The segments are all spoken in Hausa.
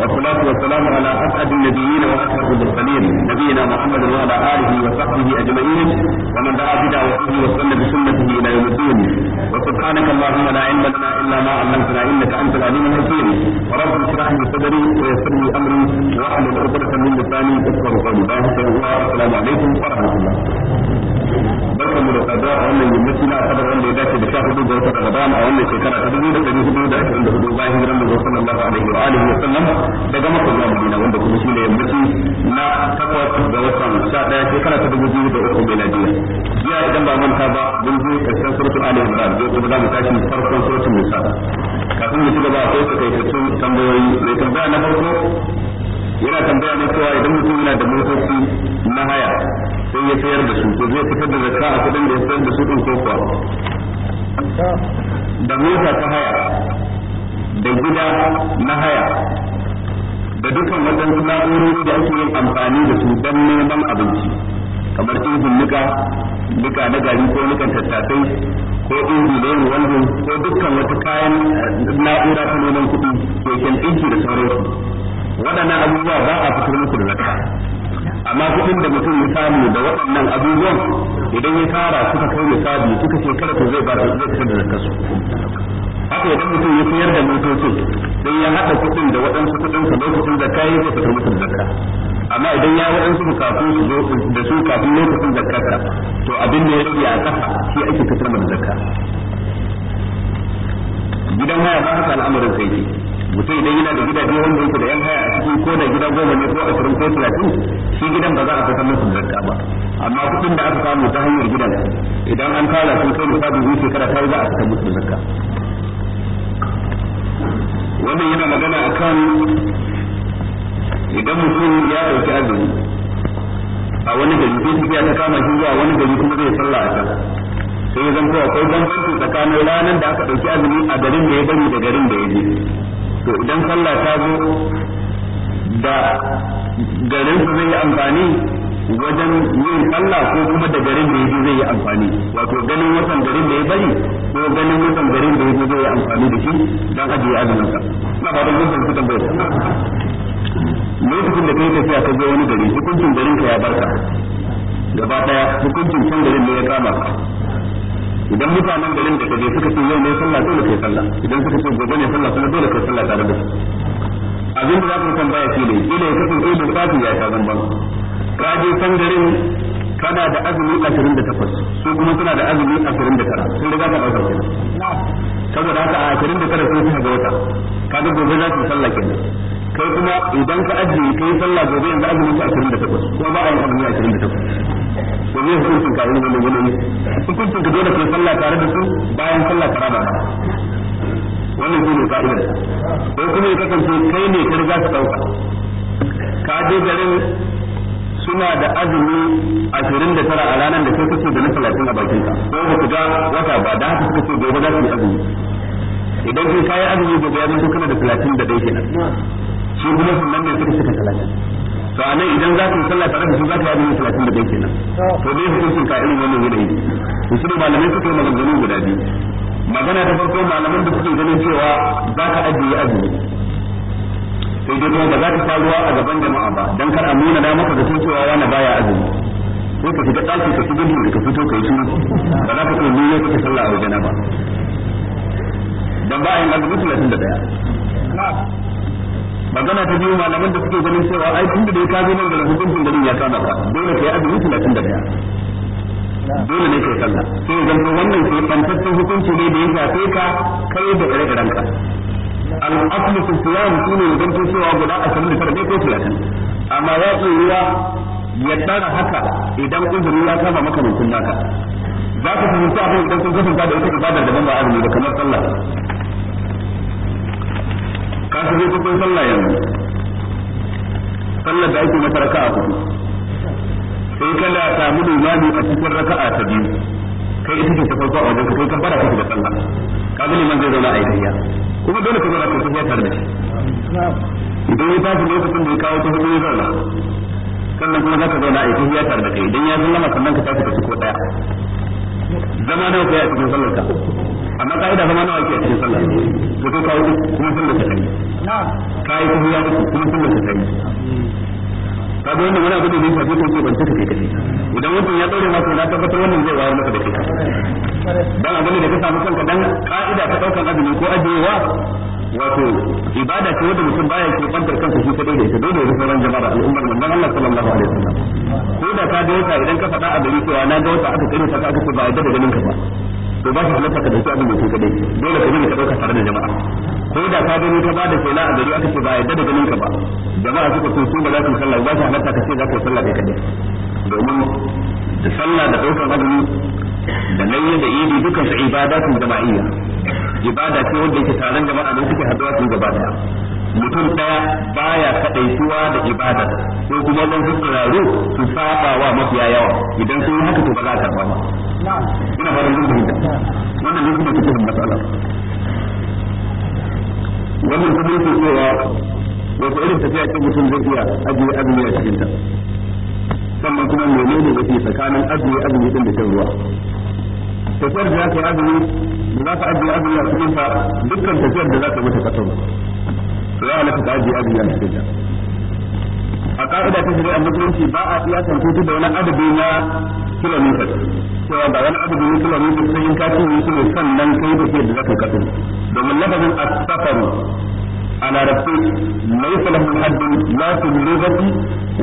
والصلاة والسلام على أسعد النبيين وأشرف المرسلين نبينا محمد وعلى آله وصحبه أجمعين ومن دعا بدعوته وسن بسنته إلى يوم الدين وسبحانك اللهم لا علم لنا إلا ما علمتنا إنك أنت العليم الحكيم ورب اشرح لي صدري ويسر لي أمري واحلل عقدة من لساني أذكر قولي السلام عليكم ورحمة الله barkan mu da tsada a wannan yammaci na asabar wanda ya dace da sha hudu ga watan Ramadan a wannan shekara ta dubu da ɗari hudu da ashirin da hudu bayan hijiran manzo sallallahu alaihi wa alihi wa sallam daga maka zuwa madina wanda kuma shi ne yammaci na takwas ga watan sha ɗaya shekara ta dubu biyu da uku miladiya jiya idan ba manta ba mun je karshen suratul ali imran zai kuma za mu tashi farkon suratul musa kafin mu ci gaba akwai takaitattun tambayoyi mai tambaya na farko yana tambaya ne cewa idan mutum yana da motoci na haya sai ya sayar da su ko zai fitar da zakka a kudin da ya sayar da su ɗin ko da mota ta haya da gida na haya da dukkan waɗansu na'urori da ake yin amfani da su don neman abinci kamar injin nika nika na gari ko nikan tattasai ko inji da yin wanzu ko dukkan wata kayan eh, na'ura ta kuɗi keken ɗinki da sauransu waɗannan abubuwa ba a fitar musu da zakka amma kuɗin da mutum ya samu da waɗannan abubuwan idan ya tara suka kai misali suka shekara to zai ba zai fitar da zakka su haka idan mutum ya sayar da motocin sai ya haɗa kuɗin da waɗansu kuɗin su lokacin zakka ya kusa mutum da zakka amma idan ya waɗansu bukatun su zo da su kafin lokacin zakkarsa to abin da ya rage a ƙasa shi ake fitar da zakka gidan haya ba haka al'amarin sai ne mutum idan yana da gidaje wanda yake da yan haya a ciki ko da gida goma ne ko ashirin ko talatin shi gidan ba za a fitar da zakka ba amma kuɗin da aka samu ta hanyar gidan idan an kala sun kai misali shekara ta za a fitar da zakka wannan yana magana a akan idan mutum ya ɗauki azumi a wani gari ko tafiya ta kama shi zuwa wani gari kuma zai sallah a can sai zan ko akwai bambanci tsakanin ranar da aka ɗauki azumi a garin da ya bari da garin da ya je to idan sallah ta zo da garin su zai yi amfani wajen yin sallah ko kuma da garin da yaji zai yi amfani wato ganin wasan garin da ya bari ko ganin wasan garin da yaji zai yi amfani da shi dan ajiye azumin sa ba ba da yin kuka bai lokacin da kai tafiya ka je wani gari hukuncin garin ka ya barka gaba daya hukuncin can garin da ya kama ka idan mutanen garin da kaje suka ce yau ne sallah dole kai sallah idan suka ce gobe ne sallah kuma dole kai sallah tare da su abin da za ku tambaya shi ne dole ya kasance da safi ya ta ban ka je garin kana da azumi 28 su kuma suna da azumi 29 sun riga ka dauka kenan saboda haka a 29 sun ga wata ka ga gobe za su sallah kenan kai kuma idan ka aje kai sallah gobe yanzu azumi 28 kuma ba a yin azumi 28 gobe me hukuncin ka ne ne ne hukuncin ka dole kai sallah tare da su bayan sallah karaba wannan shi ne ka'idar ko kuma ya kasance kai ne ka riga ka dauka ka je garin suna da azumi ashirin da tara a ranar da sai kake da na talatin a bakin ka ko ba ku ga wata ba da haka suka ce gobe za su yi azumi idan kai kayi azumi gobe ya mutu kana da talatin da dai kenan shi kuma nan ne suka suka talatin to a nan idan za ku yi sallah tare da su za ku yi azumi talatin da dai kenan to dai sun ka irin wannan yanayi to su malamai suka yi maganganu guda biyu magana ta farko malaman da suke ganin cewa za ka ajiye azumi sai dai kuma ba za ka faruwa a gaban jama'a ba dan kar a nuna da maka da cewa wani baya azumi sai ka fita ɗaki ka shiga da ka fito ka yi suna ba za ka ce ni ne kake sallah a wajen ba dan ba a yin azumi talatin da ɗaya magana ta biyu malaman da suke ganin cewa ai tun da dai ka zo nan da hukuncin garin ya kama ba dole ka yi azumi talatin da ɗaya dole ne ka yi sallah sai zan wannan sai fantattun hukunci ne da ya shafe ka kai da ire ka al'aslu fi siyam shine idan kun cewa guda a sanin da ne ko 30 amma ya ce ruwa ya tsara haka idan uzuri ya kama maka makamancin naka za ka fi fahimci abin idan kun kasanta da wata ibada daban ba azumi da kamar sallah ka su zai kusan sallah yanzu sallar da ake mata raka'a hudu sai kana samu limami a cikin raka'a ta biyu kai ita ce ta farko a wajen ka kai kan fara kuka da sallah kaga liman zai zauna a yi kuma dole ka zauna ka tafiya tare da shi idan ya tashi lokacin da ya kawo ta hudu ya zauna sannan kuma za ka zauna a yi tare da kai idan ya sallama sannan ka tashi ka ci daya zama nawa kai a cikin sallar ka amma ka'ida zama nawa kai a cikin sallar ka to kawo kuma sallar ka kai kai kuma kuma sallar ka kai kaga wannan wani abu da zai shafe ka ko ban take kai kashi idan wannan ya daure maka na tabbatar wannan zai wayar maka da kai dan abin da ka samu kanka dan ka'ida ta daukan azumi ko ajewa wato ibada ce wanda mutum baya ke bantar kansa shi kadai da ita dole ya sauran jama'a da al'ummar manzon Allah sallallahu alaihi wasallam ko da ka ga wata idan ka faɗa a gari cewa na ga wata aka kare ka aka ce ba yadda da ganin ka ba to ba shi halatta ka dauki abin da ke kadai dole ka gani ka dauka tare da jama'a ko da ka gani ka bada kela a gari aka ce ba yadda da ganin ka ba jama'a suka so su ba za su sallah ba shi halatta ka ce za ka sallah kai kadai domin da sallah da daukar azumi da nayi da idi dukkan su ibadatun jama'iyya ibada ce wanda yake taron jama'a ne suke haɗuwa su gaba daya mutum daya baya kadaituwa da ibada ko kuma dan su tsararo su saba wa mafiya yawa idan sun haka to ba za a karba ba ina fara duk fahimta wannan ne kuma cikin matsala wannan kuma yake cewa wata irin tafiya ce mutum zai iya ajiye azumi a cikin ta sannan kuma menene yake tsakanin azumi azumi din da kan ruwa tafiyar da za ka yi azumi da za ka ajiye azumi a cikin ta dukkan tafiyar da za ka mata kasar to ya halatta ka ajiye azumi a cikin a ka'ida ta shari'a musulunci ba a iya tantu da wani adadi na kilomita cewa ba wani adadi kilomita sai in ka cinye shi sannan kai da ke da zaka kaso domin lafazin as-safaru a larabci laisa lahu haddun la fi lughati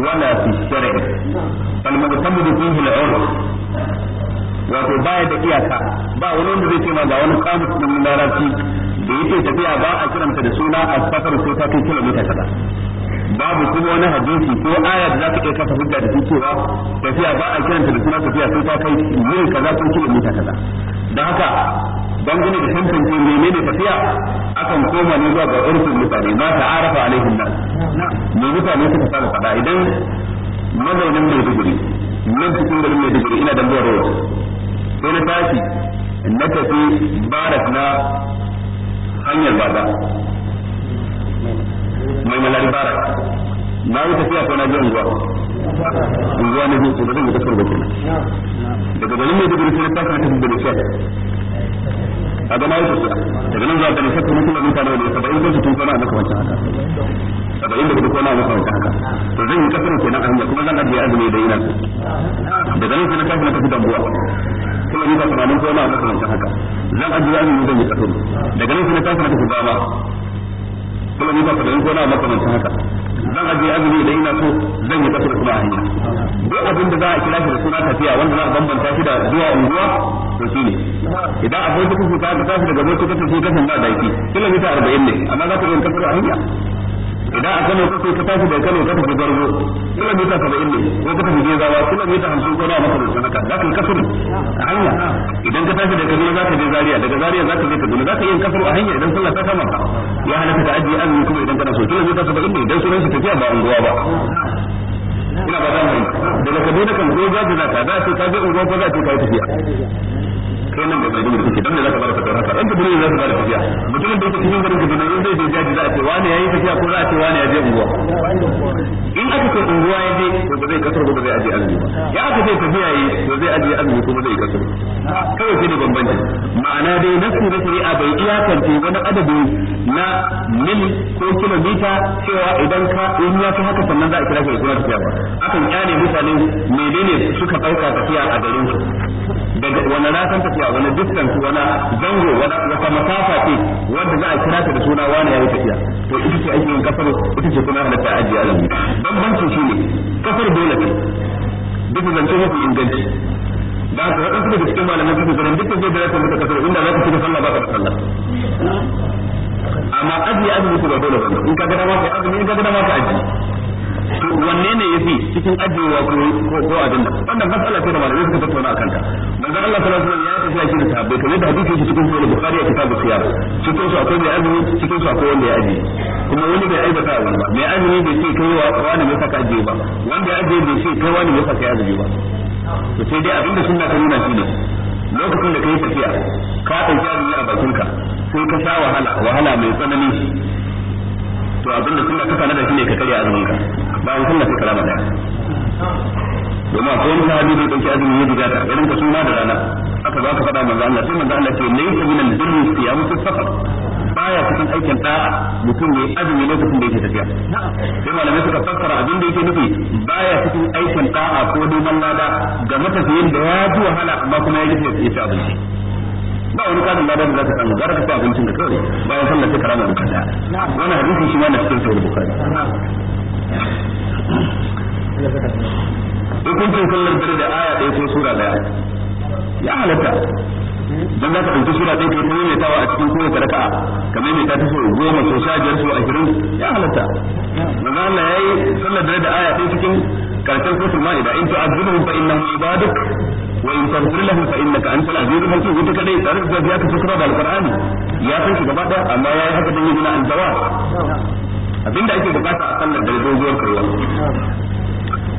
wala fi shar'i fal mutamadu fihi al-urf wato baya da iyaka ba wani wanda zai ce ma ga wani kamus na larabci da yake tafiya ba a kiranta da suna a safar sai ta kai kilomita kaza babu kuma wani hadisi ko aya da za ka iya kafa hujja da shi cewa tafiya ba a kiranta da suna tafiya sai ta kai mil kaza ko kilomita kaza da haka dangane da tantance menene tafiya akan koma ne zuwa ga urfin mutane ba ta arafa alaihin nan ne mutane suka fara fada idan mazaunin duguri nan cikin garin duguri ina da zuwa sai na tashi na tafi barak na hanyar baba mai malari bara na yi tafiya ko na biyan zuwa zuwa na biyu da zan gudasar da kenan daga ganin mai gudu sai ta kana tafi da shi a ga mai yi tafiya daga nan zuwa da nisa kuma kuma mutane da saba'in in su tun kwana a maka wancan haka saba'in inda kuma kwana a maka wancan haka to zan yi kasar kenan a hanyar kuma zan ajiye azumi da yi ina daga nan sai na tafi na tafi da kilomita tamanin ko na maka haka zan zan yi daga nan na ko na maka wancan haka zan idan ina so zan yi kasar kuma a hanya duk abin da za a kira shi da suna tafiya wanda za a bambanta shi da zuwa unguwa to shi ne idan akwai ta kuka ta tashi daga a kuka ta tafi kasan ba daki kilomita arba'in ne amma za ta yi kasar a hanya idan a kano kake ka tafi da kano ka tafi gargo kilomita saba'in ne ko ka tafi gezawa kilomita hamsin ko na maka da sanaka za ka yi kasuru a hanya idan ka tashi da kaduna za ka je zaria daga zaria za ka je kaduna za ka yi kasuru a hanya idan sallah ta kama ya halatta ka ajiye azumi kuma idan kana so kilomita saba'in ne idan sunan shi tafiya ba unguwa ba ina ba zan daga kaduna kan ko za ka za ka za ka je unguwa ko za ka yi tafiya kai nan ba ka gudu kake dan ne zaka bada fatawa haka dan ka gudu zaka bada fatawa mutumin da yake cikin garin ka dan zai je jaji za a ce wani yayi tafiya ko za a ce wani ya je unguwa in aka ce unguwa ya je to ba zai kasar ba zai aje azumi ya aka ce tafiya yi to zai aje azumi kuma zai kasar kawai shi ne bambanci ma'ana dai nasu na shari'a bai iyakance wani adadi na mil ko kilomita cewa idan ka in ya fi haka sannan za a kira shi da kuma tafiya ba akan kyale mutane menene suka ɗauka tafiya a garin su daga wani na tafiya tafiya wani distance wani zango wata masafa ce wanda za a kira ta da suna wani ya yi tafiya to ita ce ake yin kasar ita ce kuma halatta ajiye azumi bambancin shi ne kasar dole ce duk zance mafi inganci da haka waɗansu daga cikin malamai suke ganin dukkan zai dalatar mata kasar inda za ka shiga sallah ba ka da sallah amma ajiye azumi ko ba dole ba in ka ga dama ka azumi in ka ga dama ka ajiye wanne ne ya fi cikin ajewa ko ko abin nan wannan matsala ce da malamai suka tattauna akan ta manzo Allah sallallahu alaihi wasallam ya tafi shi da sahabbai kamar da hadisi yake cikin sahih bukhari a kitabu siyar cikin su akwai mai azumi cikin su akwai wanda ya aje kuma wani bai aibata wani ba mai azumi bai ce kai wa wani mai saka aje ba wanda ya aje bai ce kai wani mai saka aje ba to sai dai abinda sunna ta nuna shi ne lokacin da kai tafiya ka dauki azumi a bakinka sai ka sha wahala wahala mai tsanani to abinda sunna ta kana da shi ne ka karya azumin ka ba an kulla sai karama daya domin akwai wani sahabi da dauki azumi ya duga ta irin ka suna da rana aka za ka faɗa manzo Allah sai manzo Allah ce laysa min al-birri siyam fi safar baya cikin aikin da mutum ne azumi lokacin da yake tafiya sai malamai suka fassara abin da yake nufi baya cikin aikin da'a ko neman lada ga matafiyin da ya ji wahala amma kuma ya ji ya ci abinci ba wani karin ladan da zaka samu gara ka ci abincin da kawai bayan sallar sai karama da kaza wannan hadisi shi ma na cikin sahih bukhari hukuncin sallar dare da aya ɗaya ko sura ɗaya ya halatta dan za ka ɗauki sura ɗaya kai mai tawa a cikin kowace raka'a kamar mai ta tafi goma so sha biyar so ashirin ya halatta manzo Allah yayi sallar dare da aya ɗaya cikin karshen ma ma'ida in tu'azzibuhum fa innahum ibaduk wa in taghfir lahu fa innaka antal azizul hakim ita kadai tare da ya ka sura da alqur'ani ya san shi gaba ɗaya amma yayi haka dan yana aljawa abinda ake bukata a sallar dare doguwar kaiwa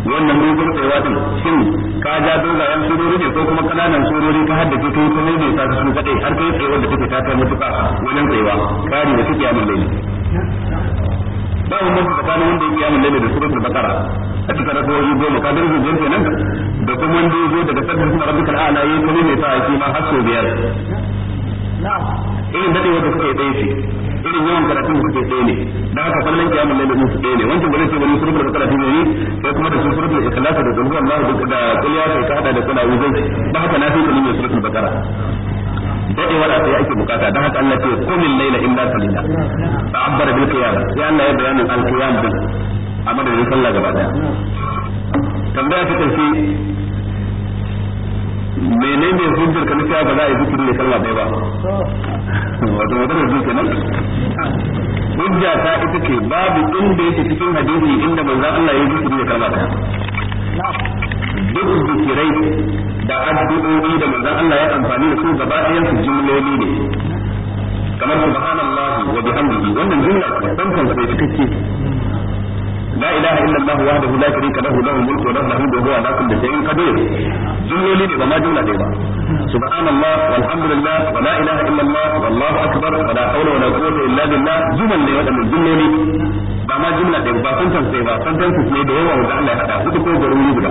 wannan dogon kaiwa din shin ka ja dogayen surori ne ko kuma kananan surori ka haddace kai kuma ne sai su kadai har kai tsayuwar da take ta kai mutuka wajen kaiwa kari da take amin laili ba mun mutu kana wanda yake amin lalle da suratul bakara a cikin rakoyi goma ka darje jin kenan da kuma wanda yazo daga sabbin rabbikal a'la yayi kuma ne ta aiki ma har sau biyar irin dadewa da suka yi ɗaya ce irin yawan karatun da suka yi ne da haka fallan kiyama ne da su ɗaya ne wancan bare sai wani surubar da karatu ne sai kuma da suratul ikhlas da dukkan Allah da kulliya sai ka hada da kana wuzai da haka na fi kalmi suratul bakara dadewar a sai ake bukata da haka Allah ce kumin laila illa salila ta abbara bil qiyam ya Allah ya bayyana al qiyam din amma da sallah gaba daya tambaya ta kace menene hujjar ka nake ba za a yi zikiri da sallah bai ba wato wata da zuke nan hujja ta ita ce babu inda yake cikin hadisi inda manzon Allah ya zikiri da sallah ɗaya duk zikirai da addu'o'i da manzo Allah ya amfani da su gaba ɗayan su jumloli ne kamar subhanallahi wa bihamdihi wannan jumla ta tantance cikakke la ilaha illa allah wahdahu la sharika lahu lahu mulku wa lahu alhamdu wa huwa ala kulli shay'in qadir jumloli ne ba ma jumla dai ba subhanallah walhamdulillah wa la ilaha illa allah wallahu akbar wa la hawla wa la quwwata illa billah jumal ne wadannan ba ma jumla ɗaya ba sentence ɗaya ba sentence ne da yawa wanda Allah ya hada hudu ko garin wuri guda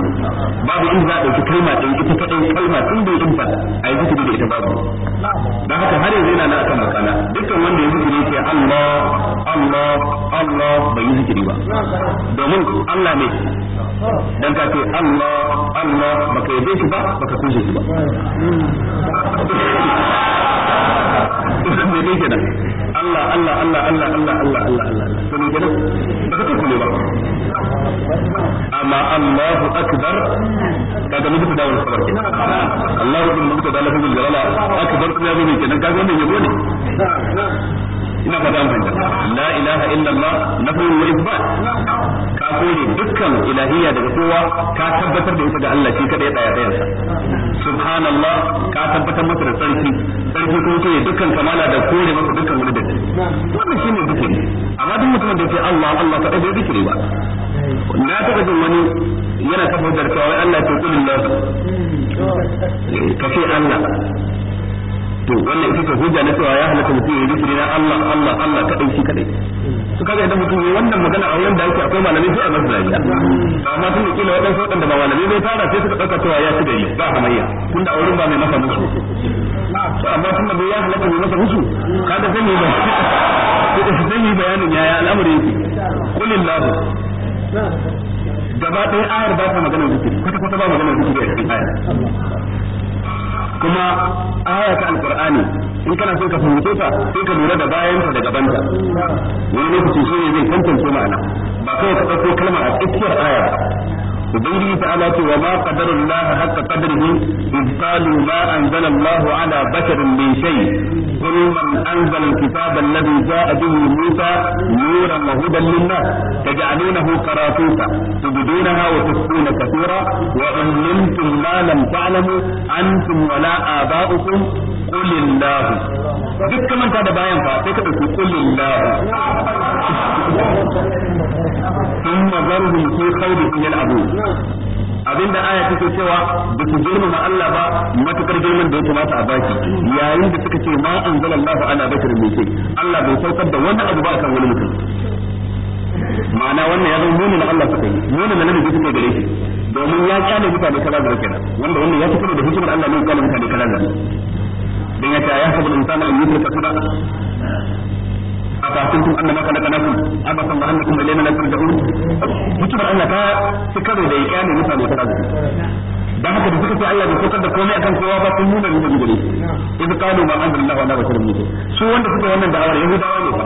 babu in za a ɗauki kalma ɗin ita kaɗai kalma tun da yin fa a yi zikiri da ita babu dan haka har yanzu yana na akan makana dukkan wanda ya zikiri ke Allah Allah Allah bai yi zikiri ba domin Allah ne dan ka ce Allah Allah baka yi shi ba baka kushe shi ba. Dukkan ne kenan. Allah Allah Allah Allah Allah Allah Allah Allah to ne ba ka kulle ba amma Allahu akbar kaga mun fita wannan sabar Allahu akbar mun da lafazin akbar kuma ya zo kenan kaga wannan yabo ne ina fata an fahimta la ilaha illallah nafi wa isbat ka kore dukkan ilahiyya daga kowa ka tabbatar da ita ga Allah shi kadai daya dayan sa subhanallah ka tabbatar masa da sarki sarki ko kai dukkan kamala da kore masa dukkan wani dadi wannan shine dukkan amma duk mutumin da yake Allah Allah ta bai zikiri ba na taɓa jin wani yana tabbatar cewa Allah ya kullu Allah ka fi Allah to wannan ita ce hujja na cewa ya halaka mutum ya zikiri na Allah Allah Allah kadai shi kadai to kaga idan mutum yayi wannan magana a wurin da yake akwai malamai sai a masa dariya amma tun da kila wadansu wadanda ba malamai bai fara sai suka dauka cewa ya ci gari ba hamayya tunda a wurin ba mai masa musu to amma tun da ya halaka mai masa musu kaga zan yi ba su zan yi bayanin yaya al'amari yake kulillahu gaba ɗaya ayar ba ta magana zikiri kwata kwata ba magana zikiri a cikin ayar kuma aya ta alqur'ani in kana son ka fahimce ta sai ka lura da bayan ta da gaban ta wani lokaci shi ne zai tantance ma'ana ba kawai ka dauko kalma a tsakiyar aya ubangiji ta ala ce wa ma qadarullah hatta qadrihi id qalu ma anzala Allah ala basharin min shay qul man anzala alkitaba alladhi ja'a bihi Musa nuran wa hudan lin-nas taj'alunahu qaratusa tubdunaha wa tukhfuna kathira wa antum ma lam ta'lamu antum wa la aba'ukum kulillahu duk kaman ta da bayan fa sai ka dauki kulillahu thumma zarhum fi khawdihim yal'abun abinda aya take cewa ba su girmama Allah ba matukar girman da ya kamata a baki yayin da suka ce ma anzalallahu ala bashar min shay Allah bai saukar da wani abu ba kan wani mutum ma'ana wannan ya zama munin Allah suka yi munin da nabi suka gare shi domin ya kyale mutane kaza da kenan wanda wannan ya fito da hikimar Allah ne kala kyale mutane kaza da dan ya ta ya sabu insana an yutraka sada أفأحسنتم أنما خلقناكم عبثا na إلينا لا ترجعون mutuwar Allah ta ci karo da ya ne mutane ta zai da haka da suka ce Allah bai saukar da komai akan kowa ba sun nuna rubutu gare in qalu ma anzalallahu ala basharin min su wanda suka wannan da'awar yahudawa ne fa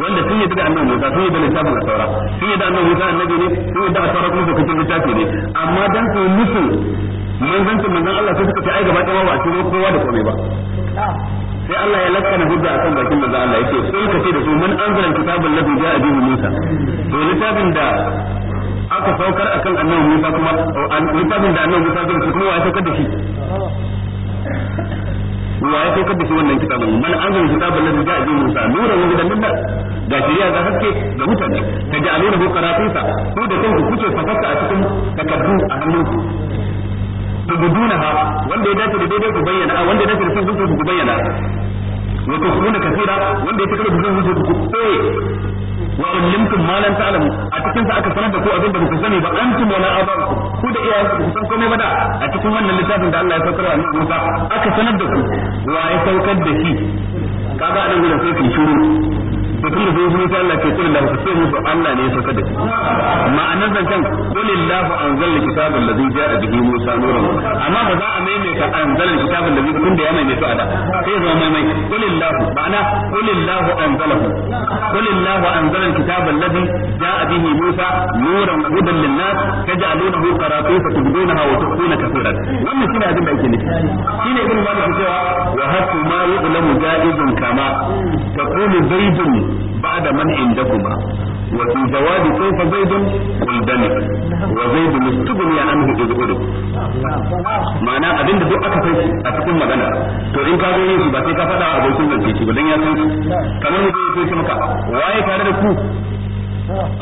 wanda sun yi da annabi Musa sun yi da littafin Taurat sun yi da annabi Musa annabi ne sun yi da Taurat kuma da kitabin littafi ne amma dan su musu manzancin manzan Allah sai suka ce ai gaba ɗaya ba a cikin kowa da kome ba sai Allah ya na hujja kan bakin manzan Allah ya ce sun kace da su man kitabin kitabul ya a jihun Musa to littafin da aka saukar a kan annabi Musa kuma littafin da annabi Musa zai kuma wa ya saukar da shi wa ya saukar da shi wannan kitabun man kitabin kitabul ya a jihun Musa nuran wa da lillah ga shirya ga haske ga mutane ta ja'aluna hu qaratinsa ko da kanku kuke fasaka a cikin takardu a hannunku tubudunaha wanda ya wanda ya dace a cikin sa aka sani ba antum wala komai ba da a cikin wannan littafin ya Musa aka sanar saukar da sai ku shiru to tun da sun shi mutu Allah ke kulli lahu ka ce musu Allah ne ya saka da shi ma'anar zancen kulli lahu an anzalna kitabal ladhi ja'a bihi Musa nuran amma ba za a maimaita anzalna kitabal ladhi kun da ya maimaita da. sai zama maimai kulli lahu ma'ana kulli lahu an anzalahu kulli lahu an anzalna kitabal ladhi ja'a bihi Musa nuran hudan lin-nas taj'alunahu qaratisa tubdunaha wa tukhfuna kathiran wannan shine abin da ake nufi shine ibn Malik cewa wa hasu ma yu'lamu ja'izun kama taqulu zaidun بعد من عندكما وفي زواج كيف زيد ولدنك وزيد مستغني عنه إذ أرد ma'ana abin da duk aka san shi a cikin magana to in ka gani shi ba sai ka faɗa abokin zance shi ba dan ya san shi kamar mu sai sai maka tare da ku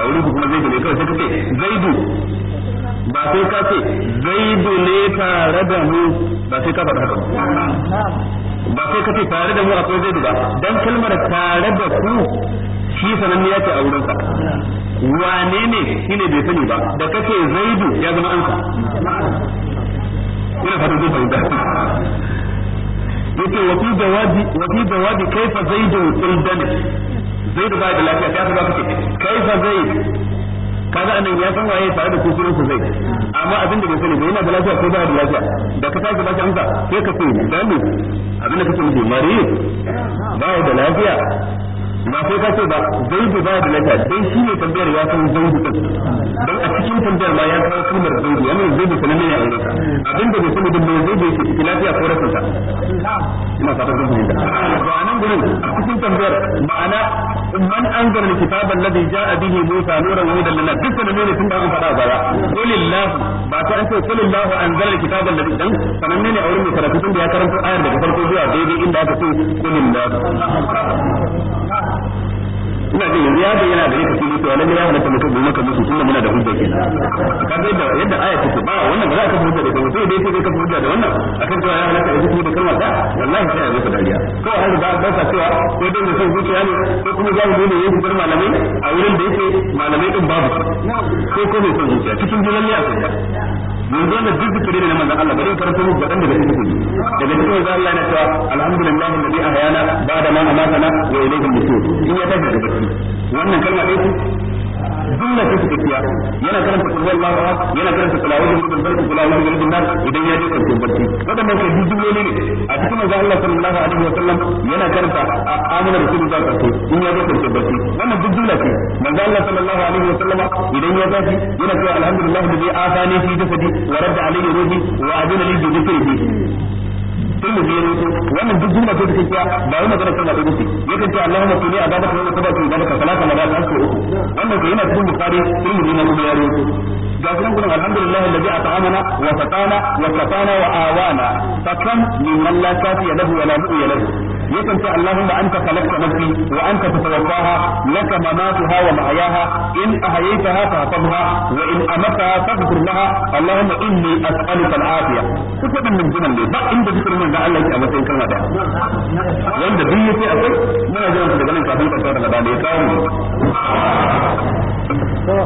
a wurin kuma zaidu ne kawai sai ka ce zaidu ba sai ka ce zaidu ne tare da mu ba sai ka faɗa haka ba sai kace tare da mu akwai zaidu ba dan kalmar tare da ku shi sananne ya ce a wurin sa wane ne shine bai sani ba da kace zaidu ya zama sa ina fatan kun da yake wa fi jawabi wa fi jawabi kaifa zaidu dana zaidu ba da lafiya ta ba kace kaifa zaidu kaga anan ya san waye tare da ku sunan ku zaidu amma abin da bai sani ba yana da lafiya ko ba da lafiya da ka tashi baki amsa sai ka ce misali abin da kake nufi mari ba da lafiya ba sai ka ce ba zaidu ba da lafiya dai shi ne tambayar ya san zaidu din dan a cikin tambayar ma ya kawo kalmar zaidu wannan zaidu sanan ne ya aure ka abin da bai sani din mai zaidu yake cikin lafiya ko rashin sa ina fatan zan fahimta ba nan gurin a cikin tambayar ma'ana man anzara alkitaba alladhi ja'a bihi musa nuran wa hudan lin nas dukkan ne ne tun da an faɗa baya qulillahu ba ta ake sallallahu an zara kitab da dan kamar ne a wurin karatu tun da ya karanta ayar daga farko zuwa daidai inda aka ce ba ina jin yanzu ya bayyana da yake cikin cewa lalle ya halatta mutum bai maka musu tunda muna da hujja kenan kaga yadda yadda aya take ba wannan ba za ka hujja da kai sai dai sai ka hujja da wannan akan cewa ya halatta yanzu da kalmar da wallahi sai ya maka dariya kawai haka ba ba sa cewa ko dai mutum zuciya ne ko kuma za mu dole yin bar malamai a wurin da yake malamai din babu ko ko mai zuciya cikin jinan ne a sanya yanzu wannan duk zikiri ne na manzon Allah bari karanta muku gadan daga cikin ku daga cikin manzon Allah yana cewa alhamdulillahi alladhi ahyana ba'da ma amatana wa ilayhi an-nusur in ya tafi daga bacci wannan kalma dai jumla ce cikakkiya yana karanta kullu yana karanta kulawul bil barki kulawul bil jinnar idan ya je kwanciyar barci wadannan kai duk ne a cikin manzo Allah sallallahu alaihi wa sallam yana karanta amana rasulullah sallallahu alaihi in ya je barci wannan duk jumla ce manzo Allah sallallahu alaihi wa sallam idan ya tafi yana cewa alhamdulillah bi afani fi jasadi wa radda alayhi ruhi wa adina li bi kullu ne wannan duk jumla ce take cewa ba wai magana kan da yake yakan ce Allahumma kulli adabaka wa sabaka adabaka salatan da ta ko wannan ko yana cikin bukhari kullu ne kuma yaro ga sunan gurin alhamdulillah alladhi at'amana wa satana wa kafana wa awana fakan min man la kafiya lahu wa la mu'iya lahu yakan ce Allahumma anta khalaqta nafsi wa anta tatawaffaha laka mamatuha hawa mahyaha in ahyaytaha fahfazha wa in amataha faghfir laha Allahumma inni as'aluka al-afiya duk waɗannan jinan ne ba inda zikirin manzo Allah yake a matsayin kalma wanda duk yake akwai muna jiran daga nan kafin ƙarshen Ramadan ya kawo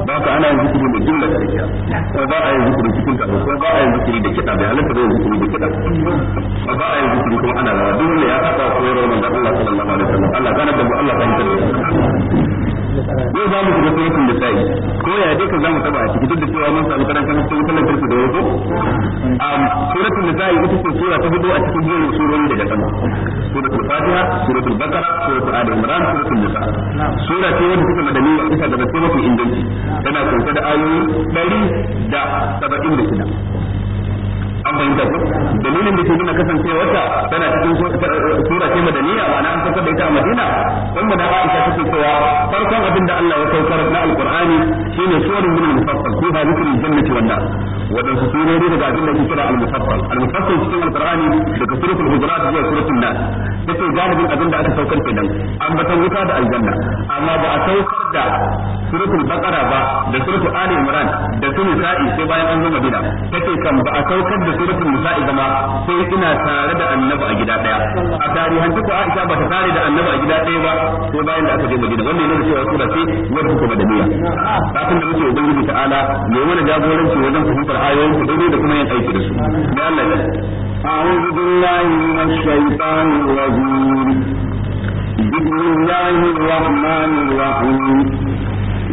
ba ka ana yin zikiri da jimla tarikiya ko ba a yin zikiri cikin ko ba a yin zikiri da kiɗa bai halatta bai zikiri da kiɗa ko ba a yin zikiri kuma ana rawa duk ya saba koyarwar manzon Allah sallallahu alaihi wasallam Allah gane da mu Allah fahimtar da yau za mu shiga suratun da sa'i ko ya dai ka zamu taba a ciki duk da cewa mun samu karan kan sun kallon da wato um suratun ita ce sura ta hudu a cikin jerin surori daga sama suratul fatiha suratul baqara suratul ali imran suratul nisa sura ce wanda take madaniya ita ga mafi inganci tana kunshe da ayoyi 176 an fahimta ko dalilin da ke nuna kasancewarta tana cikin sura ce madaniya ma'ana an saukar da ita a Madina kuma da Aisha take cewa farkon abin da Allah ya saukar na Alqur'ani shine surun min al-mufassal fiha dhikru al-jannati wan waɗansu sunori da abin da ake kira al-mufassal al-mufassal cikin al-qur'ani daga surutun hujurat zuwa suratul nas take galibin abin da aka saukar kenan ambatan wuta da aljanna amma ba a saukar da suratul baqara ba da suratul ali imran da su nisa'i sai bayan an zo madina take kan ba a saukar da surutun nisa'i zama sai ina tare da annabi a gida daya a tarihan duka aisha ba ta tare da annabi a gida daya ba sai bayan da aka je madina wannan ne cewa sura ce wadda da madaniya kafin da muke ubangiji ta'ala ne mana jagoranci wajen fahimtar ayoyin ku dai da kuma yin aiki da su أعوذ بالله من الشيطان الرجيم بسم الله الرحمن الرحيم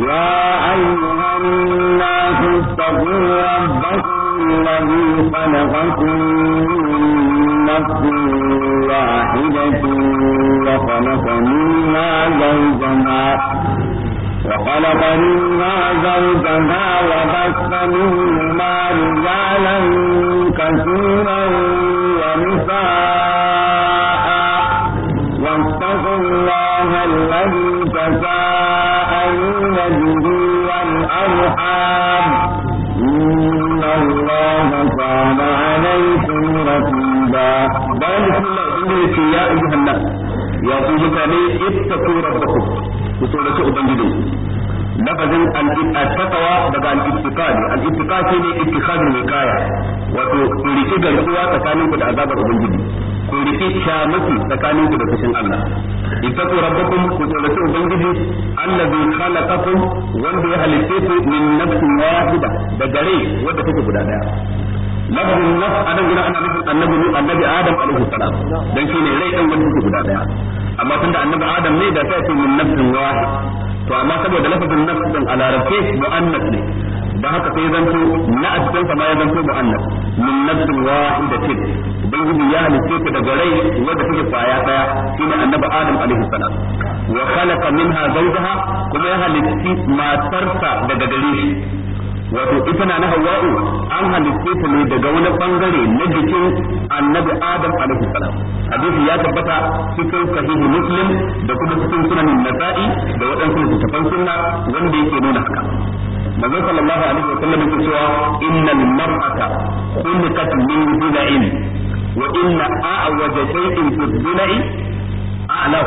يا أيها الناس اتقوا ربكم الذي خلقكم من نفس واحدة وخلق منها زوجها وخلق منها زوجها وبث منهما رجالا كثيرا ونساء واتقوا الله الذي تساءلون به والأرحام إن الله كان عليكم رقيبا بل كل يا أيها الناس يقول لك اتقوا ربكم ku tsorace ubangijin lafazin al-taqwa daga al-ittiqad al-ittiqad shine ittikhadul wiqaya wato ku riki garkuwa tsakanin ku da azabar ubangiji ku riki shamaki tsakanin ku da fushin Allah ittaqu rabbakum ku tsorace ubangiji allazi khalaqakum wanda ya halitte ku min nafsin wahida da gare wanda take guda daya lafazin nafs anan gina ana nufin annabi annabi adam alaihi salam dan shine rai dan wanda take guda daya amma tunda annabi adam ne da sai ce min nafsin wahid to amma saboda lafazin nafsin din a larabce mu'annas ne da haka sai zanto na a cikin sa ma ya zanto mu'annas min nafsin wahidatin ubangiji ya halice ka daga rai wanda take kwaya daya shine annabi adam alaihi salam wa khalaqa minha zawjaha kuma ya halitti matarsa daga gare shi wato ita na hawa'u an halitta ta ne daga wani bangare na jikin annabi adam alaihi salam hadisi ya tabbata cikin sahihu muslim da kuma cikin sunanin nasa'i da waɗansu tafan sunna wanda yake nuna haka manzo sallallahu alaihi wa sallam yake cewa innal mar'ata khuliqat min dhula'in wa inna a'waja shay'in fi dhula'i a'la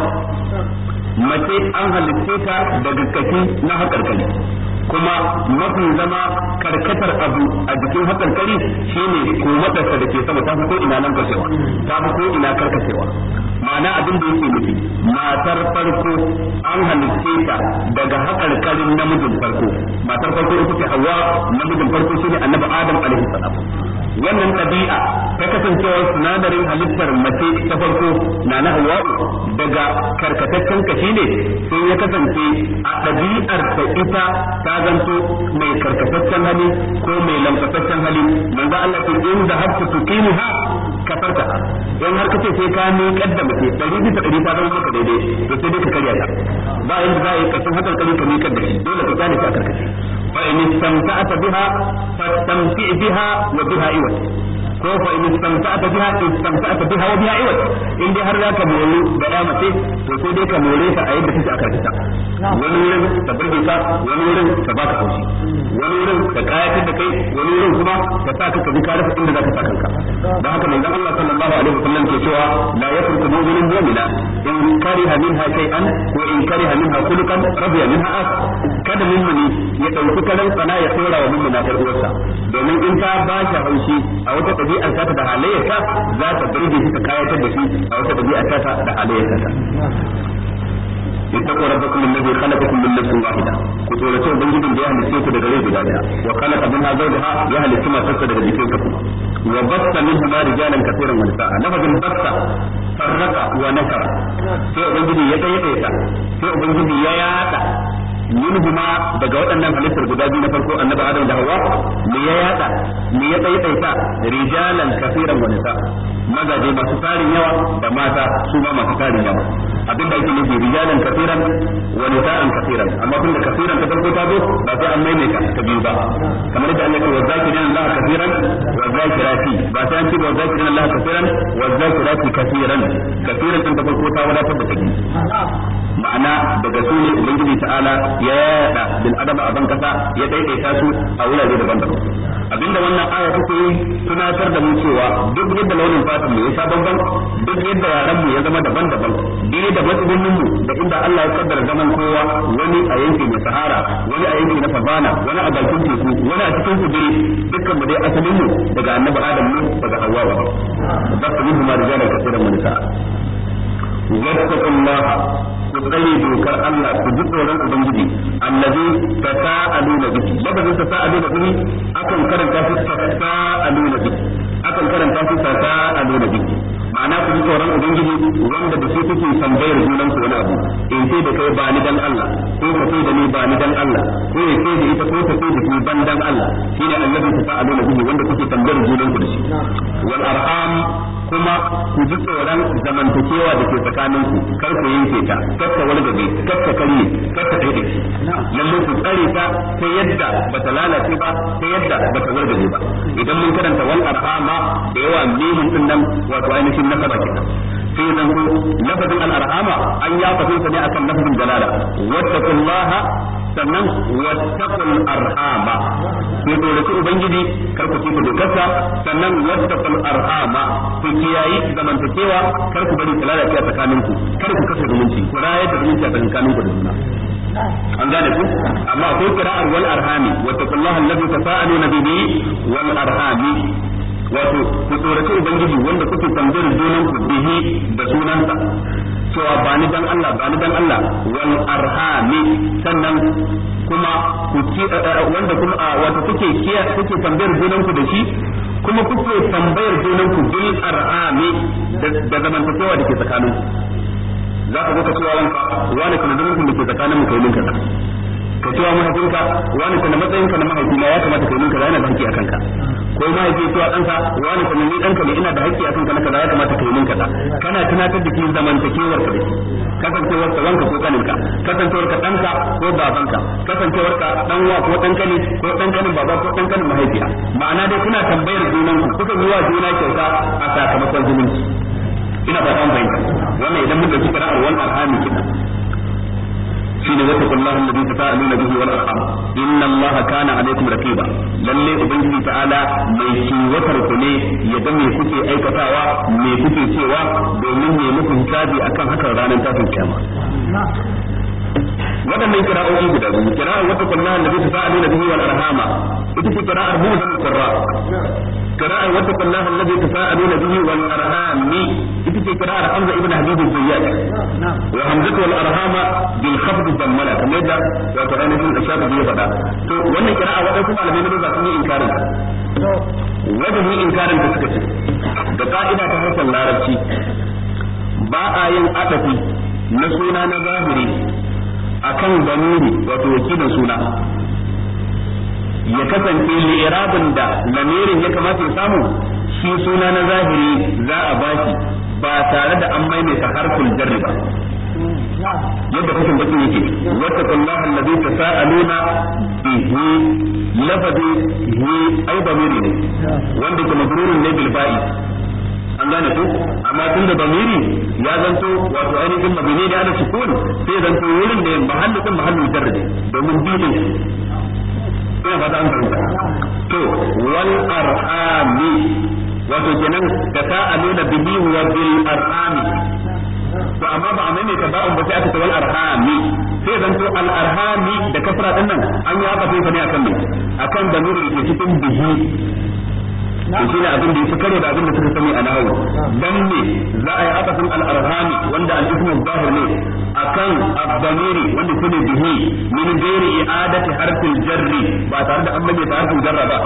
mace an halitta daga kashi na hakarkani kuma mafi zama karkatar abu a jikin hakan kari shine komatarsa da ke sama ta fi ko ina nan kashewa ta fi ko ina karkashewa ma'ana abin da yake nufi matar farko an halitta ta daga hakan karin namijin farko matar farko ita ce hawa namijin farko shi ne annabi adam alaihi salam wannan ɗabi'a ta kasancewar sinadarin halittar mace ta farko na na hawa daga karkataccen kashi ne sai ya kasance a ɗabi'ar ta ita ta zanto mai karkataccen hali ko mai lamkataccen hali manzo Allah ce in da hatta tuqimu ha kafarta in har kace sai ka miƙar da mace ɗari bisa ɗari ta zama maka daidai to sai dai ka karya ta ba yanda za a yi kasan hatar kare ka miƙar da shi dole ka tsane ta karkace fa in istamta'ta biha fastamti biha wa biha iwat ko fa in istamta'ta biha istamta'ta biha wa biha iwaj in dai har zaka more da dama mace to sai dai ka more ta a yadda kake aka rikita wani wurin ta burge ka wani wurin ta baka haushi wani wurin ta kayatar da kai wani wurin kuma ta sa ka bi ka rasa inda zaka sa kanka dan haka manzon Allah sallallahu alaihi wasallam ke cewa la yakunu mu'minun mu'mina in kariha minha shay'an wa in kariha minha khuluqan radiya minha as kada mu'mini ya dauki kalan tsana ya tsora wa mu'mina uwarsa domin in ta ba shi haushi a wata ɗabi'ar ta da halayyarta za ta burge shi ta kayatar da shi a wata ɗabi'ar ta da in ta halayyarta اتقوا ربكم الذي خلقكم من نفس واحده كتورته ubangijin da ya halice ku daga rai guda daya wa khalaqa minha ha ya ma sassa daga jikin ka kuma wa batta minhuma rijalan kathiran wa nisaa lafazin batta farraqa wa nakara sai ubangiji ya daidaita sai ubangiji ya yada minhuma daga waɗannan halittar guda biyu na farko annabi adam da hawa ne ya yada ne ya tsaitsaita rijalan kafiran wa nisa mazaje masu tarin yawa da mata su ma masu tarin yawa abin da ake nufi rijalan kafiran wa nisa'an kafiran amma da kafiran ta farko ta zo ba sai an maimaita ta biyu ba kamar yadda Allah ya ce wa zakirin Allah kafiran wa zakirati ba sai an ce wa zakirin Allah kafiran wa zakirati kafiran kafiran ta farko ta wadatar da ta ma'ana daga sunan ubangiji ta'ala ya yada bil adama a bankasa kasa ya daidaita su a wurare daban-daban abinda wannan aya take yi tunatar da mu cewa duk yadda launin fatan mu ya sha duk yadda yaran mu ya zama daban-daban dai da matsugunin mu da inda Allah ya kaddara zaman kowa wani a yanki na sahara wani a yanki na fabana wani a bakin teku wani a cikin kudiri dukkan mu dai asalin mu daga annabi adam ne daga hawwa ba da ma da jarar da mu واتقوا الله تقلي دوكر الله تجد ولن أبنجدي الذي تساءلون به بابا تساءلون به أكن كرن تساءلون به أكن كرن تساءلون به ma'ana ku ji tsoron ubangiji wanda da su kuke tambayar junan su wani abu in sai da kai ba ni dan Allah ko ka sai da ni ba ni dan Allah ko ya sai da ita ko ka sai da ki ban dan Allah shine annabi ta fa'alu shi wanda kuke tambayar junan ku da shi wal arham kuma ku ji tsoron zamantakewa da ke tsakanin ku kar ku yanke ta kakka wani gabe kakka kare kakka dai dai lalle ku tsare ta ta yadda ba ta lalace ba ta yadda ba ta wargaje ba idan mun karanta wal arhama da yawa mimin din nan wato ainihin lafazin nasaba kenan sai zan ko lafazin al'arhama an ya fahimta ne akan lafazin jalala wattaqullaha sannan wattaqul arhama ku dolaci ubangiji kar ku kifa dokarsa sannan wattaqul arhama ku kiyayi zamantakewa kar ku bari talala ta tsakaninku kar ku kasa zumunci ku rayar da zumunci a tsakaninku da juna an gane ku amma akwai kira'ar wal arhami wattaqullaha allazi tasaaluna bihi wal arhami wato ku tsoraci ubangiji wanda kuke tambayar junan ku bihi da sunansa cewa ba ni dan Allah ba ni dan Allah wal arhami sannan kuma ku eh, eh, wanda kuma ah, wato kuke kiya kuke tambayar junan ku da shi kuma kuke tambayar junan ku bil arhami da zamantakewa da ke tsakanin za ka zo ka cewa wanka wani kana zaman ku da ke tsakanin mu kai mun kaza ka cewa mahaifinka wani kuma matsayin ka na mahaifi ya kamata kai min kaza yana da hakki akan ka ko mahaifi ya cewa ɗansa wani kuma ni ɗanka ne ina da haƙƙi akan ka na kaza ya kamata kai ninka da kana tunatar da shi zamantakewar ka da shi kasancewar ka wanka ko kaninka kasancewar ka ɗanka ko babanka kasancewar ka ɗan wa ko ɗan kanin ko ɗan kanin baba ko ɗan kanin mahaifiya ma'ana dai kuna tambayar junan ku kuka yi wa juna kyauta a sakamakon zumunci ina ba ta bayyana wannan idan muka ci fara'ar wani arhami kina. shine wata kullahu alladhi tasaaluna bihi wal arham inna allaha kana alaykum raqiba lalle ubangiji ta'ala mai kiwatar ku ne ya ga me kuke aikatawa me kuke cewa domin ne muku hisabi akan hakan ranar tashin kiyama waɗannan kira'o'i guda biyu kira'a wata kunna annabi ta sa'alu na bihi wal arhama ita ce kira'ar muzan qurra kira'a wata kunna annabi ta sa'alu na bihi wal arhami ita ce kira'ar hamza ibn habib al wa hamzatu wal arhama bil khafd dammala kamar da wato ainihin faɗa to wannan kira'a waɗansu malamai ne za su yi inkarin wajen yi inkarin da suka ce da ka'ida ta harshen larabci ba a yin adafi na suna na zahiri akan zamuri wato wakilin suna ya kasance li'irabin da lamirin ya kamata ya samu shi suna na zahiri za a shi ba tare da an maimaita harkul jarri ba yadda kashin bakin yake wata kallah allazi a bihi lafazi hi ai ba ne wanda ke mabrurin ne bil ba'i an gane ko amma tun da bamiri ya zanto wato ainihin mabini da ana sukun sai zanto wurin ba mahallu kan mahallin jarri domin bidin shi ina fata an fahimta to wal arhami wato kenan da ta aluna bihi wa bil arhami to amma ba a maimaita ba'un ba sai aka ta wal arhami sai zanto al arhami da kasra din nan an yi haka sai ne akan mai akan da nuru ke cikin bihi to shine abin da yake karo da abin da suka sami a nawo dan ne za a yi akasin al wanda al-ismu zahir ne akan abdamiri wanda shine bihi min gairi i'adati harfin jarri ba tare da an mage bayyana harfin jarra ba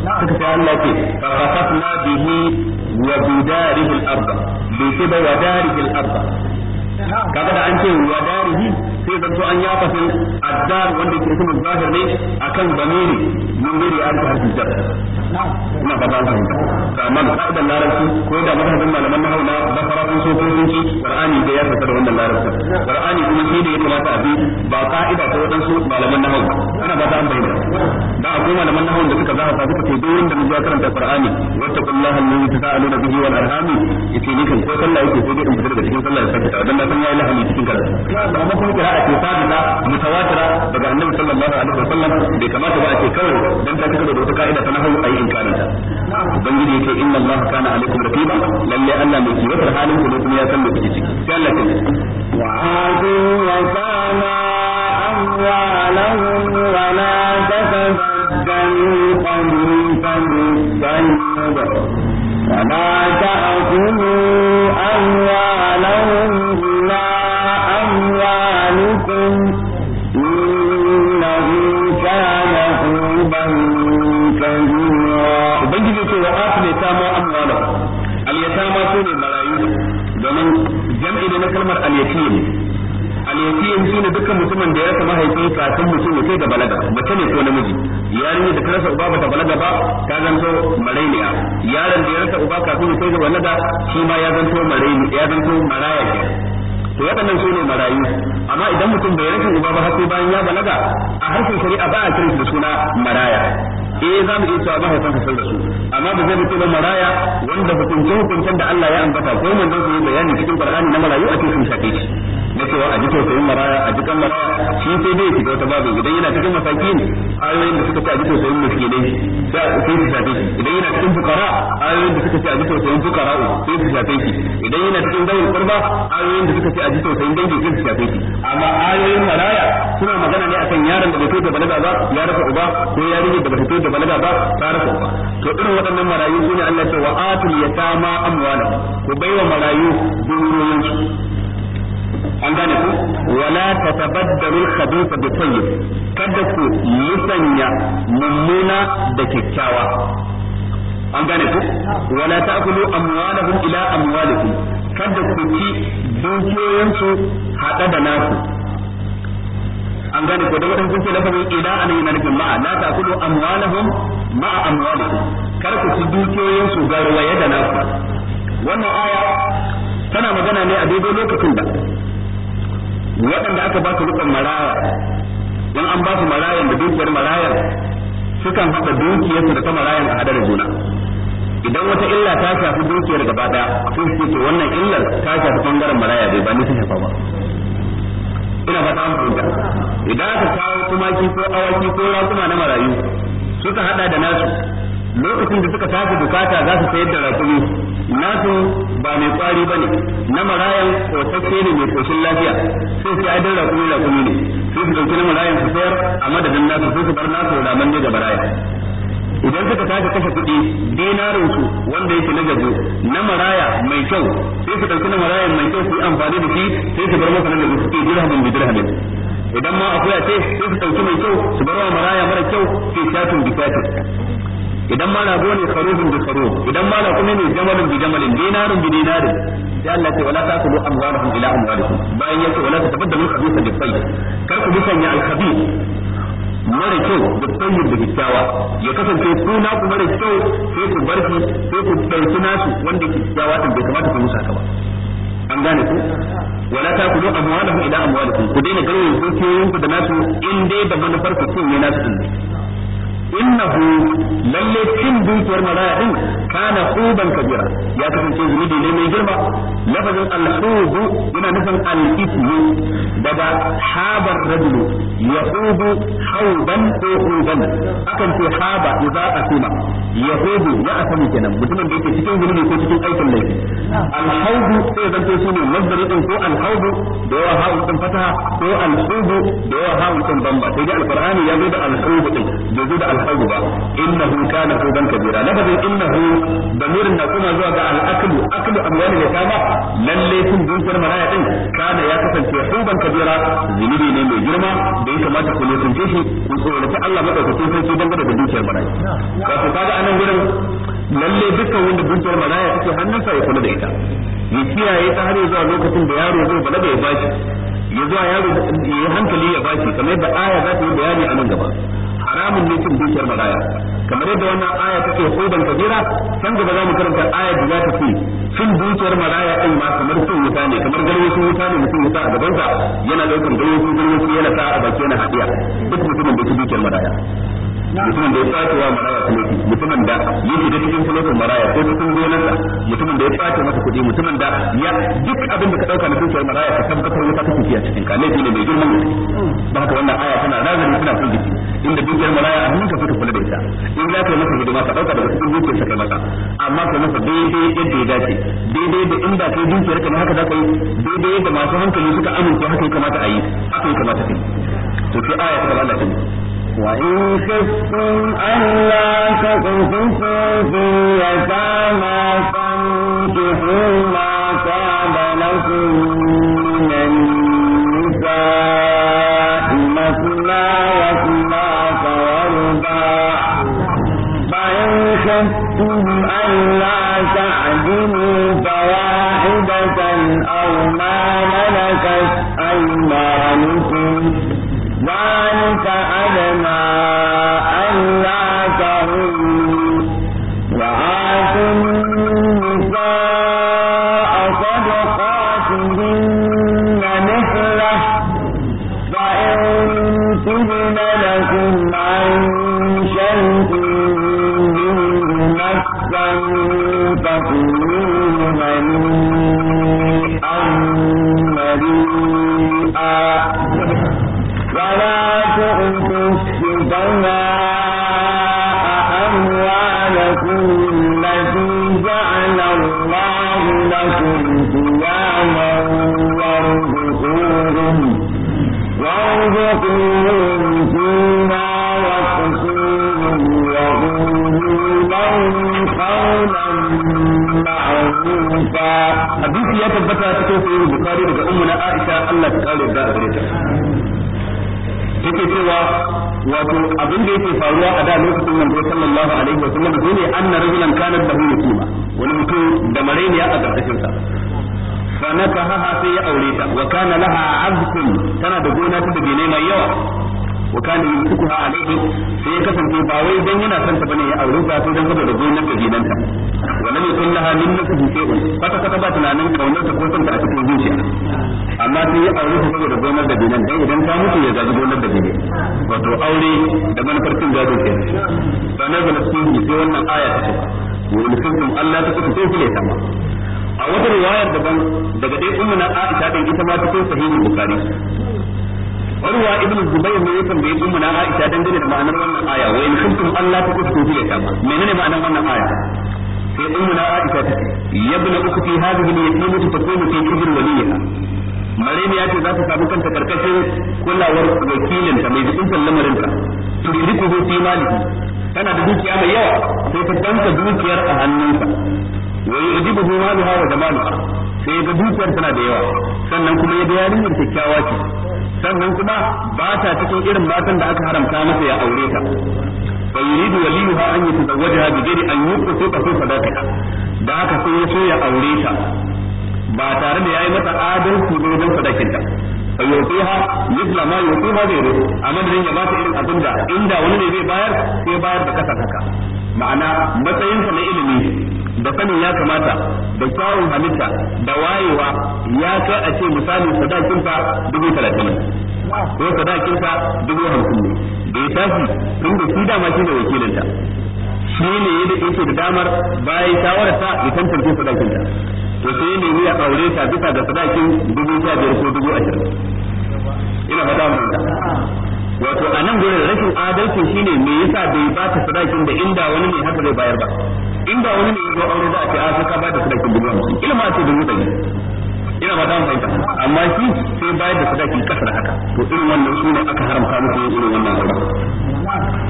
suka sai Allah ce fa khasafna bihi wa bidarihi al-ardh bi kiba wa darihi al-ardh kaga da an ce wa darihi sai zanto an yafa sun addar wanda ke ismu zahir ne akan zamiri min gari an ta harfi jar ina ba ban fahimta to amma da ka'idar larabci ko da mazhabin malaman na basara sun so kun ci da ya fasa da wannan larabci qur'ani kuma shi da ya kamata a bi ba ka'ida ta wadansu malaman nahawu ana ba ta an bayyana da akwai malaman nahawu da suka zaha suka ce duk wanda ya karanta qur'ani wattaqullaha allazi tasaaluna bihi wal arhami yace ni kan ko sallah yake sai dai in fita daga cikin sallah ya saka dan na san yayi lahani cikin karatu amma kuma kira'a ce sabita mutawatira daga annabi sallallahu alaihi wasallam bai kamata ba a ce kawai dan ta tafi da wata ka'ida ta nahawu ayi inkarin ta ubangiji yake inna allaha kana alaikum raqiba lalle Allah mai kiyaye halin ku ne kuma ya san me kuke ciki sai Allah ke wa adu wa kana amwalahum wa la qawlan wa la ta'kulu shi ne dukkan mutumin da ya rasa mahaifi kafin mutum ya kai ga balaga mace ne ko namiji yarinya da ka rasa uba bata balaga ba ta zanto marainiya yaron da ya rasa uba kafin ya kai ga balaga shi ma ya zanto maraini ya zanto maraya ke to waɗannan su ne marayu amma idan mutum bai rasa uba ba har sai bayan ya balaga a harshen shari'a ba a kiran da suna maraya eh za mu iya cewa mahaifan ka da su amma ba zai mutu ba maraya wanda hukuncin hukuncin da Allah ya ambata ko manzon su bayani cikin Qur'ani na marayu a cikin shafi na cewa a ji tausayin maraya a jikan maraya shi sai dai fita wata babu idan yana cikin masakin ayoyin da suka ce a ji tausayin miskinai da sai su shafe shi idan yana cikin fukara ayoyin da suka ce a ji tausayin fukara sai su shafe shi idan yana cikin dawul kurba ayoyin da suka ce a ji tausayin dangi sai su shafe shi amma ayoyin maraya suna magana ne akan yaron da bai kai da balaga ba ya rasa uba ko yarinyar da bai kai da balaga ba ta rasa uba to irin waɗannan marayu shine Allah ya ce wa atul yatama amwalahum ku baiwa marayu duroyin an gane ku wala tatabaddalu khabitha bi tayyib kada ku musanya mummuna da kyakkyawa an gane ku wala ta'kulu amwalahum ila amwalikum kada ku ci dukiyoyinsu hada da nasu an gane ku da wadan kun ce lafazin ila an yana nufin ma'a la ta'kulu amwalahum ma'a amwalikum kar ku ci dukiyoyinsu garwaye da nasu wannan aya tana magana ne a daidai lokacin da waɗanda aka ba su rukun maraya in an ba su marayan da dukiyar marayan sukan haɗa dukiyarsu da ta marayan a hadar juna idan wata illa ta shafi dukiyar gaba daya sun ce to wannan illar ta shafi bangaren maraya bai ba ni ta shafa ba ina fata an fahimta idan aka kawo tumaki ko awaki ko rakuma na marayu suka hada da nasu lokacin da suka tafi bukata za su sayar da rakumi nasu ba mai kwari ne na marayan kosacce ne mai koshin lafiya sai sai adan rakumi rakumi ne sai su dauki na marayan su sayar a madadin nasu sai su bar nasu raman ne ga maraya idan suka tafi kashe kuɗi dinarin su wanda yake na gado na maraya mai kyau sai su dauki na marayan mai kyau su yi amfani da shi sai su bar masa na gabo su ke dirhamin bi dirhamin idan ma akwai a ce sai su dauki mai kyau su bar wa maraya mara kyau sai shatin bi idan ma rago ne sarufin da faru idan ma kuma ne jamalin da jamalin dinarin da dinarin sai Allah ce wala taqulu amwalahum ila amwalikum bayan ya ce wala tatabaddalu al-khabitha bil tayyib kar ku musanya al-khabith mara kyau da tsayin da kyakkyawa ya kasance su na ku mara kyau sai ku bar shi sai ku ɗauki nasu wanda ke kyakkyawa din bai kamata ku musa ka ba an gane ku wala ta kudu amwalahum ila amwalikum ku daina garwaye dukiyoyin ku da nasu in dai da manufar ku ne nasu din innahu lalle cin dukiyar maraya din kana huban kabira ya kasance zunubi ne mai girma lafazin al-hubu yana nufin al-ithmu daga habar rajulu yahubu hauban ko huban akan ce haba idza asima yahubu ya asami kenan mutumin da yake cikin zunubi ko cikin aikin laifi al-haubu sai zanto shine masdari din ko al-haubu da yawa ha'u din ko al-hubu da bamba sai dai al ya zo da al din da zo da kasaru ba innahu kana kuban kabira lafazin innahu damirin na kuma zuwa ga al-aklu aklu ya ne kama lalle sun dukiyar maraya din kana ya kasance kuban kabira zunubi ne mai girma da ya kamata ku nisance shi ku tsoraci Allah madaukakin sarki dangane da dukiyar maraya wato kaga anan gurin lalle dukkan wanda dukiyar maraya take hannunsa ya kula da ita ya kiyaye ta har zuwa lokacin da yaro zai balaga ya bashi ya zuwa yaro ya hankali ya bashi kamar yadda aya za ta yi bayani a nan gaba haramun ne cin dukiyar maraya kamar yadda wannan aya ta ce uban kabira san gaba za mu karanta aya da za ta ce cin dukiyar maraya din ma kamar cin wuta ne kamar garwashin wuta ne mutum wuta a gaban sa yana ɗaukar garwashin garwashi yana sa a baki hadiya haɗiya duk mutumin da cin dukiyar maraya mutumin da ya kwace wa maraya talauci mutumin da ya shiga cikin talaucin maraya ko ta gonarsa mutumin da ya kwace masa kuɗi mutumin da ya duk abin da ka ɗauka na dukiyar maraya ka tabbatar wuta ta tafiya cikin ka laifi ne mai girman gaske ba haka wannan aya tana razani tana son jiki inda dukiyar maraya a hannunka suka kula da ita in za ka yi masa hidima ka ɗauka daga cikin dukiyarsa kai masa amma ka masa daidai yadda ya dace daidai da inda kai dukiyar ka haka za ka yi daidai da masu hankali suka amince haka ya kamata a yi haka ya kamata ka yi to sai aya ta Allah ta وإن خفتم ألا تقسطوا في اليتامى فانكحوا Allah ka kare da gare ta yake cewa wato abin da yake faruwa a da lokacin nan ko sallallahu alaihi wa sallam dole anna rajulan kana da lahu yusima wani mutum da mareniya a karkashin sa fanakaha sai ya aure ta wa kana laha abdun tana da gona ta da gine mai yawa wa kana yusukuha alaihi sai ya kasance ba wai dan yana son ta bane ya aure ta sai dan saboda gonar da ta lam yakun laha min nafsihi shay'un ba tunanin kaunar ta ko son ta a cikin zuciya amma sai ya aure ta saboda gonar da dinan dan idan ta mutu ya gaji gonar da dinan wato aure da gado ke da sai wannan aya ta ce wa lakum Allah ta kuka a wata riwayar daban daga dai ummu Aisha din ita ma ta bukhari ne ya tambaye ummu Aisha dangane da ma'anar wannan aya wa in Allah ta kuka menene ma'anar wannan aya sai ummuna Aisha ta ce yabna ukti hadhihi al-yatimatu takunu fi kubr waliha Maryam ya ce za ta samu kanta karkashin kulawar wakilin ta mai jikin lamarin ta turikuhu fi maliki tana da dukiya mai yawa sai ta danka dukiyar a hannunta wa yujibuhu maluha wa jamaluha sai ga dukiyar tana da yawa sannan kuma ya ga yarinyar kyakkyawa ce sannan kuma ba ta cikin irin matan da aka haramta masa ya aure ta fa yuridu waliyuha an yatazawwajaha bi gari an yuqsita fi sadaqatiha da haka sai ya so ya aure ta ba tare da yayi mata adalci ba wajen sadakinta fa yuqiha mithla ma yuqiha ghairu amma da ya ba ta irin abin da inda wani ne zai bayar sai bayar da kasa haka ma'ana sa na ilimi da sanin ya kamata da kyawun halitta da wayewa ya kai a ce misalin sadakinta dubu talatin ko sadakin ta dubu hamsin ne da ya tashi tun da shi dama shi ne wakilinta shi ne yadda yake da damar bayan shawarar sa ya tantance sadakin ta to sai ne ya aure ta bisa ga sadakin dubu sha biyar ko dubu ashirin ina fata mun wato a nan gurin rashin adalci shine me yasa bai ba ta sadakin da inda wani ne haka zai bayar ba inda wani ne ya zo aure za a ce a ka ba da sadakin dubu hamsin ilma ce dubu ɗari ina ba ta fahimta amma shi sai bayar da sadaki kasar haka to irin wannan su ne aka haramta musu yin irin wannan aure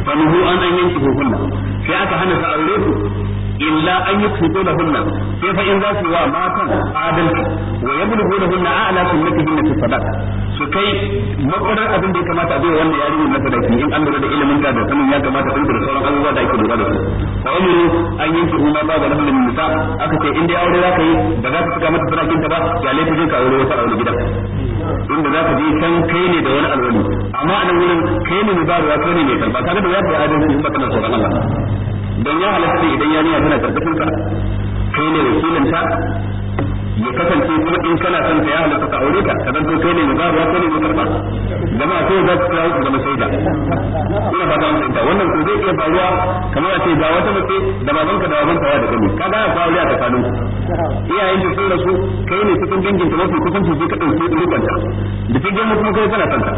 fa nuhu an an yanki hukunna sai aka hana sa aure su illa an yukhiduna hunna sai fa in za su wa ma matan adalci wa yablughuna hunna a'la sunnatihin fi sadaq su kai makwarar abin da ya kamata a bai wanda yarinya na sadaki in an lura da ilimin ta da sanin ya kamata din da sauran abubuwa da ake lura da su fa umru an su ma ba da hulun nisa aka ce in dai aure za ka yi ba za ka saka mata sadakin ta ba ya laifin ka aure wata aure gidan da za ka je san kai ne da wani alwali amma a nan wurin kai ne mu ba ruwa kai ne mai karba kaga da ya fi adalci in ba kana sauran Allah don ya halatta idan niya tana karkashin ka kai ne wakilin ta ya kasance kuma in kana son ta ya halatta ka aure ka ka zanto kai ne mu ba ruwa ko ne mu karba zama ko za ku kawo da zama shaida ina ba za mu wannan ko zai iya faruwa kamar a ce ga wata mace da ka da babanka ya da kai ka ga ya faru ya tsakanin iyayen ki sun rasu kai ne cikin dangin ta mafi kusan su ka dauke rubanta da cikin mu kuma kai kana son ta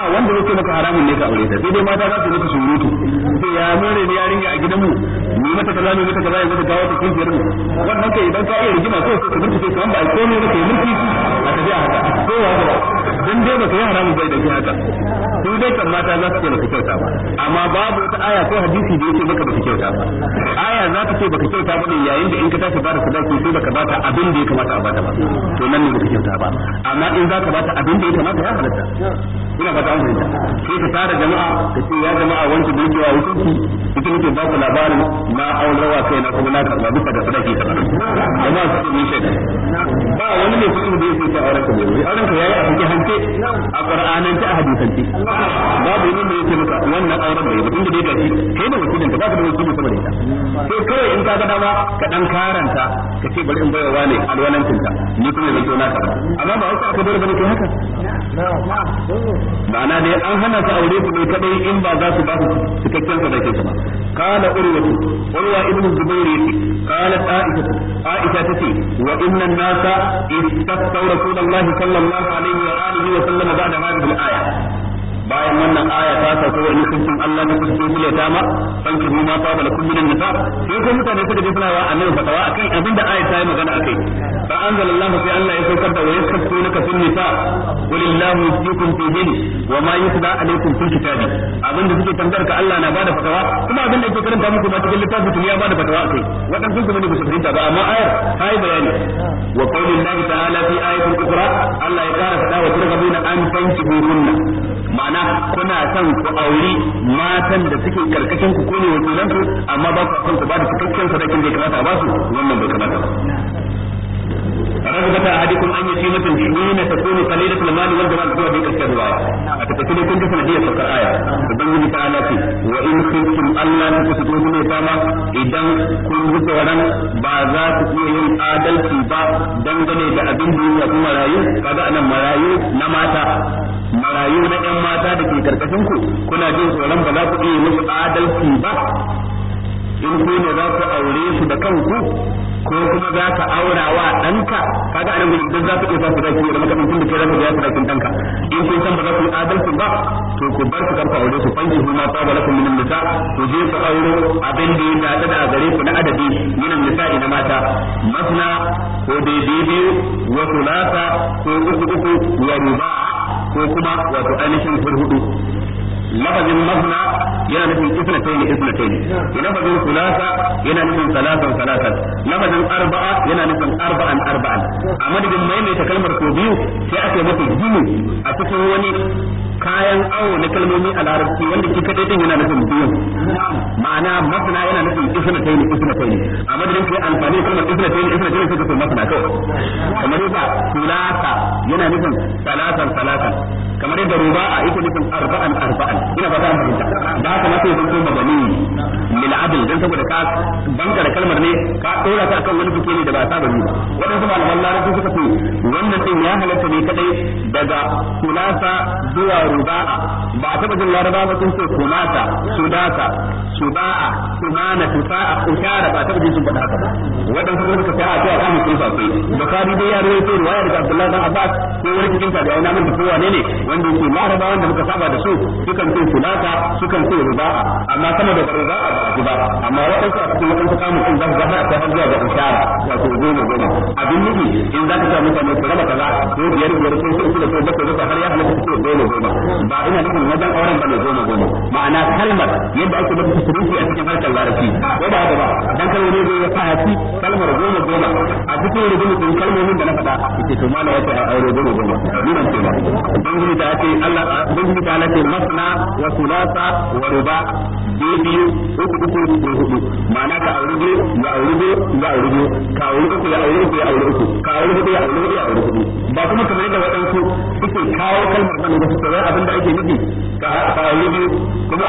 ba wanda yake maka haramun ne ka aure ta sai dai mata za su maka surutu sai ya more ne yarinya a gidanmu ni mata kaza ne mata kaza ya mata gawa ta kun wannan kai idan ka iya rigima sai ka bincike kan ba komai ba kai mulki a tafi a haka ko wa ba dan dai baka yi haramun bai da ki haka ko dai kan mata za su ce baka kyauta ba amma babu wata aya ko hadisi da yake baka baka kyauta ba aya za ta ce baka kyauta ba ne yayin da in ka tashi bada sadaki sai baka bata abin da ya kamata a bata ba to nan ne baka kyauta ba amma in za ka bata abin da ya kamata ya halatta ina fata an fahimta sai ka tara jama'a ka ce ya jama'a wanke dokewa hukunci ita nake ba ku labarin na aurawa kai na kuma na karba bisa da sadaki ta jama'a su ne shaida ba wani ne kuɗin da yake ta auren ka ne auren ka yayi a cikin hanke a qur'anan ta a hadisance babu wani da yake maka wannan auren bai mutum da dai gashi kai da wakilin ka ba ka da wakili saboda ita sai kawai in ka ga dama ka dan karanta ka ce bari in wa ne alwalancinta ni kuma na tona ka amma ba wasu aka dole bane ke haka ma'ana dai an hana su aure su dai kadai in ba za su ba su cikakken sadakin ba kana urwa urwa ibnu zubair yake kana aisha aisha tace wa inna an-nasa istaqtaw rasulullahi sallallahu alaihi wa alihi wa sallam ba'da hadhihi al-aya bayan wannan aya ta sauka wa in Allah ta kuntum bila ta ma san ku ma fa bala kun minan nisa sai ko mutane suka ji suna wa annabi fatawa akan abinda aya ta yi magana akai fa anzalallahu fi Allah ya saukar da wa yaskatuna fil nisa qulillahu yusikum fi din wa ma yusba alaikum fil kitabi abinda suke tambayar ka Allah na bada fatawa kuma abinda yake karanta muku ba cikin littafin tuni ya bada fatawa akai sun kuma ne ba su fahimta ba amma ayar ta yi bayani wa qaulillahi ta'ala fi ayatin ukra Allah ya kara fada wa na an fanki kunna ma'ana kuna son ku auri matan da suke karkashin ku ko ne wakilan ku amma ba ku son ku ba da cikakken sadakin da kamata ba su wannan bai kamata ba ragbata ahadikum an yati matan hina takunu qalilatul mal wal jamal zuwa da karshen riwaya a takaice kun ga sanadiyar sakar aya ubangiji ta ala fi wa in kuntum alla tuqsitu min sama idan kun ji tsoron ba za ku iya yin adalci ba dangane da abin da ya kuma rayu kaga anan marayu na mata marayu na yan mata da ke karkashin ku kuna jin tsoron ba za ku iya musu adalci ba in ku ne za ku aure su da kanku ko kuma za ka aura wa ɗanka kaga anan gudun don za ku iya fasu zaki da makamancin da ke da ka biya sadakin ɗanka in kun san ba za ku yi adalci ba to ku bar su karfa aure su fanki su ma ba lakum minan nisa ku je ku aure abin da ya dace da gare ku na adadi minan nisa ina mata masna ko daidai biyu wa thulatha ko uku uku wa ruba'a ko kuma wato ainihin hurhudu lafazin mafna yana nufin isnatayn isnatayn lafazin sulasa yana nufin salasan salasan lafazin arba'a yana nufin arba'an arba'an a madadin maimaita kalmar ko biyu sai ake mata gini a cikin wani kayan awo na kalmomi a larabci wanda ke kadai din yana nufin biyu ma'ana masana yana nufin isna tayi ne isna tayi a madadin kai amfani da kalmar isna tayi ne isna tayi sai ka masana kai kamar yadda sulasa yana nufin salatan salatan kamar yadda ruba'a yake nufin arba'an arba'an ina ba za mu fahimta ba haka na sai zanto mabani lil adl dan saboda ka banka da kalmar ne ka dora ta kan wani fuke ne da ba saba ba wadansu malaman larabci suka ce wannan din ya halatta ne kadai daga sulasa zuwa ruba'a ba a taba jin laraba ba sun ce kumata sudata suba'a kumana tufa'a ushara ba a taba jin sun faɗa haka ba waɗansu kuma suka ta a ce a kama sun sosai bukari dai ya rawaito ruwaya daga abdullahi dan abbas ko wani cikin tabi'ai na manta kowa ne ne wanda yake laraba wanda muka saba da su sukan ce sudata sukan ce ruba'a amma sama da ruba'a ba a ji ba amma waɗansu a cikin waɗansu kamun sun zafi zafi a kafar zuwa ga ushara wato goma goma abin nufi in za ka sa mutane su kaza ko biyar biyar ko uku da ko bakwai bakwai har ya halatta ba ina nufin wajen auren ba zo goma goma ma'ana kalmar yadda ake mata tasrifi a cikin harkar larabci ko ba haka ba dan kalmar ne ya fahimci kalmar goma goma a cikin sun kalmomin da na faɗa yake to mala yace aure goma goma ni ban ce don gudu da ake Allah gudu da ala ce masana wa sulasa wa ruba biyu biyu uku uku uku uku ma'ana ka aure biyu ga aure biyu ga aure biyu ka aure uku ya aure uku ya aure uku ka aure hudu ya aure hudu ya aure hudu ba kuma kamar yadda waɗansu suke kawo kalmar da suka abin da ake nufi ka aure biyu kuma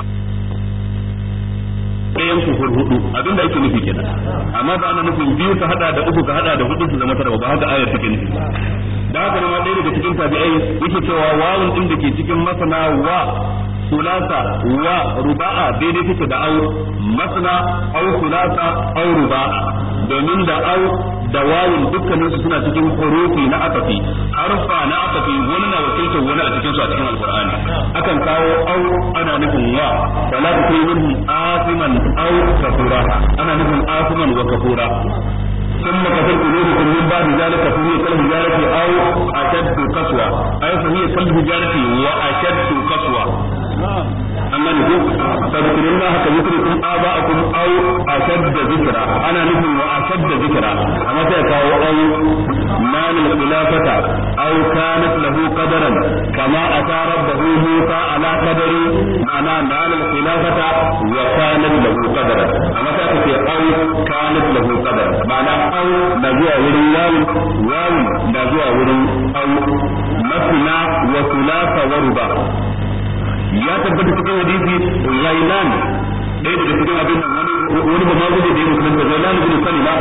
ɗayan yanku hur hudu abin da ake nufi kenan amma ba ana nufin biyu ka hada da uku ka hada da hudu su zama tara ba haka ayar take nufi da haka nan ɗaya daga cikin tabi'ai yake cewa wawun ɗin da ke cikin masana wa sulasa wa ruba'a daidai take da au masna au sulasa au ruba'a domin da au da wawun dukkanin su suna cikin hurufi na akafi harfa na akafi wani na wakiltar wani a cikin su a cikin alqur'ani akan kawo au ana nufin wa wala tuqimul asiman au kafura ana nufin asiman wa kafura ثم قتلت قلوبكم من بعد ذلك فهي كالحجارة أو أشد قسوة أي فهي كالحجارة وأشد قسوة amma ne ko tafsirin na haka zikri kun aba akum au ashadda zikra ana nufin wa ashadda zikra amma sai kawo au man al khilafata au kanat lahu qadaran kama ata rabbahu musa ala qadari ana man al khilafata wa kanat lahu qadaran amma sai ce au kanat lahu qadar ma'ana au da zuwa wurin wawu wawu da zuwa wurin au masna wa thulatha wa ruba ya tabbata cikin hadisi zailan ɗaya daga cikin abin nan wani ba ma gode da ya musulunta zailan bin ba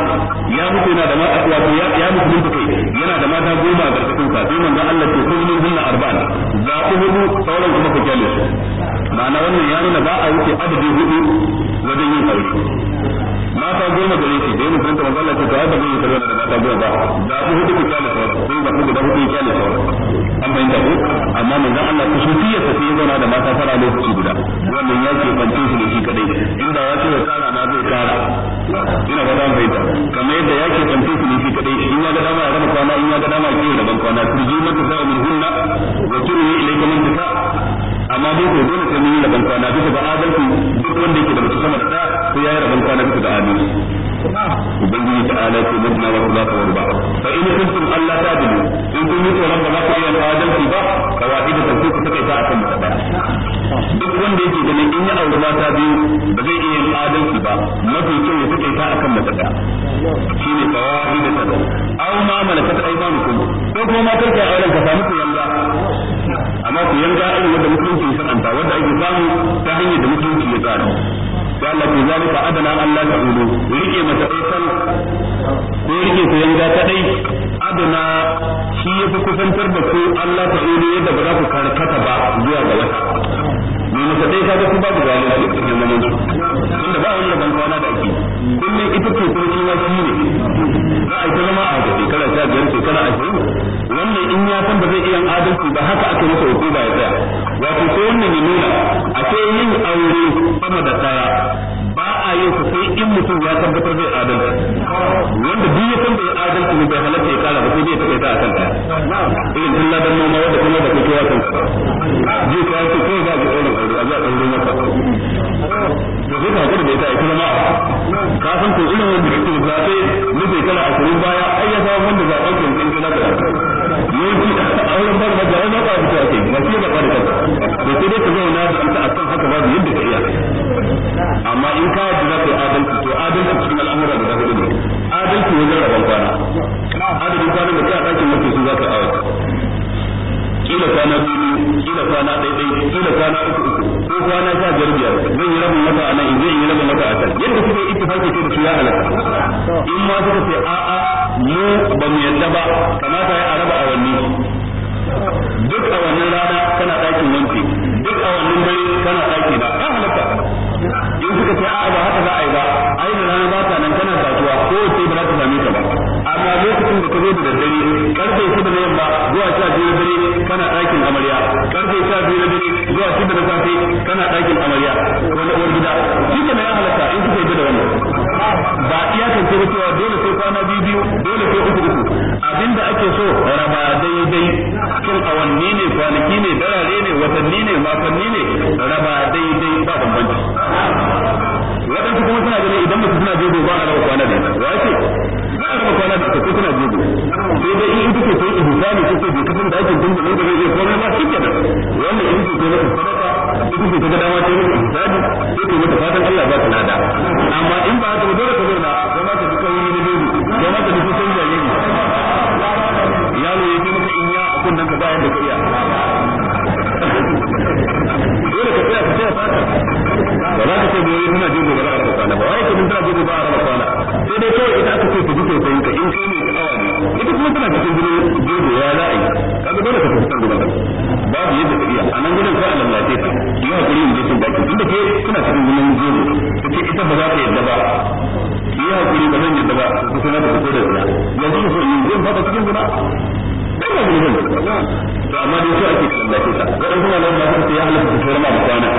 ya mutu yana da mata wato ya musulunta kai yana da mata goma a ƙarƙashin sa sai manzo Allah ce kun min hunna arba'a za ku hudu sauran kuma ku kyale su ma'ana wannan ya nuna ba a wuce adadin hudu wajen yin aure mata goma gare shi da ya musulunta manzo Allah ce to ai ba zai yi da mata goma ba za ku hudu ku kyale sauran sai ba ku guda hudu ku kyale sauran an bayyana ku amma manzon Allah ku sufiya ta sai zauna da mata fara lokaci guda wannan ya ke su da shi kadai inda ya ce tsara ma zai tsara ina ba zan bai kamar yadda ya ke fance su da shi kadai in ya ga hunna wa ko dole sai mun yi ga adalci duk wanda yake da mutum da sai ya yi raba kwana ga adalci ubangiji ta ala ce mutuna wasu za ka warba fa in kuntum Allah ta dubu in kun yi tsoron ba za ku iya kawo dalci ba kawai da kanku ku take ta akan mata daya duk wanda yake ganin in ya aure mata biyu ba zai iya yin adalci ba mafi kyau ya take ta akan mata daya shine kawai da kanku aw ma malakat aymanukum ko kuma matar ka auren ka samu ku yanga amma ku yanga irin wanda mutunci ya sananta wanda ake samu ta hanyar da mutunci ya tsara da Allah ku zalika adana Allah ta hudu rike mata ɗaukan ko rike ku yanga kadai adana shi ya fi kusantar da ku Allah ta hudu yadda ba za ku karkata ba zuwa ga wata ne mata dai kaga ba da kullum ita ce ko shi ma shi ne za a yi zama a ga shekara sha biyar shekara ashirin wannan in ya san ba zai iya adalci ba haka aka masa hukuma ya tsaya wato ko wannan ya nuna a ce yin aure sama da tsaya yin sai in mutum ya tabbatar zai adalci wanda duk ya adalci ne bai halatta ya kara ba sai da akan irin tun ladan noma wanda kuma da kake wasan ka zai ka yi kai za ka tsoron aure a za ka ka da ita ko a kurin baya ai ya zama da yawanci ba da da ba da da ba da ba da da da da da da da ba da da amma in ka yadda za ka yi adalci to adalci cikin al'amura da hudu ne adalci wajen rabon kwana adadin kwana da kai a ɗakin mafi su za ka awa kila kwana biyu kila kwana ɗaiɗai kila kwana uku uku ko kwana sha biyar biyar zan yi rabin mata a nan in zai yi rabin mata a can yadda suka yi ittifaqi ce da su ya halaka in ma suka ce a'a mu ba mu yadda ba kamata ya araba awanni duk awannin rana kana ɗakin wanke duk awannin dare kana suka ce a'a ba haka za a yi ba ai da rana ba ta nan kana kasuwa ko ce ba za ta same ka ba amma lokacin da ka zo da daddare karfe shida na yamma zuwa sha biyu dare kana ɗakin amarya karfe sha biyu dare zuwa shida na safe kana ɗakin amarya wanda uwar gida shi ke ya halatta in kika yi da wannan ba iya kan ce cewa dole sai kwana biyu biyu dole sai uku uku abinda ake so raba daidai kin awanni ne kwanaki ne darare ne watanni ne makonni ne raba daidai ba bambanci kwana da ita wace za a raba kwana da ita ko kuna jibi sai dai in ita ce ko da ake dinga ne da zai iya komai wannan in ce maka sadaka ita ce ta ga dama mata fatan Allah ba ta nada amma in ba haka ba dole ka zauna zama ka duka wani ne ne ka duka ya maka in ya ka dole ka tsaya ka tsaya fata ba za ka ce za a ba ka mun tana sai dai kawai idan aka ce ta ji tausayin ka in kai mai awa ne ita kuma tana cikin jini gobe ya za a yi kaga dole ka fuskantar gudan ka babu yadda ka iya a nan gudun sai a lallace ta yi hakuri in je cin baki tun da ke kuna cikin jinin gobe ta ce ita ba za ta yadda ba yi hakuri ba zan yadda ba ta kuma ta fito da ta yanzu ku so in zan ta cikin guda dan ba gudu da ta amma dai sai ake kan lafiya wadan kuma nan ta su ya halatta ta tura ma da kwana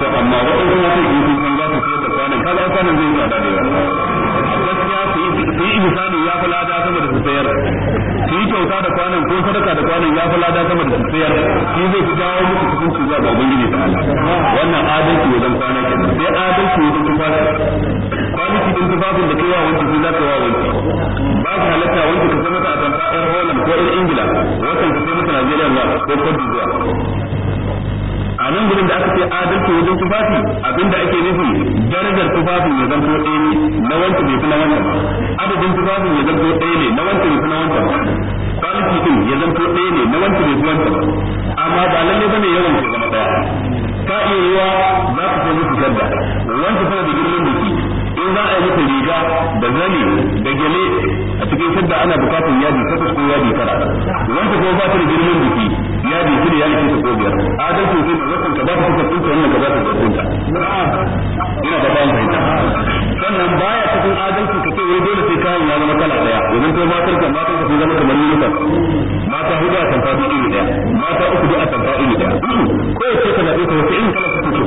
to amma wadan kuma sai in kun kaga kwanan zai yi tsada da yawa gaskiya su yi su yi ihsani ya fi lada sama da su sayar su yi kyauta da kwanan ko sadaka da kwanan ya fi lada sama da su sayar shi zai fi jawo muku cikin su zuwa ga ubangiji ta Allah wannan adalci dan kwana kenan sai adalci wajen tufafi kwaliti din tufafin da kai wa wanki sai za ka wa wanki ba ka halatta wanki ka sanar da a tamfa yar Holland ko yar Ingila watan ka sai mata Najeriya ba ko Cote d'Ivoire nan gurin da aka ce adalci wajen tufafi abinda ake nufi darajar ne ya zanto ɗaya ne na wancan bai fi na wanda ba adadin tufafin ya zanto ɗaya ne na wancan bai fi na wancan ba kwaliti din ya zanto ɗaya ne na wancan bai fi wancan amma ba lalle bane yawan ke zama ɗaya ka iya yiwa za ka sai musu gadda wancan suna da girman jiki in za a yi musu riga da zani da gele a cikin sadda ana bukatar yadi takwas ko yadi tara wancan kuma ba ta da girman jiki ya bi shi ya nufi ko biyar adalci sai mazan ka ba ta kuka kunta wannan ka ba ka kunta ina ba ba fahimta sannan baya cikin adalci ka ce wai dole sai kayan ya zama kala daya domin kai matar ka matar ka sun zama kamar uniform mata hudu a tamfa biyu iri daya mata uku biyu a tamfa iri daya ko yace ka na ɗauka wasu in kala su kuke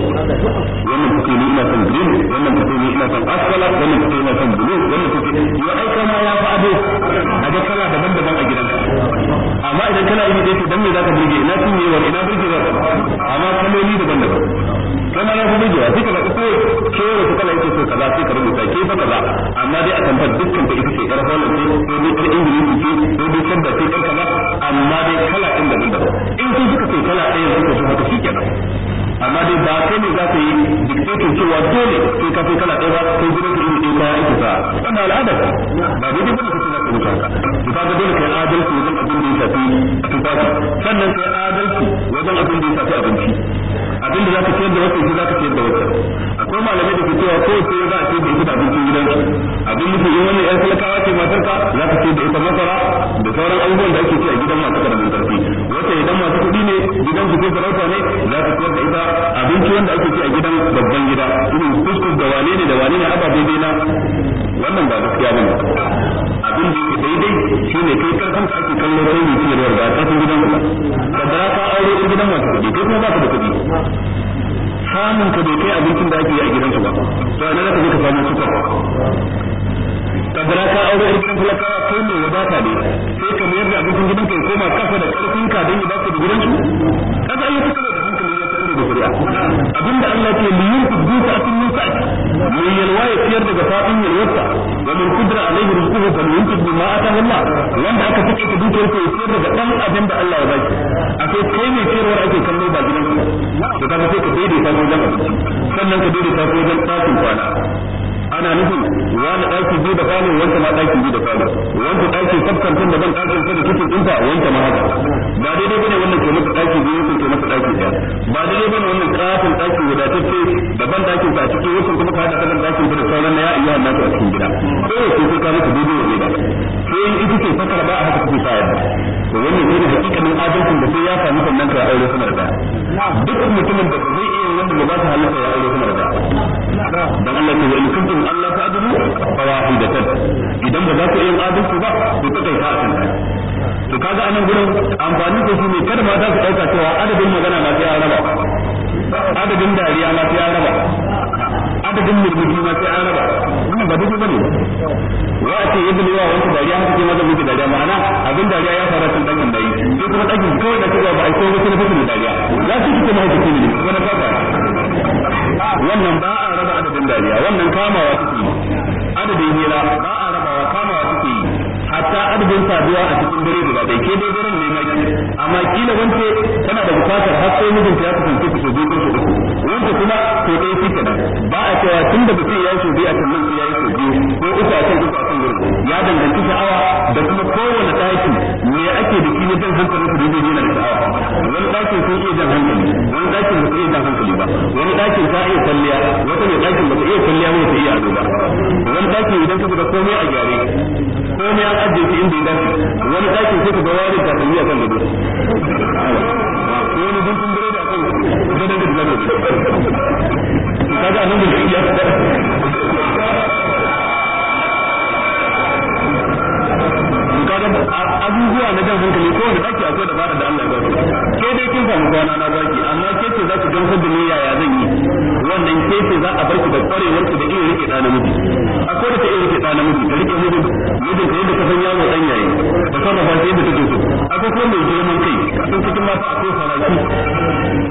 wannan kuke ne ina son green wannan kuke ne ina son asfala wannan kuke ina son blue wannan kuke ya aika ma ya fi ado a ga kala daban-daban a gidan amma idan kana iri daya to dan me zaka burge ina cinye wa ina burge wa amma kaloli daban-daban zama na fi bugewa sai da zaɓi ko ke wata kala yake so kaza sai ka rubuta ke fa kaza amma dai a tamfar dukkan ta ita ce ƴar holland ce ko dai ƴar ingilishi ce ko dai sabda ce ƴar kaza amma dai kala ɗin da daban in sun suka ce kala ɗaya suka so haka shi kenan amma dai ba kai ne za ka yi dictating cewa dole sai ka sai kala ɗaya ba sai gidan ka iri ɗaya kaya ake sa wannan al'ada ba ba dai dai ka ce za ka rubuta dole ka yi adalci wajen abin da ya shafi tufafi sannan kai adalci kawai ninka don ya baka da gidansu kaga ai kuka da hankali da abinda Allah ke liyin kudu ta cikin nisa mai yalwa ya fiyar daga fadin yalwarsa ga mai kudura wa min qudra alaihi rizquhu fal yunfiq mimma ta Allah wanda aka fice ka dukiyar ka ya fiyar daga ɗan abin da Allah ya zaki akai kai mai fiyarwar ake kallo ba gidan gidansu da kaga sai ka daidaita ko dan sannan ka daidaita ko dan tsakin kwana ana nufin wani biyu da falo wancan ma ɗaki biyu da falo wancan ɗaki sabkantin da ban ɗakin sa da kicin ɗinta wancan ma haka ba daidai bane wannan ke masa ɗaki biyu wancan ke masa ɗaki ɗaya ba daidai bane wannan katin ɗaki wadatacce da ban ɗakin sa a cikin wancan kuma ka haɗa ɗakin ɗakin da sauran na ya iya nasu a cikin gida ko wace sai ka masa daidai wa daidai sai ita ce fakar ba a haka take sa yadda to wannan ne da hakikanin adalcin da sai ya samu sannan ka aure sama da duk mutumin da zai iya wanda ba za ta halatta ya aure dan Allah ke wani kuntum Allah ta idan ba za ku yin adalci ba ku ta kai to kaga anan gurin amfani da shi ne kada ma za ku dauka cewa adadin magana ma sai an raba adadin dariya ma sai an raba adadin murmushi ma sai an raba wannan ba bane a ce yadda ne wa dariya haka ke maza miki dariya ma'ana abin dariya ya fara tun dakin dai sai kuma dakin kawai da ba a na fasin dariya za su ne na wannan ba a raba adadin dariya wannan kamawa suke yi adadin hira ba a rabawa kamawa suke yi hatta adadin saduwa a cikin dare guda dai ke dai mai ne maki amma kila wance tana da bukatar har sai mijinta ya kasance ku sojo ko uku wanda kuma to dai shi kenan ba a cewa tun da mutum ya yi sojo a kan nan ya yi sojo ko uku a kan ya danganci sha'awa da kuma kowane ɗaki me ake da shi jan hankalin su da yana da sha'awa wani ɗakin sun iya jan hankali wani ɗakin ba su iya jan hankali ba wani ɗakin ta iya kwalliya wata mai ɗakin ba ta iya kwalliya ba ta iya ado ba wani ɗakin idan ka fita komai a gyare komai an ajiye shi inda ya dace wani ɗakin sai ka ga wani takalmi a kan gado wani guntun biredi a kan gado da gado kaga annabi ya fada abubuwa na jan hankali ko da zaki akwai dabara da Allah ya ba ke dai kin samu kwana na baki amma ke ce za ki don hudu ne yaya zan yi wannan ke ce za a bar ki da kwarewar ku da iya rike da namiji akwai da ta iya rike da namiji ka rike mu mijin ka yadda ka san yawo dan yayi da ba shi yadda take so akwai kuma mai girman kai sun cikin mata akwai faraki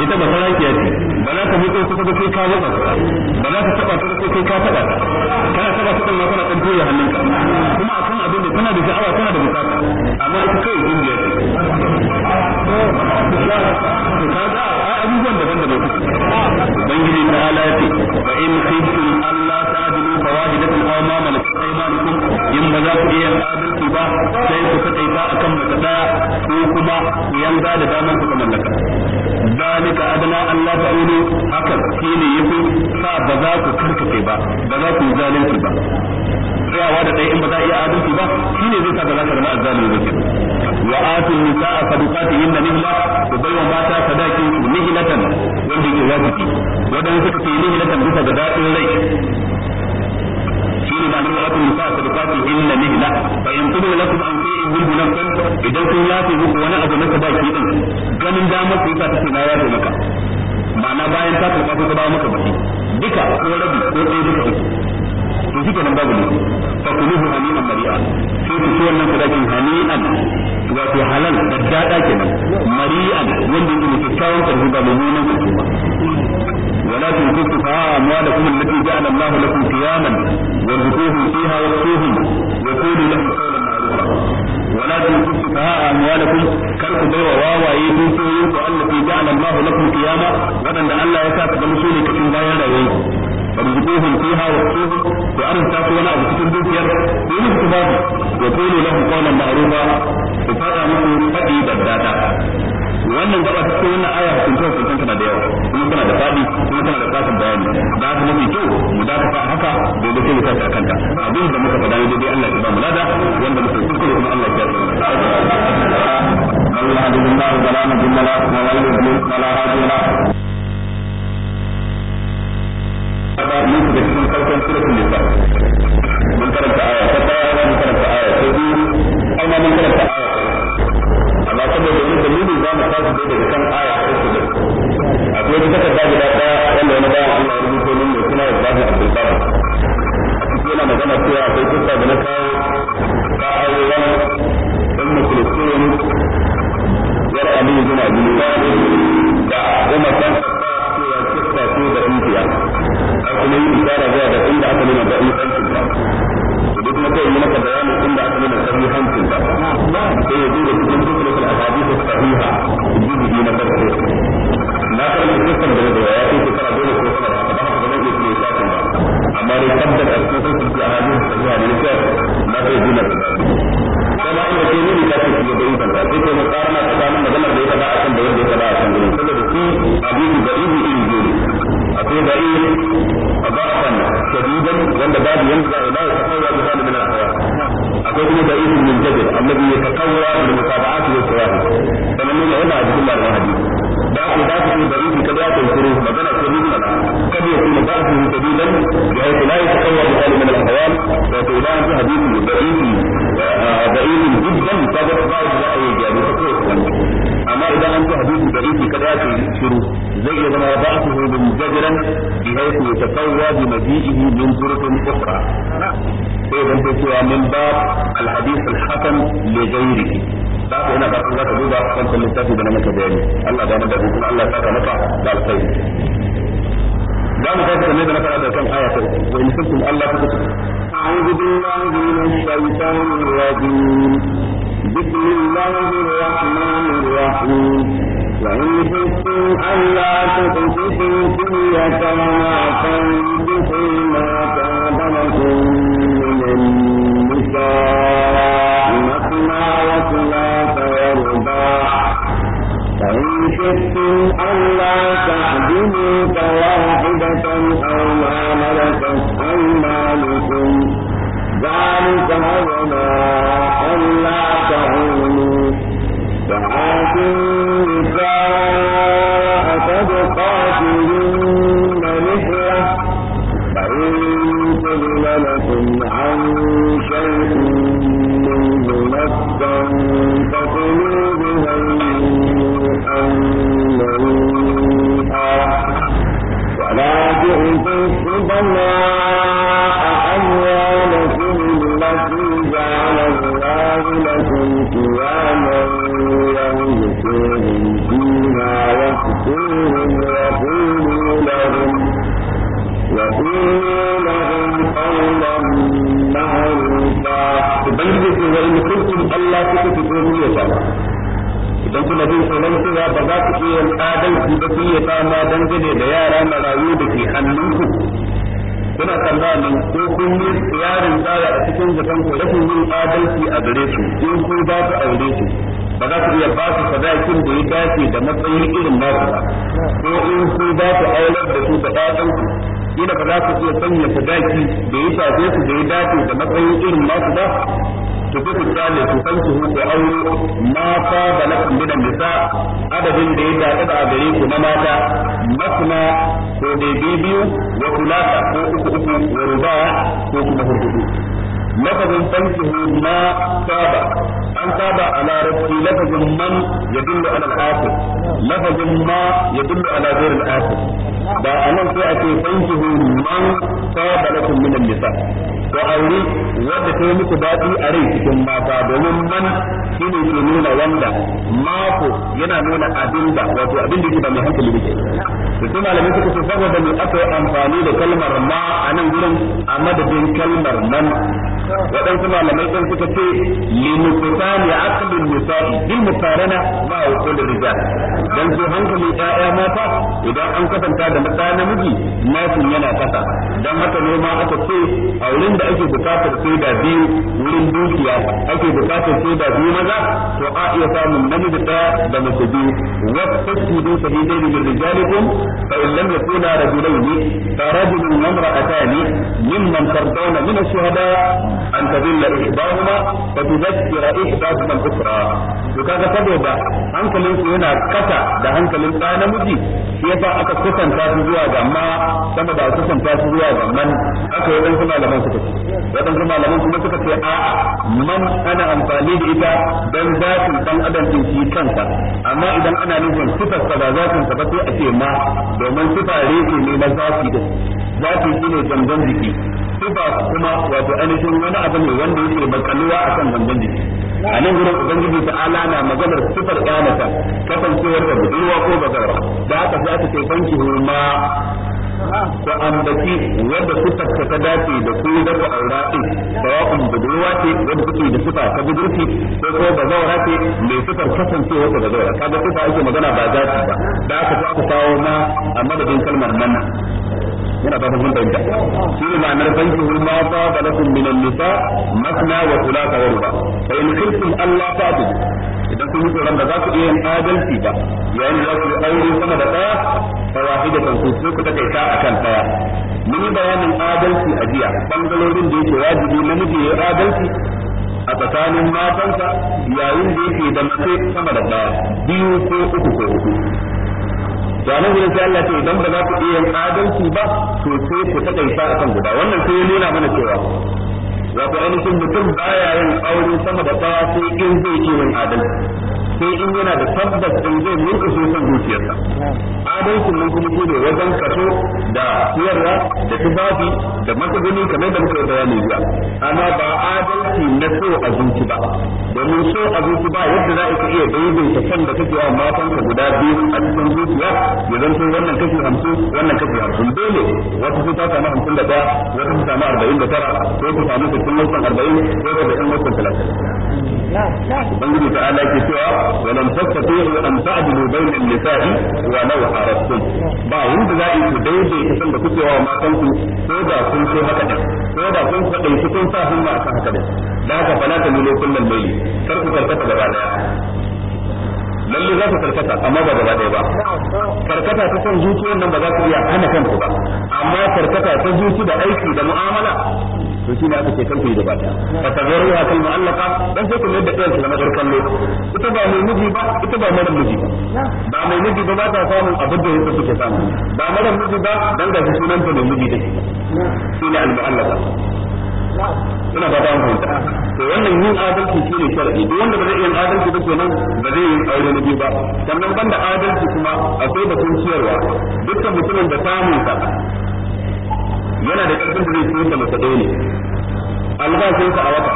ita ba farakiya ce ba za ka mutu kusa da kai ka matsa ba za ka taba ta da kai ka taba kana taba ta ma kana dan juya hannunka kuma kuna da sha'awa kana da bukata amma ita kawai kungiya ce to kaga abubuwan daban-daban ubangiji ta ala ce fa in khiftum Allah ta'dilu fawahidatan aw ma malakat aymanukum in ba za ku iya adalci ba sai ku kadaita akan mace daya ko kuma ku yanga da daman ku mallaka ذلك أدنى ألا تعولوا هكذا كيني يكون ba ba za بذاك ذلك ba. tsayawa da ɗaya in ba za a iya adalci ba shine zai sa ba za ka zama azzalimi ba wa atul nisaa sadaqatihinna nihla ku bai wa mata sadaqin su nihlatan wanda yake wajibi wadanda suka ce nihlatan bisa ga dadin rai shine ba nuna atul nisaa sadaqatihinna nihla fa in tubu lakum an fi'in bil munafan idan kun yafi muku wani abu na sadaqi din ganin damar ku ta ce na yafi maka ma'ana bayan ta karɓa ko ta ba maka baki duka ko rabi ko ɗaya duka uku shi ke nan babu laifi fa kulu hu hani an mari'a sai ku ci wannan kudakin hani an wato halal da dada kenan mari'a wanda yake kyakkyawan karfi ba mai neman karfi ba wala tun kusa fa amma da kuma lafi ja Allah lakum qiyaman wa dhukuhu fiha wa suhum wa qulu lahum qawlan ma'rufa wala tun kusa fa amma da kuma karku bai wa wawaye tun so yin ku Allah fi ja Allah lakum qiyama wadanda Allah ya sa ka ga musu ne cikin bayan rayuwa wa dhukuhu fiha wa suhum ku aranta ko wani abu cikin dukiyar ko yi ku babu wa qulu lahu qawlan ma'rufa ku fada musu fadi baddata wannan gaba ta cikin wannan aya kun ta kun tana da yawa kuma tana da fadi kuma tana da kasan bayani da haka mafi kyau mu dakata haka gobe sai mu tashi kanta abin da muka faɗa dai Allah ya ba mu lada wanda muka kuskure Allah ya kiyaye Allah kaga mun shiga cikin farkon suratul nisa mun karanta aya ta daya mun karanta aya ta biyu har ma mun karanta aya amma saboda wani dalili za mu tashi dai daga kan aya ta uku da akwai wata takarda guda daya wanda wani bayan Allah ya rubuto min mai suna Ibrahim Abdul Qadir a cikin yana magana cewa akwai kusa da na kawo ta aure wani ɗan musulmi yar Aliyu bin Abdul Qadir da Umar dan ko da kungiya an kuma yi isara zuwa da inda aka nuna da بحيث يتقوى بمجيئه من سورة أخرى. إذن تسوى من باب الحديث الحسن لغيره. باب هنا باب الله تقول باب حسن في المستشفى بن أمك بيني. الله دائما تقول الله تعالى نفع قال خير. دائما تقول سمعنا نفع هذا كم آية وإن سمعتم الله تقول أعوذ بالله من الشيطان الرجيم. بسم الله الرحمن الرحيم. وإن خفتم ألا تقسطوا في اليتامى فانكحوا ما كاب لكم من النساء مثنى وثلاث ورباع فإن خفتم ألا تعدلوا فواحدة أو ما ملكت أيمانكم ذلك هو biyayya ba idan kuna jin tsoron ba za ku iya adalci ba ta yi fama dangane da yara rayu da ke hannunku kuna tambaya nan ko kun yi tsarin tsara a cikin zaton ku rashin yin adalci a gare su in kun ba ku aure su ba za ku iya ba su sadakin da ya dace da matsayin irin ba ba ko in kun ba ku aular da su da ɗaɗan ku ina ba za ku iya sanya sadaki da ya shafe su da ya dace da matsayin irin nasu ba tufi misali ku san ku ku aure mata da na kumbinan nisa adadin da ya dace da gare ku na mata masna ko da biyu wa kulata ko uku uku wa ruba ko kuma hudu lafazin fankihu ma saba an saba a larabci lafazin man ya dillu ala al lafazin ma ya dillu ala ghairi al-asir ba anan sai a ce fankihu man saba lakum min nisa ko aure wanda ta yi muku dadi a rai cikin mata domin man shi ne ke nuna wanda mako yana nuna abinda wato abin da yake da mai hankali ba to sai malamai suka ce saboda mu aka amfani da kalmar ma a nan gurin a madadin kalmar nan. waɗansu malamai ɗin suka ce limusani aqlul nisa'i bil muqarana ma usul rijal dan su hankali ƴaƴa mata idan an kasanta da mata namiji nasin yana kasa dan haka ne ma aka ce a wurin da ake bukatar sai da biyu wurin dukiya ake bukatar sai da biyu maza to a iya samun namiji ɗaya da mace biyu wattasidu sahidaini min rijalikum fa in lam yakuna rajulaini fa rajulun wa imra'atani mimman tardawna min ash-shuhada an tadilla ihdahuma fa tudhakkira ihdahuma al-ukhra to kaga saboda hankalin su yana kasa da hankalin ɗa namiji shi yasa aka kusanta su zuwa ga ma sama da kusanta su zuwa ga man aka yi dan kuma malaman suka ce wadansu malaman kuma suka ce a'a man ana amfani da ita dan zatin dan adam din shi kansa amma idan ana nufin sifar sa ba zatin sa ba sai a ce ma domin sifa reke ne na zafi din zafi shine gangan jiki sifa kuma wato ainihin wani abu ne wanda yake makaluwa akan gangan jiki a nan gurin ubangiji ta ala na maganar sifar ƙyanata kasancewar da budurwa ko bazara da aka sai aka ce banki hurma ku ambaci wadda sifar ka ta dace da ku da ku aura din sawa'un budurwa ce wadda kuke da sifa ta budurci ko ko bazawara ce mai sifar kasancewa ta bazawara kaga sifa ake magana ba za ta ba da aka ta kawo na a madadin kalmar nan Yana fatan kun fahimta shi ne ma'anar bankihu ma fa balakum min an-nisa masna wa thulatha wa ruba fa in khiftum Allah fa'tu idan kun yi tsoron da za ku iya yin adalci ba yayin da za ku aure sama da ta fa da ku sai ku takaita akan daya mun yi bayanin adalci a jiya bangarorin da yake wajibi namiji ya adalci a tsakanin matansa yayin da yake da mace sama da daya biyu ko uku ko uku to anan gurin sai Allah ce idan ba za ku iya yin adalci ba to sai ku takaita akan guda wannan sai ya nuna mana cewa wato ainihin mutum baya yin aure sama da tsawa sai in zai ci yin adalci sai in yana da tabbas din zai murƙushe son zuciyarsa adalcin nan kuma shine wajen kaso da siyarwa da tufafi da matsuguni kamar da muka bayani zuwa amma ba adalci na so a zuci ba domin so a zuci ba yadda za ka iya ta san da kake wa ka guda biyu a cikin zuciya ya zanto wannan kashi hamsin wannan kashi hamsin dole wata su ta samu hamsin da ɗaya wata su samu arba'in da tara ko su samu sittin wasan arba'in ko su da wasan talatin ubangiji ta ala ke cewa wa lam tastati'u an ta'dilu bayna an-nisa'i wa law harastum ba wanda za a yi ku daidai san da kuke wa matan ku ko da kun so haka da. ko da kun fadai ku kun sa hannu akan haka da. da haka fa la tamilu kullal layli kar ku karkata gaba daya lalle za ka karkata amma ba gaba ɗaya ba karkata ta son zuciyar nan ba za ku iya hana kanku ba amma karkata ta zuci da aiki da mu'amala to shi ne aka ce kan yi da bata fa tazaru ha kal mu'allaqa dan sai ku ne da ɗan ki na ɗarkan ne ita ba mai miji ba ita ba mai miji ba ba mai miji ba ba ta samu abin da yake suke samu ba mai miji ba dan ga sunan ta mai miji take shi ne al mu'allaqa suna ba ta fahimta to wannan yin adalci shi ne sharadi duk wanda ba zai yin adalci ba kenan ba zai yin aure na ba sannan banda adalci kuma akwai batun ciyarwa dukkan mutumin da samun sa yana da ƙarfin da zai sayar da mace ɗaya ne albashinsa a wata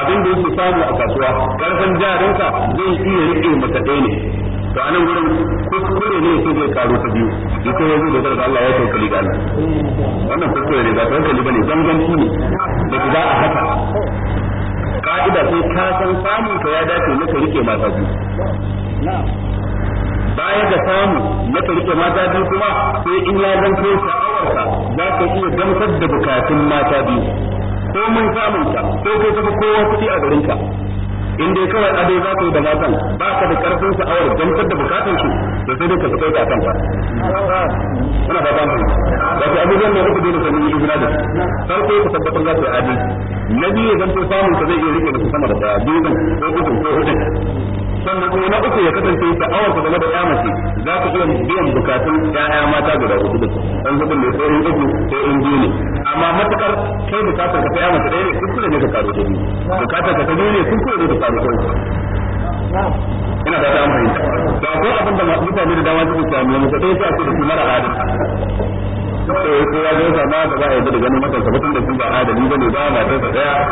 abin da yake samu a kasuwa ƙarfin jarinsa zai iya rike mace ɗaya to anan gurin kuskure ne sai zai karo ta biyu da sai yanzu da zarga Allah ya taukali ga Allah wannan kuskure ne ba taukali bane zanganci ne da ku za a haka ka'ida sai ka san samun ka ya dace maka rike mata biyu na'am baya ga samu na tarike mata biyu kuma sai in ya zan zanto sha'awarka za ka iya gamsar da bukatun mata biyu ko mun samunta ko kai tafi kowa kuɗi a garinka in dai kawai ado za ka yi da matan ba ka da karfin sa'awar gamsar da bukatun su da sai dai ka su kai kanka ina ba ban wato abubuwan da kuka dole sanin izina da farko ku tabbatar za ku yi adi na biyu zan to samun ka zai iya rike da su sama da daya biyu ko uku ko hudu sannan kuma na uku ya kasance sa'awar ka game da ya mace za ka iya biyan bukatun ya'ya mata guda hudu da dan hudun da sai in uku ko in biyu ne amma matukar kai bukatar ka ta ya mace ɗaya ne kuskure ne ka karo da biyu bukatar ka ta biyu ne kuskure ne ka faru ta uku ina da ta mai da akwai abin da mutane da dama suke samu mu sai sai su da mara adal sai ko ya ga sama da ba ya da ganin masa sabatin da sun ba adali bane ba ma ta daya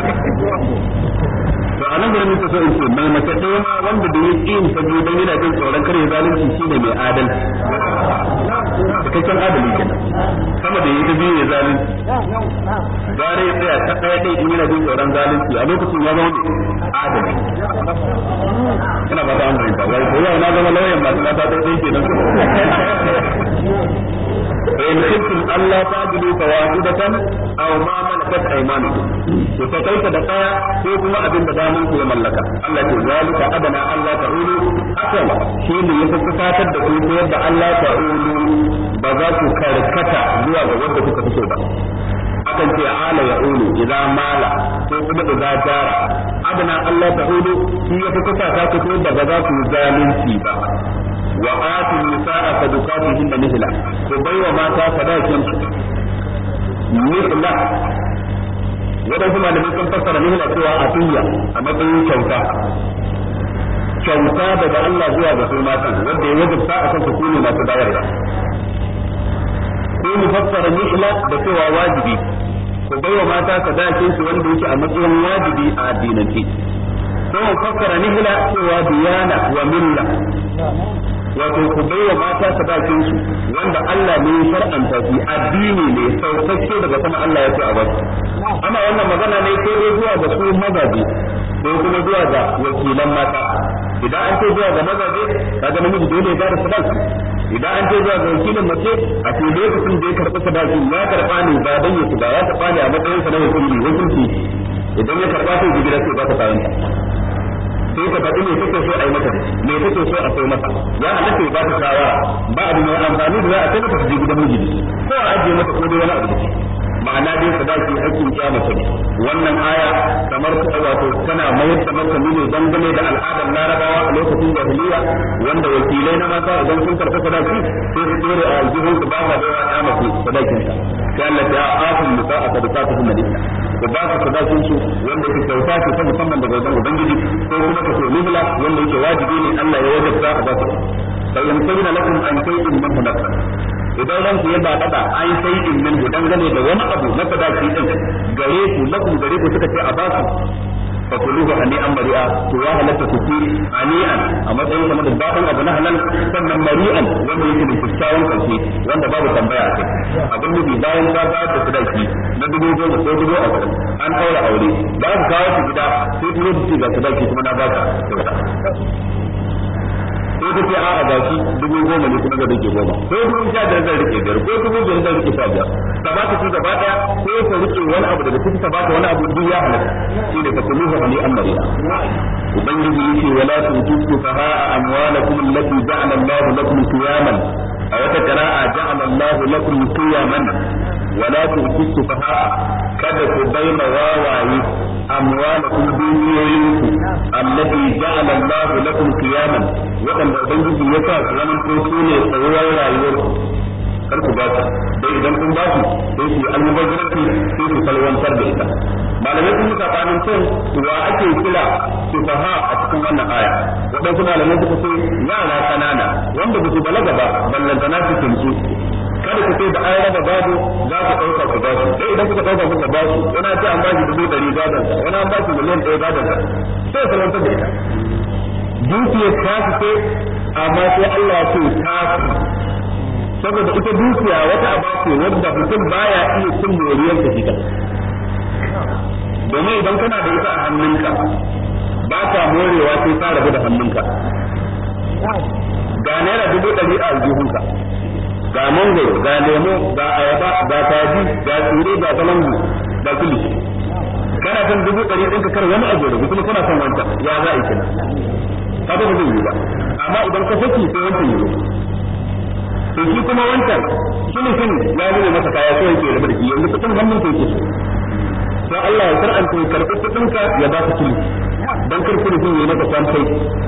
to anan gurin nake so in ce mai mace ɗaya ma wanda da yake yin ta biyu dan yana jin tsoron kare zalunci shine mai adalci cikakken adali kenan sama da yake biyu ya zalunci bare ya tsaya ta ɗaya ɗaya in yana jin tsoron zalunci a lokacin ya zama adali kana ba ta an fahimta wai ko yau na zama lauyan masu lata ta ɗaya فإن خفتم لا تعدلوا فواحدة أو ما ملكت أيمانكم وتقيت دقاء فيكما أبن بدامنك وملكا التي ذلك أدنى ألا تعولوا أكل شيء يفتفات الدكوك يبدأ ألا تعولوا بذات كاركتا زوا وودك تسوبا akan ce ala ya ulu idan mala ko kuma idza jara adana Allah ta ulu shi ya fi kusa ta fito da ba za ku zalunci wa atu nisaa sadaqatuhun nihla ku baiwa mata sadakin su nihla wadansu malamai sun fassara nihla cewa atiyya a matsayin kyauta kyauta daga Allah zuwa ga su matan wanda ya wajibta a kan su kune masu bayarwa ko mu fassara nihla da cewa wajibi ku baiwa mata sadakin su wanda yake a matsayin wajibi a addinance don fassara nihila cewa biyana wa milla wato ku wa mata sadakin su wanda Allah ne ya shar'anta shi addini ne sautacce daga sama Allah ya ce a basu ana wannan magana ne ko dai zuwa ga su mazaje ko kuma zuwa ga wakilan mata idan an ce zuwa ga mazaje kaga namiji dole ya bada sadaki idan an ce zuwa ga wakilin mace a ce lokacin da ya karɓi sadaki ya karɓa ne ba dan ya ba ya karɓa ne a matsayin sa na wakili wakilci idan ya karba sai gida sai baka sayan ka sai ka faɗi mai kake so a yi maka mai kake so a sai mata ya halatta ya baka kawa ba abu mai amfani da za a kai maka su je gidan miji ko a ajiye maka ko dai wani abu da ma'ana dai sadaki hakkin ya ne wannan aya kamar wato tana mayar da martani ne dangane da al'adar larabawa a lokacin jahiliya wanda wakilai na mata idan sun karɓi sadaki sai su dore a aljihun su ba ma da ya mace sadakin ta sai Allah ta afin musa a sadaqatuhum madina ku ba su sadakin su wanda yake kyauta ce ta musamman daga wajen ubangiji ko kuma ka ce mubla wanda yake wajibi ne Allah ya wajabta a ba su da yansayna lakum an shay'in min hunaka idan ran ku ya dada an shay'in min dangane da wani abu na sadaki din gare ku lakum gare ku suka ce a basu fakuluhu ani an mari'a to ya halatta ku ci ani'an a matsayin kamar da daɗin abu na halal sannan mari'an wanda yake da kyakkyawan ƙarshe wanda babu tambaya a kai abin nufi bayan ka bayar sadaki na dubu goma ko dubu an aure aure ba ka kawo su gida sai kuma su ce ga sadaki kuma na baka kyauta ko ka ce a'a ba shi dubu goma ne kuma zan rike goma ko dubu sha biyar zan rike biyar ko dubu biyar zan rike sha biyar ka ba ka su gaba daya ko ka rike wani abu daga kuka ka ba ka wani abu duk ya halaka shi ne ka kullu ha ali amriya ubangiji yake wala tutu fa ha amwalakum allati ja'ala Allahu lakum qiyaman a wata qira'a ja'ala Allahu lakum qiyaman wala tutu fa kada ku bayyana wawaye amwalakum dukiyoyinku allati ja'ala Allah lakum qiyaman wadanda ubangiji ya sa zaman ko sune tsayuwar rayuwar kar ku ba dai idan kun ba su sai su almubazzaranci sai su salwantar da ita malamai sun muka tsanin wa ake kira sufaha a cikin wannan aya waɗansu malamai suka ce yara kanana wanda ba su ban ba ballantana su kada ku sai da an raba babu za ku ɗauka ku ba su sai idan kuka ɗauka kuka ba su wani ce an ba shi dubu ɗari gadon ka wani an ba shi miliyan ɗaya gadon ka sai ya ta da ita dukiyar ta su sai amma ko Allah ya ce ta saboda ita dukiya wata aba ce wanda mutum baya iya cin moriyar ta ita domin idan kana da ita a hannunka ba ka morewa sai ka rabu da hannunka ga naira dubu ɗari a aljihunka ga mangoro ga lemo ga ayaba ga taji ga tsire ga balangu ga kuli kana son dubu ɗari ka kar wani abu da kuma kana son wancan ya za a yi kina ka ba zai yi ba amma idan ka saki sai wancan yi to shi kuma wancan shi ne shin ya nuna masa kaya ko yake rabu da shi yanzu kuɗin hannun ka yake sai Allah ya sar'anta ka karɓi ka ya ba ka kuli dan kar kudi sun yi maka kwantai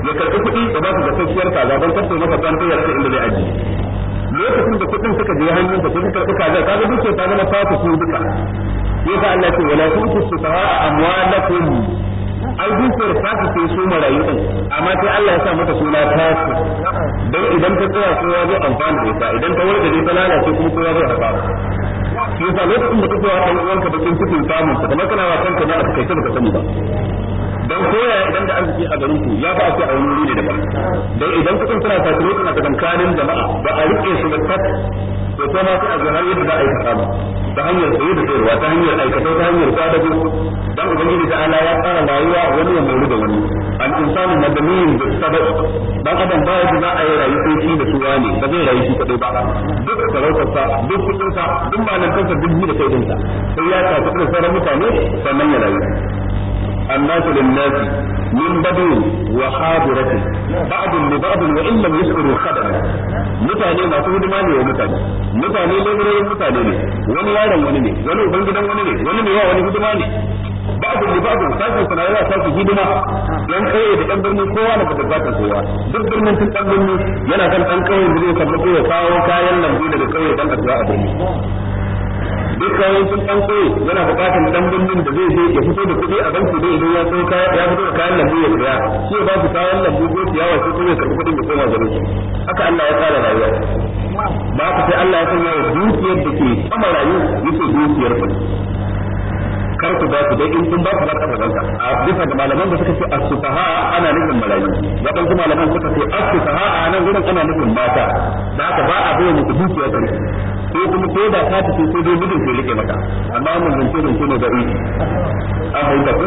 ya karɓi kuɗi ya ba ka gaskiyar kaza dan kar sai maka kwantai ya rasa inda zai ajiye lokacin da kuɗin suka je hannun ka sun karɓi kaza kaga duke ta zama fata su duka yasa Allah ce wala tunku sutara amwalakum ai dukiyar ta su sai su marayu amma sai Allah ya sa mata suna ta su dan idan ta tsaya kowa zai amfani da ita idan ta warke da ta lalace kuma kowa zai haɓa shi yasa lokacin da kake wa ɗan uwanka bakin cikin samun kuma kamar kana wa kanka da a kai ta sani ba dan koya idan da arziki a garin ku ya ba ku a wani wuri da daban dan idan kuɗin suna fatiro suna ta bankanin jama'a ba a rike su da tat to ko ma a ga yadda za a yi samu ta hanyar tsaye da tsayarwa ta hanyar aikata ta hanyar sadaku dan ubangiji ta ala ya tsara rayuwa wani ya da wani an insanu madaniyun da sabab dan adam ba yadda za a yi rayuwa shi da suwa ne ba zai rayu shi kadai ba duk sarautarsa duk sa duk sa duk da kai sai ya tafi da sauran mutane sannan ya rayu الناس للناس من بدو وحاضرة بعض لبعض وإن لم يشعروا خدمة mutane masu hidima wa mutane mutane lamurorin mutane ne wani yaron wani ne wani uban wani ne wani ne wani hidima ne ba'du li ba'du sakin sana yana sakin hidima dan kauye da dan birni kowa da zakar kowa duk birnin tun dan birni yana kan ɗan kauye da zai karɓi ya kawo kayan lambu daga kauye dan kasuwa a birni duk kayan sun dan koyo yana bukatar dan birnin da zai je ya fito da kuɗi a banki dai idan ya so ya fito da kayan lambu ya saya shi ba su kayan lambu ko ciyawa ko kuma ya karɓi kuɗin ya koma gare shi haka Allah ya tsara rayuwa ba ku sai Allah ya sanya dukiyar da ke sama rayu yake dukiyar ku kar ku ba su dai in kun ba su za ka rabanta a bisa ga malaman da suka ce as-sufaha ana nufin malayu waɗansu malaman suka ce as-sufaha a nan gurin ana nufin mata da haka ba a bayyana ku dukiya rufe ko kuma ko da ta tafi sai dai gudun ke rike mata amma mun zance zance ne da rufe an fahimta ko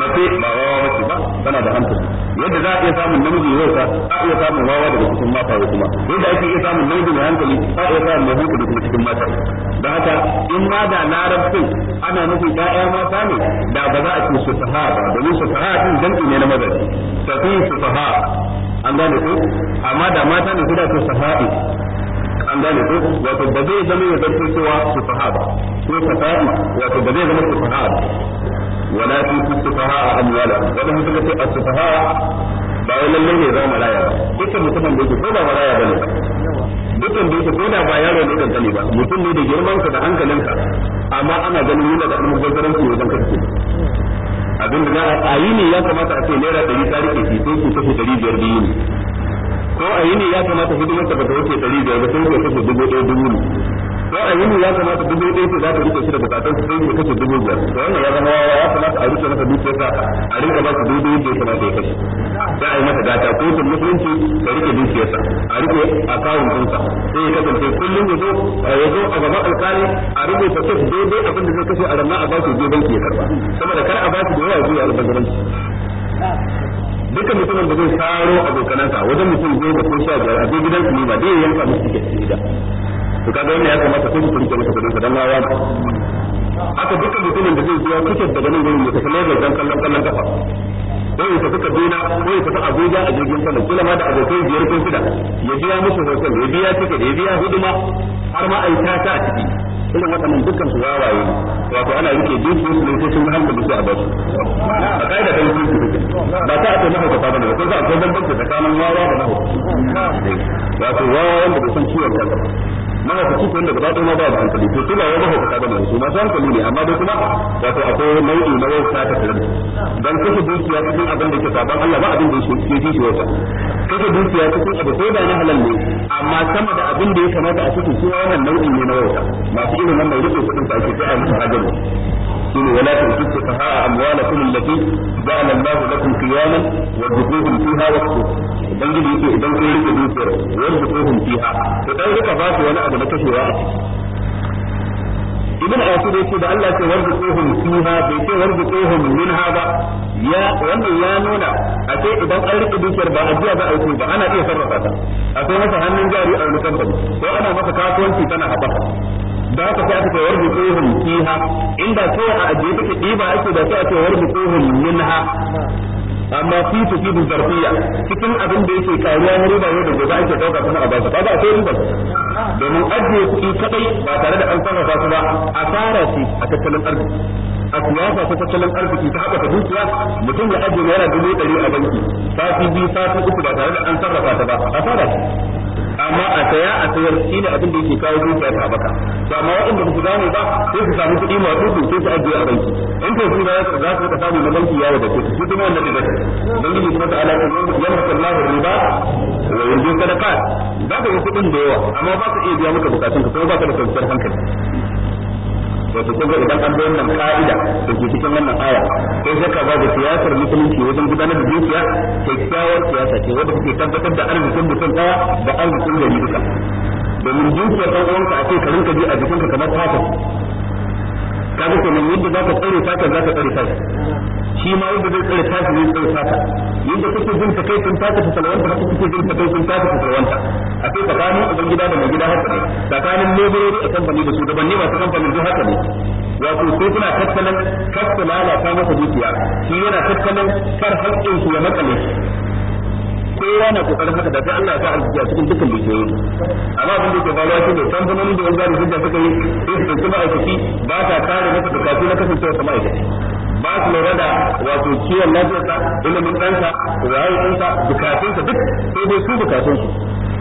mace ba wawa mace ba tana da hankali yadda za a iya samun namiji ya wauta a iya samun wawa daga cikin mata ko kuma yadda ake iya samun namiji mai hankali a iya samun mai hankali kuma cikin mata da haka in ma da larabcin ana nufin ta ƴaƴa mata ne da ba za a ce su saha ba domin su saha din jam'i ne na mazaje safi su saha an gane ko amma da mata ne su da su saha'i an gane ko wato ba zai zama ya zarto cewa su saha ba ko saha'i wato ba zai zama su saha ba wala fi su saha a amwala wadanda suka ce a su saha ba wai lallai ne zama maraya ba dukkan mutumin da yake ko ba maraya ba ne dukkan da yake ko da ba yaro ne kankani ba mutum ne da ka da ka amma ana ganin yana da ɗan gwagwaranci wajen karfe abin da za a yi ne ya kamata a ce naira ɗari ta rike shi sai ku kashe ɗari biyar biyu ne ko a yi ne ya kamata hidimar ta bata wuce ɗari biyar ba sai ku kashe dubu ɗaya dubu ne ko a yi yini ya kamata dubu ɗaya ce za ta rike shi da bukatun su sai ya kashe dubu biyar to wannan ya zama wawa ya kamata a rike masa dukiyarsa a rinka ba su dubu da ya kamata ya kashe za a yi masa gata ko tun musulunci ka rike dukiyarsa a rike akawun ɗinsa sai ya kasance kullum ya zo ya zo a gaban alƙali a rubuta kes daidai abin da zai kashe a ranar a ba su je banki ya karba saboda kar a ba su da yawa zuwa albazaranci dukkan mutumin da zai saro abokanansa wajen mutum da ko sha biyar a gidansu ne ba dai yanka musu tiket da to kaga wannan ya kamata ko ku rike masa kudin sa dan wawa haka dukkan mutumin da zai zuwa tiket daga nan gurin ya tafi Lagos dan kallon kallon kafa ko ya tafi Kaduna ko ya tafi Abuja a jirgin sama kila ma da abokai biyar ko shida ya biya musu hotel ya biya tiket ya biya huduma har ma ai ta a ciki irin waɗannan dukkan su wawaye wato ana rike dukkan su ne sai sun hankali su a ba su a kaida ta mutunci take ba ta ake mahaukata bane ba ko za a ko bambanci tsakanin wawa da mahaukata wato wawa wanda bai san ciwon kansa ba muna ta cikin da gaba ɗaya ma ba da hankali to suna yau ba ka bane su masu hankali ne amma dai kuma wato akwai nau'i na wauta ta tare dan kashe dukiya cikin abin da ke saban Allah ba abin da ke fi wata kashe dukiya cikin abu ko da na halal ne amma sama da abin da ya kamata a cikin shi wannan nau'i ne na wauta masu irin wannan rike kudin sa ake sai a musu hajjaru shine wala tusitu tahaa amwalakum allati ja'ala Allah lakum qiyaman warzuquhum fiha waqtu ubangiji yake idan kun rike dukiyar warzuquhum fiha to dan rika ba su wani abu na kashewa a ciki ibn asir yace da Allah ce warzuquhum fiha bai ce warzuquhum minha ba ya wannan ya nuna a ce idan an rike dukiyar ba ajiya ba yi ba ana iya sarrafa ta akwai masa hannun jari a wani kamfani ko ana masa kasuwanci tana haɓaka da ka sai ka warbu fiha inda sai a ajiye take diba ake da sai a ce warbu kohum minha amma fi tufidu zarfiya cikin abin da yake karuwa na riba yau da gobe ake dauka kuma a basu kaga akwai riba domin ajiye kuɗi kadai ba tare da an sarrafa su ba fara shi a tattalin arziki a siyasa ta tattalin arziki ta haɓaka dukiya mutum ya ajiye naira dubu ɗari a banki sati biyu sati uku ba tare da an sarrafa ta ba a amma a saya a sayar shi ne abin da yake kawo dukiya ta baka to amma waɗanda ba su gane ba sai su samu kuɗi masu su sai su ajiye a banki in to su za su za su ka samu na banki ya wadace su shi kuma wannan riba dan yi kuma ta alaka yamma Allahu riba wa yanzu sadaqat ba ka yi kuɗin da yawa amma ba ka iya biya maka bukatunka ka kuma ba ka da kwanciyar hankali wato kun ga idan an bi wannan ka'ida da ke cikin wannan aya sai saka da siyasar musulunci wajen gudanar da dukiya kyakkyawar siyasa ce wadda take tabbatar da arzikin mutum daya da arzikin gari duka domin dukiya ɗan uwanka a ce ka rinka ji a jikinka kamar tafas kaga ko nan yadda zaka tsare fata zaka tsare fata shi ma yadda zai tsare fata zai tsare fata yadda kake jin ka kai kun fata ta salwanta haka kake jin ka kai takaicin fata ta salwanta akwai tsakanin uban gida da mai gida haka ne tsakanin leburori a kamfani da shugabanni masu kamfanin duk haka ne wato sai kuna tattalin kasta lalata masa dukiya shi yana tattalin kar haƙƙin su ya makale kowa na kokarin haka da sai Allah ya sa arziki a cikin dukkan dukiyoyi amma abin da ke faruwa shi ne kamfanonin da yanzu da suka suka yi sai su ɗauki ma'aikaci ba ta kare masa bukatu na kasancewa sa ma'aikaci ba su lura da wato kiwon lafiyarsa ilimin ɗansa rayuwarsa bukatunsa duk sai dai su bukatunsu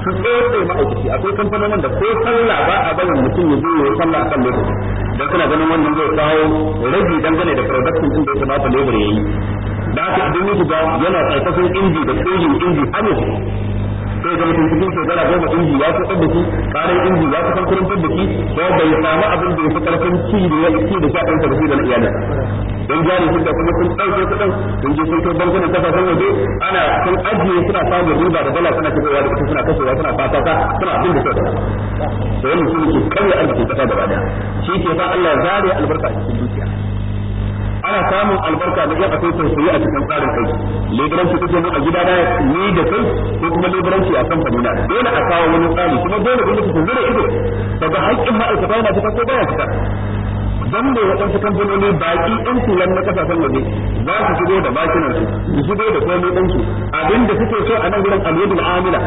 su tsotse ma'aikaci akwai kamfanonin da ko sallah ba a barin mutum ya zo ya sallah a kan lokaci don suna ganin wannan zai kawo rage dangane da production din da ya kamata ya yi da haka idan ya shiga yana tsarkakan inji da tsohon inji har sai ga mutum cikin shekara goma inji ya kuɗin da shi ƙarar inji ya kusan kurin da shi ko bai samu abin da ya fi ƙarfin ci da ya ci da shaɗin sa da shi da na iyalin don jari shi da kuma sun ɗauke kuɗin sun je sun kai bankunan waje ana sun ajiye suna samun riba da dala suna shigowa da kuɗi suna kashewa suna fatata suna abin da suka da wannan shi ne ke karya arzikin ƙasa gaba ɗaya shi ke sa Allah zare albarka a cikin dukiya ana samun albarka da akwai sai a cikin tsarin kai leburanci take mu a gida da ni da kai ko kuma leburanci a kamfani na dole a kawo wani tsari kuma dole gwamnati ta zura ido daga haƙƙin ma'aikata yana cikin ko baya dan da waɗansu kamfanoni baƙi ɗan tulan na kasashen waje za su shigo da bakinan su su shigo da komai ɗansu su abinda suke so a nan gurin alwadul amila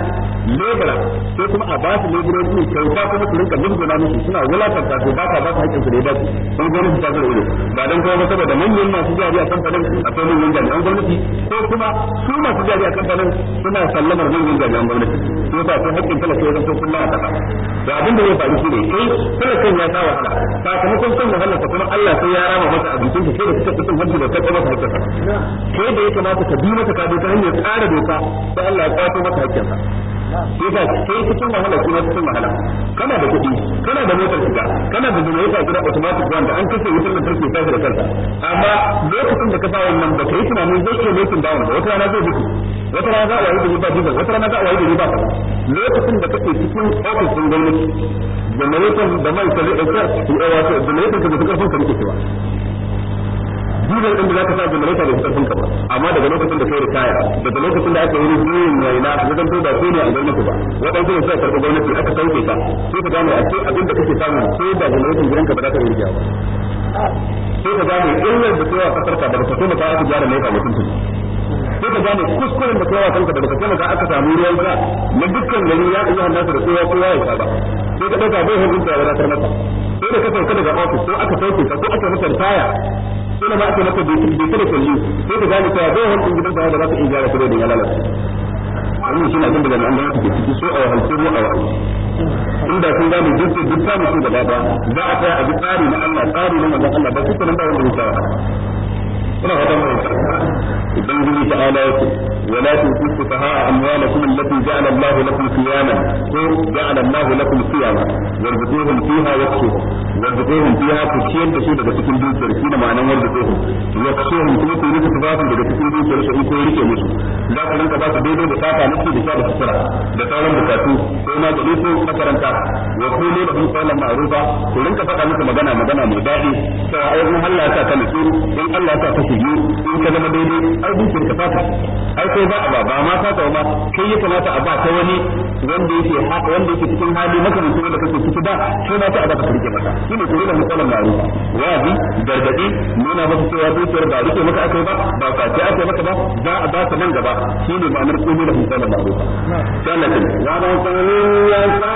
lebura sai kuma a ba su leburoji ne kyauta kuma su rinka murguna musu suna wulakanta ta ba ka ba su haƙƙin su da ya su dan gwamnati ta zara ba dan kuma saboda manyan masu jari a kamfanin akwai manyan jami'an gwamnati ko kuma su masu jari a kamfanin suna sallamar manyan jami'an gwamnati to ba su haƙƙin talaka ya zanto kullum a kasa da abin da ya faru shi ne sai eh, talakan ya sa wahala sakamakon son wahala ta kuma Allah sai ya rama masa abincin ka kai da kake cikin hanci da kake masa hakkinka kai da ya kamata ka bi mata ka bi ta hanyar tsara doka sai Allah ya kwato masa hakkinka ta yi cikin wahala kuma cikin wahala kana da kuɗi kana da motar shiga kana da generator otomatik automatic wanda an kashe wutar lantarki ta da kanka amma lokacin da ka sa wannan ba kai tunanin zai ke making down ba wata rana zai mutu wata rana za a wayi da ba diesel wata rana za a wayi gari ba lokacin da kake cikin ofis din gwamnati generator da mai ka zai ɗauka wato generator ka mutu karfin ka rike cewa dizal inda za ka sa generator da fitar ka ba amma daga lokacin da kai kaya daga lokacin da aka yi rijiyar na a zagan to ba ko ne a garin ku ba waɗansu ne a karɓi gwamnati aka sauke ka sai ka gane a ce abin da kake samu sai da generator gidanka ba za ka yi rijiya ba sai ka gane illar da yi wa kasar ka da ka so mata aka gyara ne ba mutum sai ka gane kuskuren da yi wa kanka da ta ka so mata aka samu ruwan ka na dukkan gari ya ɗaya hannasa da kowa kowa ya saba sai ka ɗauka bai hannun da ya wadatar masa sai da ka sauka daga ofis ko aka sauke ka ko aka masa ritaya sai ba aka maka bai da kada kulli sai ka gane cewa bai hankali gidan da za ka iya gyara kudin ya lalace shi ne da an ga ciki so a wahalce mu a wahalce inda sun gane duk da duk samu su gaba ba za a tsaya a bi tsari na Allah tsari na Allah ba su nan ba wanda kuna fata mai idan gudu ta ala yake wala tu kuntu faha amwalakum allati ja'ala Allahu lakum qiyama ko ja'ala Allahu lakum qiyama warzuquhum fiha waqtuhum warzuquhum fiha ku ciyar da su daga cikin dukiyar shi da ma'anar warzuquhum waqtuhum kuma ku rike su basu daga cikin dukiyar su ko rike musu za ku rinka ba su daidai da sata nufi da sha da sutura da sauran bukatu ko ma da ko makaranta wa kullu da bin qawlan ma'rufa ku rinka faɗa musu magana magana mai daɗi cewa ai in Allah ya sa ka nutsu in Allah ya sa ka yi in ka zama daidai ai dukiyar ka fata ai sai ba ba ba ma fata ba kai ya kamata a ba ta wani wanda yake haka wanda yake cikin hali maka makamancin da kake cikin da sai ma ta a baka rike maka shine ko da misalan baro wazi gargadi nuna maka cewa dukiyar ba rike maka akai ba ba ka ta akai maka ba za a ba ta nan gaba shine ba mar tsoro da misalan sallallahu alaihi wa sallam ya sa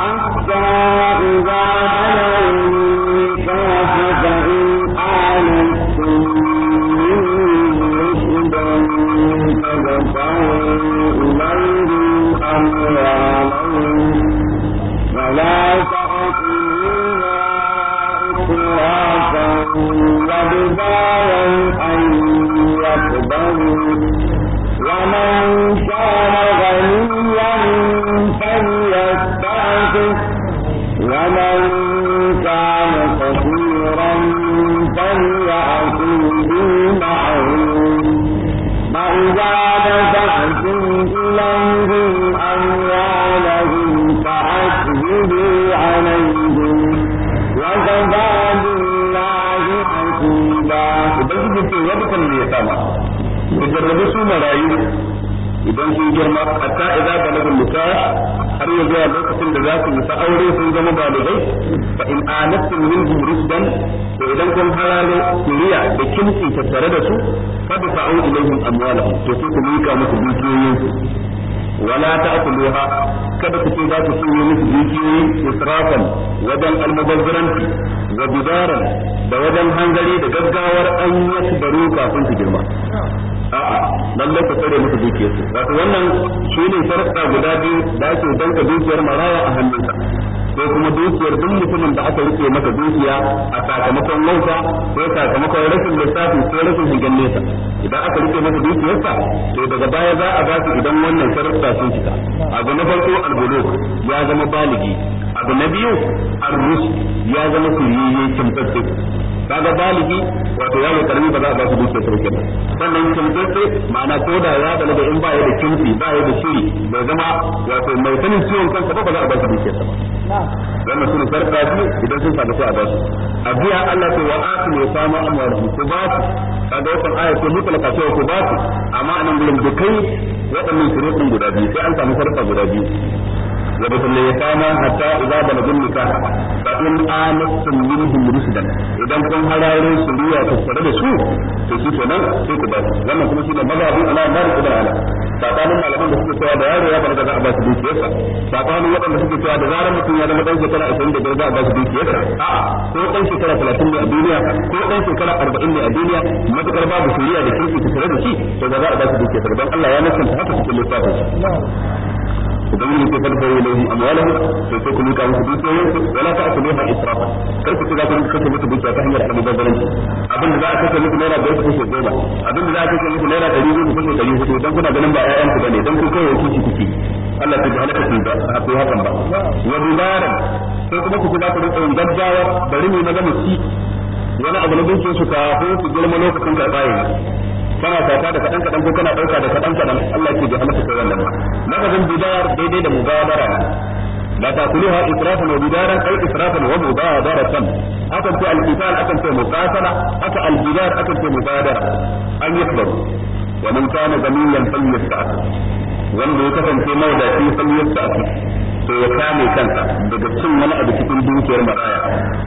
حتى إذا بلغوا عدبارا aure sun zama balibai fa in anastum minhum rusdan to idan kun hararo kuriya da kimci tattare da su fa bi fa'u ilaihim amwalahum to sai ku mika musu dukiyoyin su wala ta'kuluha kada ku ce za ku cinye musu dukiyoyi israfan wajen almubazzaranci wa bizaran da wajen hangare da gaggawar an yasbaru kafin su girma a'a lallai ka tsare musu dukiyarsu wato wannan shi ne guda biyu da ake danka dukiyar maraya a hannunsa ko kuma dukiyar duk mutumin da aka rike maka dukiya a sakamakon wauta ko sakamakon rashin lissafi ko rashin shigan nesa idan aka rike masa dukiyarsa to daga baya za a ba su idan wannan sarrafa sun fita abu na farko albulok ya zama baligi abu na biyu arrus ya zama kuliyayyen kimtsatsi kaga baligi wato yaro karbi ba za a ba su duke sa ba sannan kimtsatsi ma'ana ko da ya da in ba ya da kimtsi ba ya da shiri bai zama wato mai sanin ciwon kansa ba ba za a ba su duke sa ba wannan sun sarka idan sun sami su a ba su a biya Allah ta wa asu ne fama amwalihim ku ba su kaga wannan aya ce mutlaka ce ku ba su amma anan gurin dukai waɗannan shirutun guda biyu sai an samu sarka guda biyu وبتن يتاما حتى إذا بلغوا النكاح فإن آنستم منهم رشدا إذا كن هرارو سريا تسرد سوء تسوء نعم سوء بس لما كنا سينا مذهبي على مالك إلى على tsakanin malaman da suke cewa da yaro ya balaga za a ba su dukiyarsa tsakanin waɗanda suke cewa da zarar mutum ya zama ɗan shekara ashirin da biyar za a ba su dukiyarsa a'a ko ɗan shekara talatin ne a duniya ko ɗan shekara arba'in ne a duniya matukar babu shari'a da kirki ta tare da shi za ba su dukiyarsa don Allah ya nasanta haka cikin littafin idan to sai musu dukiyoyin su israfa kar ku kun kace musu dukiya ta hanyar da za a kace musu naira da za a kace musu naira 100 dan kuna ganin ba ayyan bane dan ku kai ku ci kuke Allah ta ka a ko hakan ba wa dubaran sai kuma ku kula gaggawa bari mu na ga mu wani abu na dukiyar su ko su girma lokacin karɓa kana sata da kadan kadan ko kana dauka da kadan kadan Allah ke ji halaka kai wannan lafazin bidar daidai da mubadara لا تأكلوها إسرافا وبدارا أي إسرافا ومبادرة أكن في القتال أكن في مقاتلة أكن الجدار أكن في مبادرة أن يكبروا ومن كان جميلا فليستعفف wanda ya kasance mawadaci sai ya sa to ya kame kansa daga cin wani abu cikin dukiyar maraya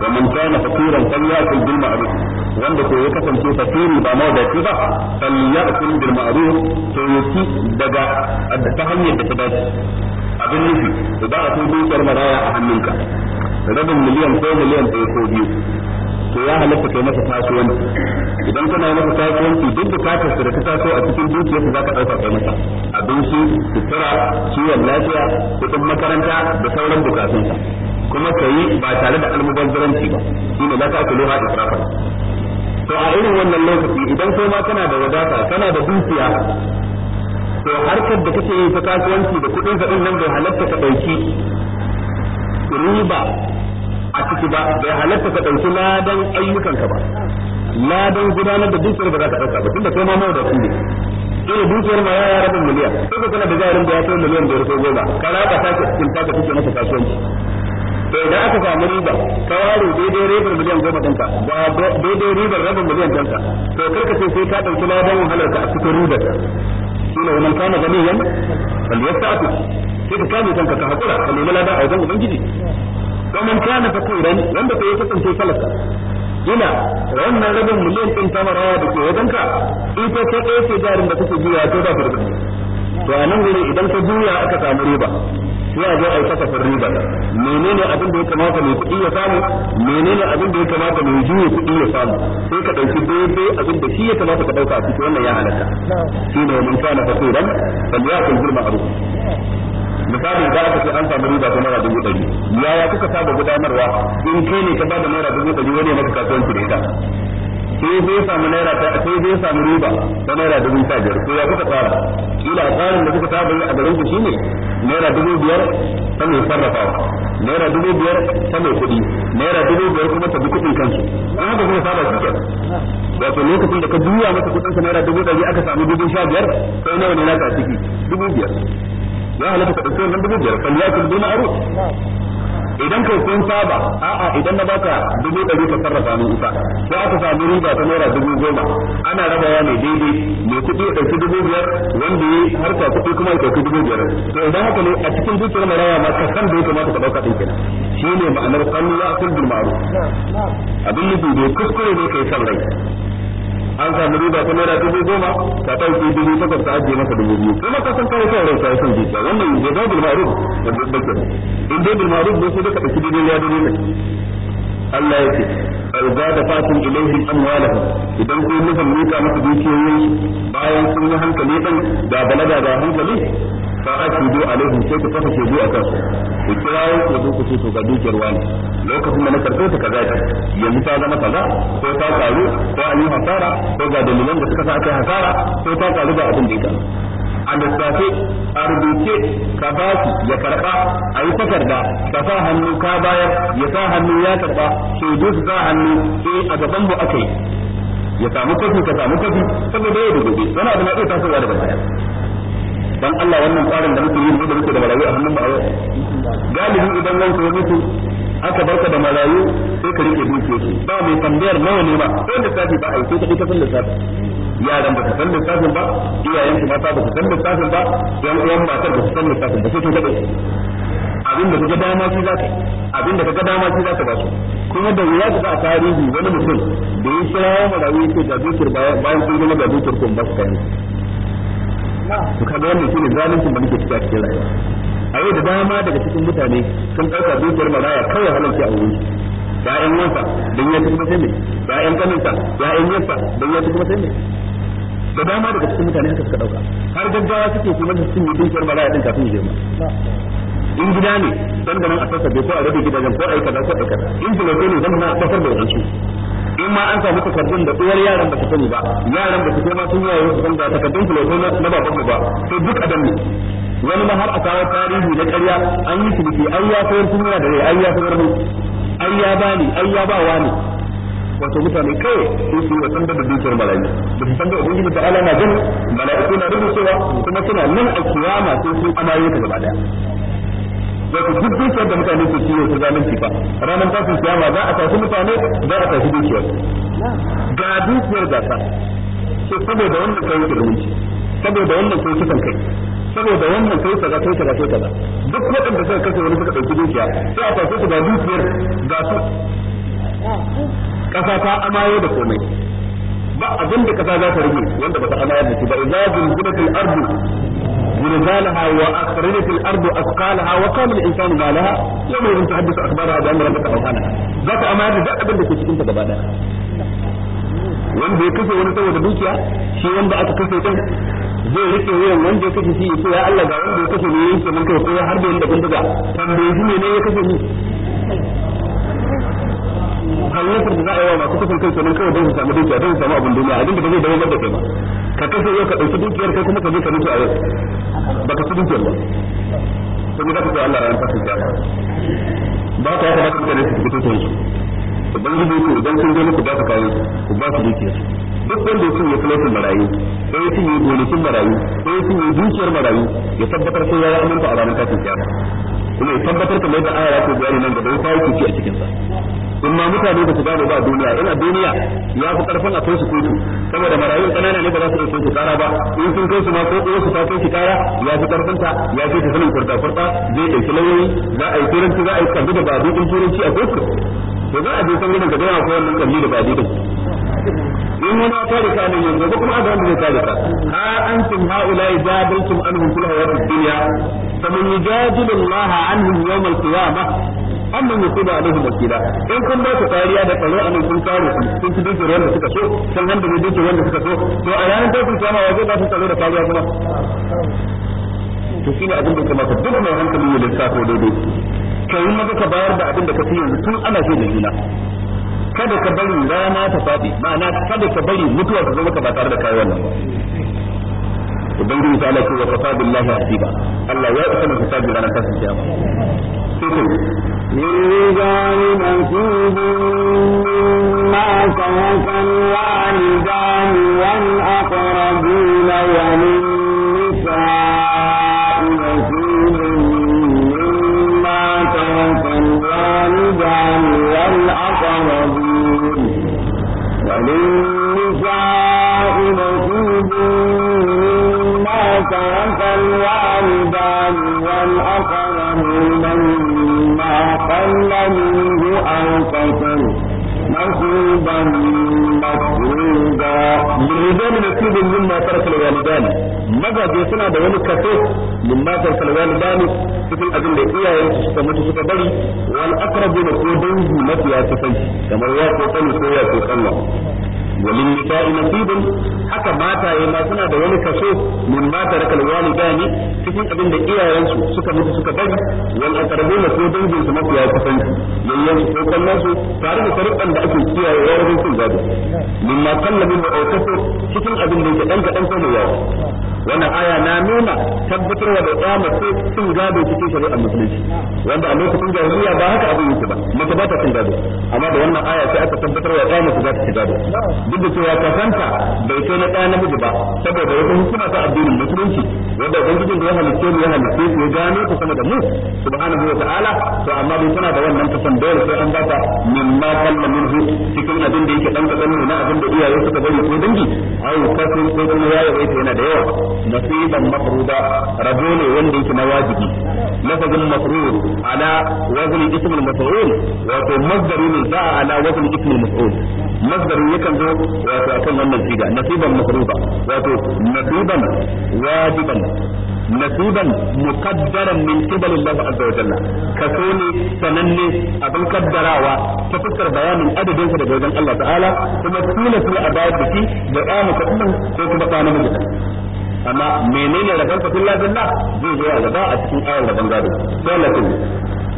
wa man kana fakiran falyakul bil ma'ruf wanda ko ya kasance fakiri ba ma da ba falyakul bil ma'ruf to ci daga ta hanyar da ta dace abin nufi da ba a dukiyar maraya a hannunka rabin miliyan ko miliyan ɗaya ko biyu to ya halatta kai masa kasuwanci idan kana yi masa tasowanci duk da bukatar da ta taso a cikin dukiyarsa za ka ɗauka kai masa abinci sutura ciwon lafiya kuɗin makaranta da sauran bukatunsa kuma ka yi ba tare da almubazzaranci ba shi ne za ka aka lura to a irin wannan lokaci idan kai ma kana da wadata kana da dukiya to harkar da kake yi ta kasuwanci da kuɗin ka nan bai halatta ka ɗauki riba a ciki ba bai halatta ka ɗauki ladan ayyukanka ba ladan gudanar da dukiyar ba za ka ɗauka ba tunda kai ma mawa da kuɗi ina dukiyar ma ya rabin miliyan sai ka kana da jarin da ya kai miliyan da ya kai goma ka raba ta ka cikin ta kuke masa kasuwanci to idan aka samu riba ka ware daidai ribar miliyan goma ɗinka ba daidai ribar rabin miliyan ɗinka to kar ka ce sai ka ɗauki ladan wahalar ka a cikin ribar shine wannan kana ganiyan bal yasta'atu sai ka kame kanka ka hakura ka nemi ladan a wajen ubangiji wa man kana fakiran wanda ko ya kasance talaka ina wannan rabin miliyan din tamarawa da ke wajenka ita ta ɗaya ce jarin da kake biya to ba ka rubuta to a nan gure idan ka juya aka samu riba sai a zo a yi kasafin riba menene abin da ya kamata mai kuɗi ya samu menene abin da ya kamata mai juya kuɗi ya samu sai ka ɗauki daidai abin da shi ya kamata ka ɗauka a ciki wannan ya halatta shi ne mun kana fasiran fal yakul a ma'ruf misali za ka ce an samu riba ta naira dubu ɗari yaya kuka saba gudanarwa in kai ne ka bada naira dubu ɗari wani maka kasuwanci da ita sai zai samu naira sai zai samu riba ta naira dubu sha biyar to ya kuka tsara kila tsarin da kuka saba a garin ku shine naira dubu biyar ta mai sarrafawa naira dubu biyar ta mai kuɗi naira dubu biyar kuma ta bi kuɗin kansu an haka kuma saba shi kenan wato lokacin da ka juya masa kuɗin naira dubu ɗari aka samu dubu sha biyar sai nawa ne naka a ciki dubu biyar ya halatta ka ɗauki wannan dubu biyar aro idan kai kun saba a'a idan na baka dubu ɗari ka sarrafa min isa sai aka samu riba ta naira dubu goma ana rabawa ne daidai mai kuɗi ya ɗauki dubu biyar wanda ya harka kuɗi kuma ya ɗauki dubu biyar to idan haka ne a cikin dukiyar maraya ma ka san da ya kamata ka ɗauka ɗin kenan shi ne ma'anar kallu ya kun dulmaru abin nufi bai kuskure ne kai san rai an samu riba ta naira dubu goma ta ɗauki dubu takwas ta ajiye masa dubu biyu kuma ka san kawai kawai ka san jita wannan ya zaɓi ma'ruf da dukkan in dai ma'ruf ne sai ka ɗauki dubu ya dubu ne Allah ya ce da fatin an amwalahum idan ko muka mika masa dukiyoyi bayan sun yi hankali ɗan da balaga da hankali fa akidu alaihim sai ku kafa shaidu a kansu ku kirawo ku zo ku ce to ga dukiyar wani lokacin da na karfe ta kaza ta yanzu ta zama kaza ko ta karu ko an yi hasara ko ga dalilan da suka sa aka hasara ko ta karu ga abin da ya karu a lissafe a rubuce ka ba su ya karba a yi takarda ka sa hannu ka bayar ya sa hannu ya karba shaidu su sa hannu sai eh, a gaban mu aka yi ya samu kofi ka samu kofi saboda yau da gobe wani abu na iya tasowa daga baya dan Allah wannan tsarin da muke yi da muke da marayu a hannun mu galibi idan wani ya mutu aka barka da marayu sai ka rike dukiyar su ba mai tambayar nawa ne ba ko safi ba ai sai ka dika sallar safi yaran ba ka san lissafin ba iyayen ki mata ba ka san lissafin ba yan uwan matar ba ta san lissafin ba sai ka gaba abin da kaga dama shi zaka abin da kaga dama shi zaka ba su kuma da wuya ka a tarihi wani mutum da ya kira marayu ke da dukiyar bayan sun zama da dukiyar kun ba su kai to kaga wannan shine zalincin da muke ciki a cikin rayuwa a yau da dama daga cikin mutane sun ɗauka dukiyar maraya kawai halarci a wuri wurin ya'yan yansa don yanzu kuma sai ne ya'yan kaninsa ya'yan yansa don yanzu kuma sai ne da dama daga cikin mutane haka suka ɗauka har gaggawa suke kuma da cikin dukiyar maraya ɗin kafin girma in gida ne don ganin a sassa bai ko a rabe gidajen ko a yi kaza ko a kaza in filosofi ne zan na a kasar da wadansu in ma an samu takardun da uwar yaran ba ta sani ba yaran ba su sai ma sun yi wa san da takardun lokacin na ba baban ba to duk adam ne wani ma har a kawo tarihi na karya an yi ciniki an ya sayar sun yana da rai an ya sayar mu an ya bani an ya ba wani wato mutane kai sun su wa sandar da dukiyar mala'iku da su sandar ubangiji ta ala na jin mala'iku na rubucewa kuma suna nan a kiyama sai sun amaye ta gaba daya da ku duk da mutane su ciwo ta zalunci ba ranar tashin kiyama za a tafi mutane za a tafi dukiyar ga dukiyar gasa sai saboda wannan kai yake zumunci saboda wannan kai kisan kai saboda wannan kai kaza kai kaza kai kaza duk waɗanda suka kashe wani suka ɗauki dukiya sai a tafi su ga dukiyar gasu ƙasa ta amaye da komai ba abin da kasa za ta rage wanda ba ta amayar da shi ba idza zulzilatil ardu zilzalaha wa akhrajatil ardu asqalaha wa qala al insanu ma laha yawma idhin tahaddathu akhbaraha da anna rabbaka awhana za ta amayar da abin da ke cikin ta gaba daya wanda ya kashe wani saboda dukiya shi wanda aka kashe din zai rike wuyan wanda ya kashe shi ya ce ya Allah ga wanda ya kashe ne yake mun kai ko har da wanda bindiga tambaye shi ne ya kashe ni halittar da za a yi wa masu kafin kai kenan kawai don su samu dukiya don su samu abin duniya abin da ba zai dawo da kai ba ka kafe yau ka ɗauki dukiyar kai kuma ka je ka mutu a yau ba ka ci dukiyar ba sai ka ce Allah ran fasin kiyama ba ka ya kamata mutane su su ubangiji ku idan muku ba ka kawo ku ba su dukiyar duk wanda ya cinye filotin marayu ko ya cinye gonakin marayu ko ya cinye dukiyar marayu ya tabbatar sai ya yi aminta a ranar kafin kiyama kuma ya tabbatar kamar yadda aya ko bayani nan gaba ta yake ci a cikin sa ma mutane da su da ba duniya a duniya ya fi karfin a kai su kotu saboda marayun kanana ne ba za su iya kai kara ba in sun kai su ma ko su ta kai su kara ya fi karfin ta ya fi sanin kurda kurda zai dauki lauyoyi za a yi turanci za a yi kalli da babu in turanci a kotu to za a je san gidan gaba ya koyar wannan kalli da babu duk in wani ya tare ka ne yanzu ko kuma ga da zai tare ka ha antum haula jadaltum anhum fil hayatid dunya faman yujadilu Allah anhum yawm al-qiyamah amman yusiba alaihi wakila in kun ba ta kariya da tsaro a nan kun su sun ci dukiyar wanda suka so sun wanda ne dukiyar wanda suka so to a ranar tashin kiyama wa zai ba su tsaro da kariya kuma to shine abin da ka duk mai hankali ya lissafo daidai kai maka ka bayar da abin da ka fi yanzu tun ana so da juna kada ka bari rana ta faɗi ma'ana kada ka bari mutuwa ta zama ta ba tare da kai wannan ubangiji ta Allah wa kafa billahi hasiba Allah ya isa mu hisabi ranar tashin kiyama لهم ما قل منه أو كثر نصيبا مفروضا للرجال نصيب مما suna da wani kaso min ma tarkal walidani cikin abin da iyayen su mutu suka bari wal aqrabu ko dangi mafiya kusanci kamar ya ko kani ko ya ko kallon wa min nisa'i nasibun haka mataye ma suna da wani kaso min ma tarakal walidani cikin abin da iyayensu suka mutu suka bari wal aqrabuna ko dangin su mafiya kusanci yayyan su ko kallon su tare da sharuɗan da ake kiyaye wajen sun gado min ma kalla min ma'aikatu cikin abin da yake dan kadan ko mai yawa wannan aya na nuna tabbatarwa da ko sun gado cikin shari'ar musulunci wanda a lokacin jahiliya ba haka abin yake ba mace ba ta sun gado amma da wannan aya sai aka tabbatarwa tsama su za su ci gado duk da cewa kasanta bai kai na ɗaya namiji ba saboda wasu hukuma ta addinin musulunci wanda ubangijin da ya halitta mu ya halitta mu ya gano ta sama da mu subhanahu wa ta'ala to amma mun tana da wannan kasan dole sai an bata min ma kalla hu cikin abin da yake dan da ne na abin da iyaye suka bari ko dangi ai kasan ko kuma yayi bai yana da yawa nasiban mafruda rabo ne wanda yake na wajibi lafazin mafrud ala wazn ismul maf'ul wato masdari ne za'a ala wazn ismul mas'ul masdarin yakan zo wato akan wannan siga nasiban mafruba wato nasiban wajiban nasiban muqaddaran min qibal Allah azza wa jalla kaso ne sananne abin kaddarawa ta fuskar bayanin adadin sa daga wajen Allah ta'ala kuma tilatul abad da shi da ɗaya mutum ko kuma ɗaya namiji amma menene rabon fatin lazilla zai zo a gaba a cikin ayar rabon gado dole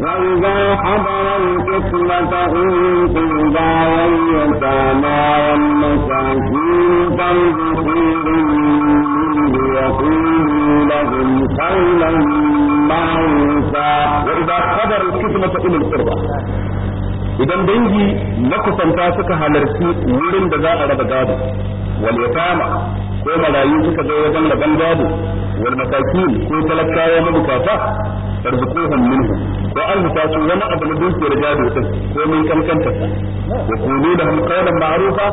فإذا حضر القسمة أولي القربى واليتامى والمساكين فارزقوهم منه وقولوا لهم قولا معروفا وإذا حضر القسمة أولي القربى idan dangi makusanta suka halarci wurin da za a raba gado wal yatama ko marayu suka zo wajen rabon gado wal masakin ko talakawa mabukata arzuquhum minhu ko an huta su wani abu na dukiyar gado din ko mun kankanta wa qulu da qawlan ma'rufa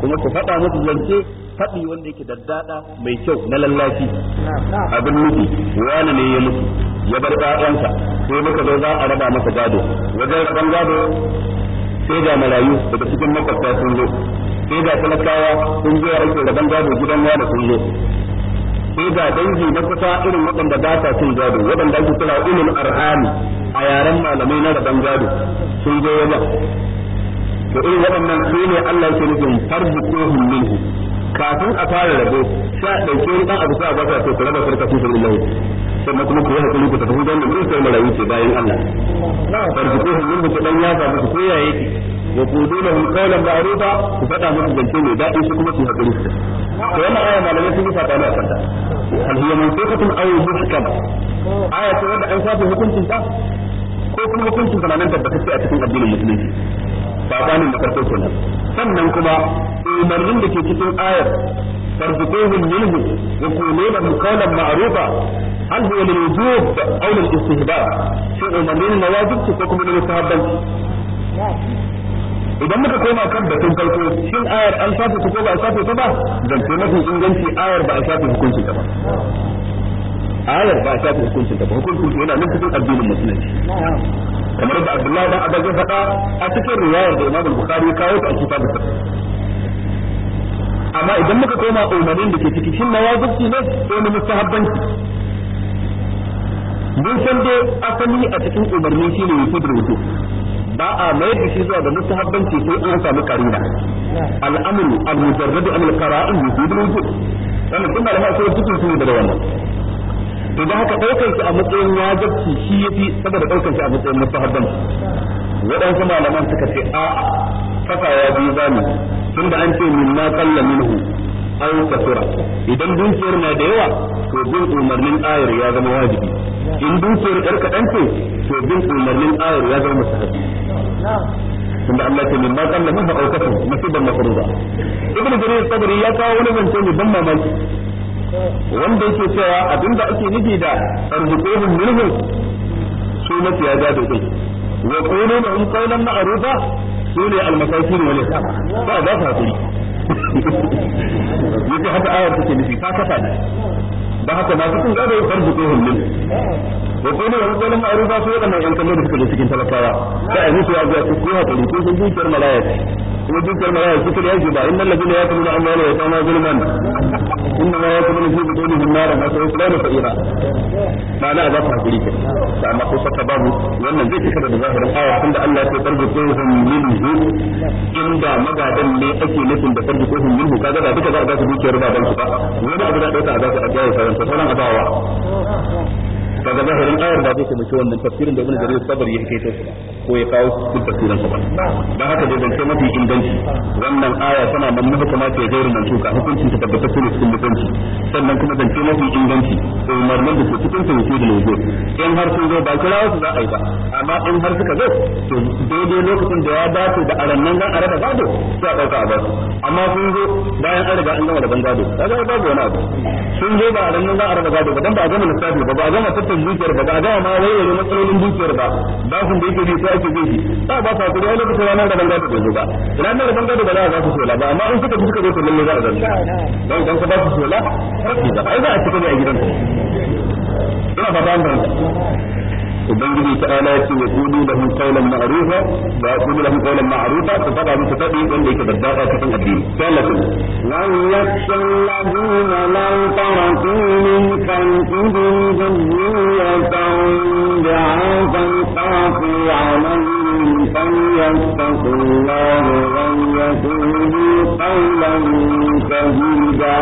kuma ku faɗa musu zance faɗi wanda yake daddada mai kyau na lallafi abin nufi wani ne ya mutu ya bar ɗayansa sai muka zo za a raba masa gado wajen ban gado sai ga marayu daga cikin makwabta sun zo sai ga talakawa sun zo ake rabon gado gidan wani sun zo sai ga dangi na kusa irin waɗanda ba sa cin gado waɗanda ake kira ulul arhami a yaren malamai na rabon gado sun zo yaba to irin waɗannan su ne Allah ce nufin ko minhu kafin a fara rabo sai a ɗauke wani ɗan abu a ba sa to ku raba sarka fi sabbi lahi sannan kuma ku yi hakuri ku tafi don da dukkan marayu ce bayan Allah farko hannun ku dan ya samu ku koya yake wa quduna hum qawlan ma'rufa ku fada musu zance mai daɗi su kuma su hakuri su to wannan aya malamai sun yi sabani a kanta hal hiya mansuqatun aw muhkama aya ta wanda an sabu hukuncin ta ko kuma hukuncin ta nan tabbatacce a cikin addinin musulunci sabanin da farko kenan sannan kuma umarnin da ke cikin ayar farzuquhum minhu wa qulu qawlan ma'rufa hal huwa lil wujub aw lil istihbab shi umarnin na wajibi ko kuma na mustahabbanci idan muka koma kan batun farko shin ayar an shafe ko ba a shafe ta ba zance mafi inganci ayar ba a shafe hukunci ta ba ayar ba a shafi hukuncin ta ba hukuncin yana nan cikin addinin musulunci kamar da Abdullahi a Abba faɗa a cikin riwayar da Imam Bukhari kawo ta a kitabul amma idan muka koma umarnin da ke ciki shin na wajibi ne ko na mustahabbanci mun san dai asali a cikin umarni shine wujudul wujud ba a mai da shi zuwa ga mustahabbanci sai an samu karina al'amru al-mujarradu an al-qara'in wujudul wujud wannan kuma da ma sai cikin su da wannan to ba haka daukar shi a matsayin wajibci shi yafi saboda daukar shi a matsayin mustahabban waɗansu malaman suka ce a'a fasawa biyu zamu da an ce min ma qalla minhu an kasura idan dukiyar na da yawa to bin umarnin ayar ya zama wajibi in dukiyar yar kaɗan ce to bin umarnin ayar ya zama tun da Allah ce min ma qalla minhu aw kasura musiban mafruza ibnu jarir sabri ya kawo wani zance ne ban mamaki wanda yake cewa abinda ake nufi da arzuquhum minhum su ga gado din wa in lahum qawlan ma'rufa su ne almasakin wal ba za ta yake haka ayar take nufi ta kafa ne ba haka na cikin gado ya farzu ko hulmin wa kuma wani ganin ma'aru ba su waɗannan yan da suka da cikin talakawa sai a zuciya zuwa su ko hakuri ko zuciyar malaya kuma dukiyar maraya shi kada yake ba inna allazina yakuluna amwala wa yatama zulman inna ma yakuluna fi butunihim naran wa sayasla fa'ira ba na ba ta guri ke da amma ko saka babu wannan zai kika da zahirin aya tunda Allah ya tarbi kohum minhu inda magadan ne ake nufin da tarbi kohum minhu kaga da duka za a ga dukiyar baban su ba wani abu da dauka a ga su a jawo sauran sauran abawa kaga zahirin ayar ba zai kuma wannan tafsirin da ibn jarir sabr yake kai ta ko ya kawo su cikin tafsirin ba ba haka dai zance mafi inganci wannan aya tana nan muka kuma ce gairin mansuka hukuncin ta tabbata cikin cikin mutunci sannan kuma zance mafi inganci marmar da ke cikin tafsir da yanzu in har sun zo ba kira su za a yi ba amma in har suka zo to daidai lokacin da ya dace da arannan zan araba gado sai a dauka a basu amma sun zo bayan an riga an gama da bangado a babu wani abu sun zo ba arannan zan araba gado ba dan ba a gama lissafi ba ba a gama tattalin dukiyar ba ba a gama ma wayoyi matsalolin zuciyar ba ba sun da yake bi sai ake zai ba ba su kuri ai lokacin ranar da banga da dozo ba ranar da banga da ba za a ba su sola ba amma in suka suka zo to lalle za a zarta don idan ka ba su sola ai za a cika ne a gidan ina ba ba ubangiji ta ala ya ce ya kudu da hun kaulan ma'arufa da ya kudu da hun kaulan ma'arufa ta faɗa musu faɗi wanda yake daddaɗa ta kan addini sallatu lan yaksan ladina lan taratu min kalbihim dhurriyatan da'afan qafi alayhim falyattaqu Allah wa yaqulu qawlan sadida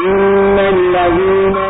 إن الذين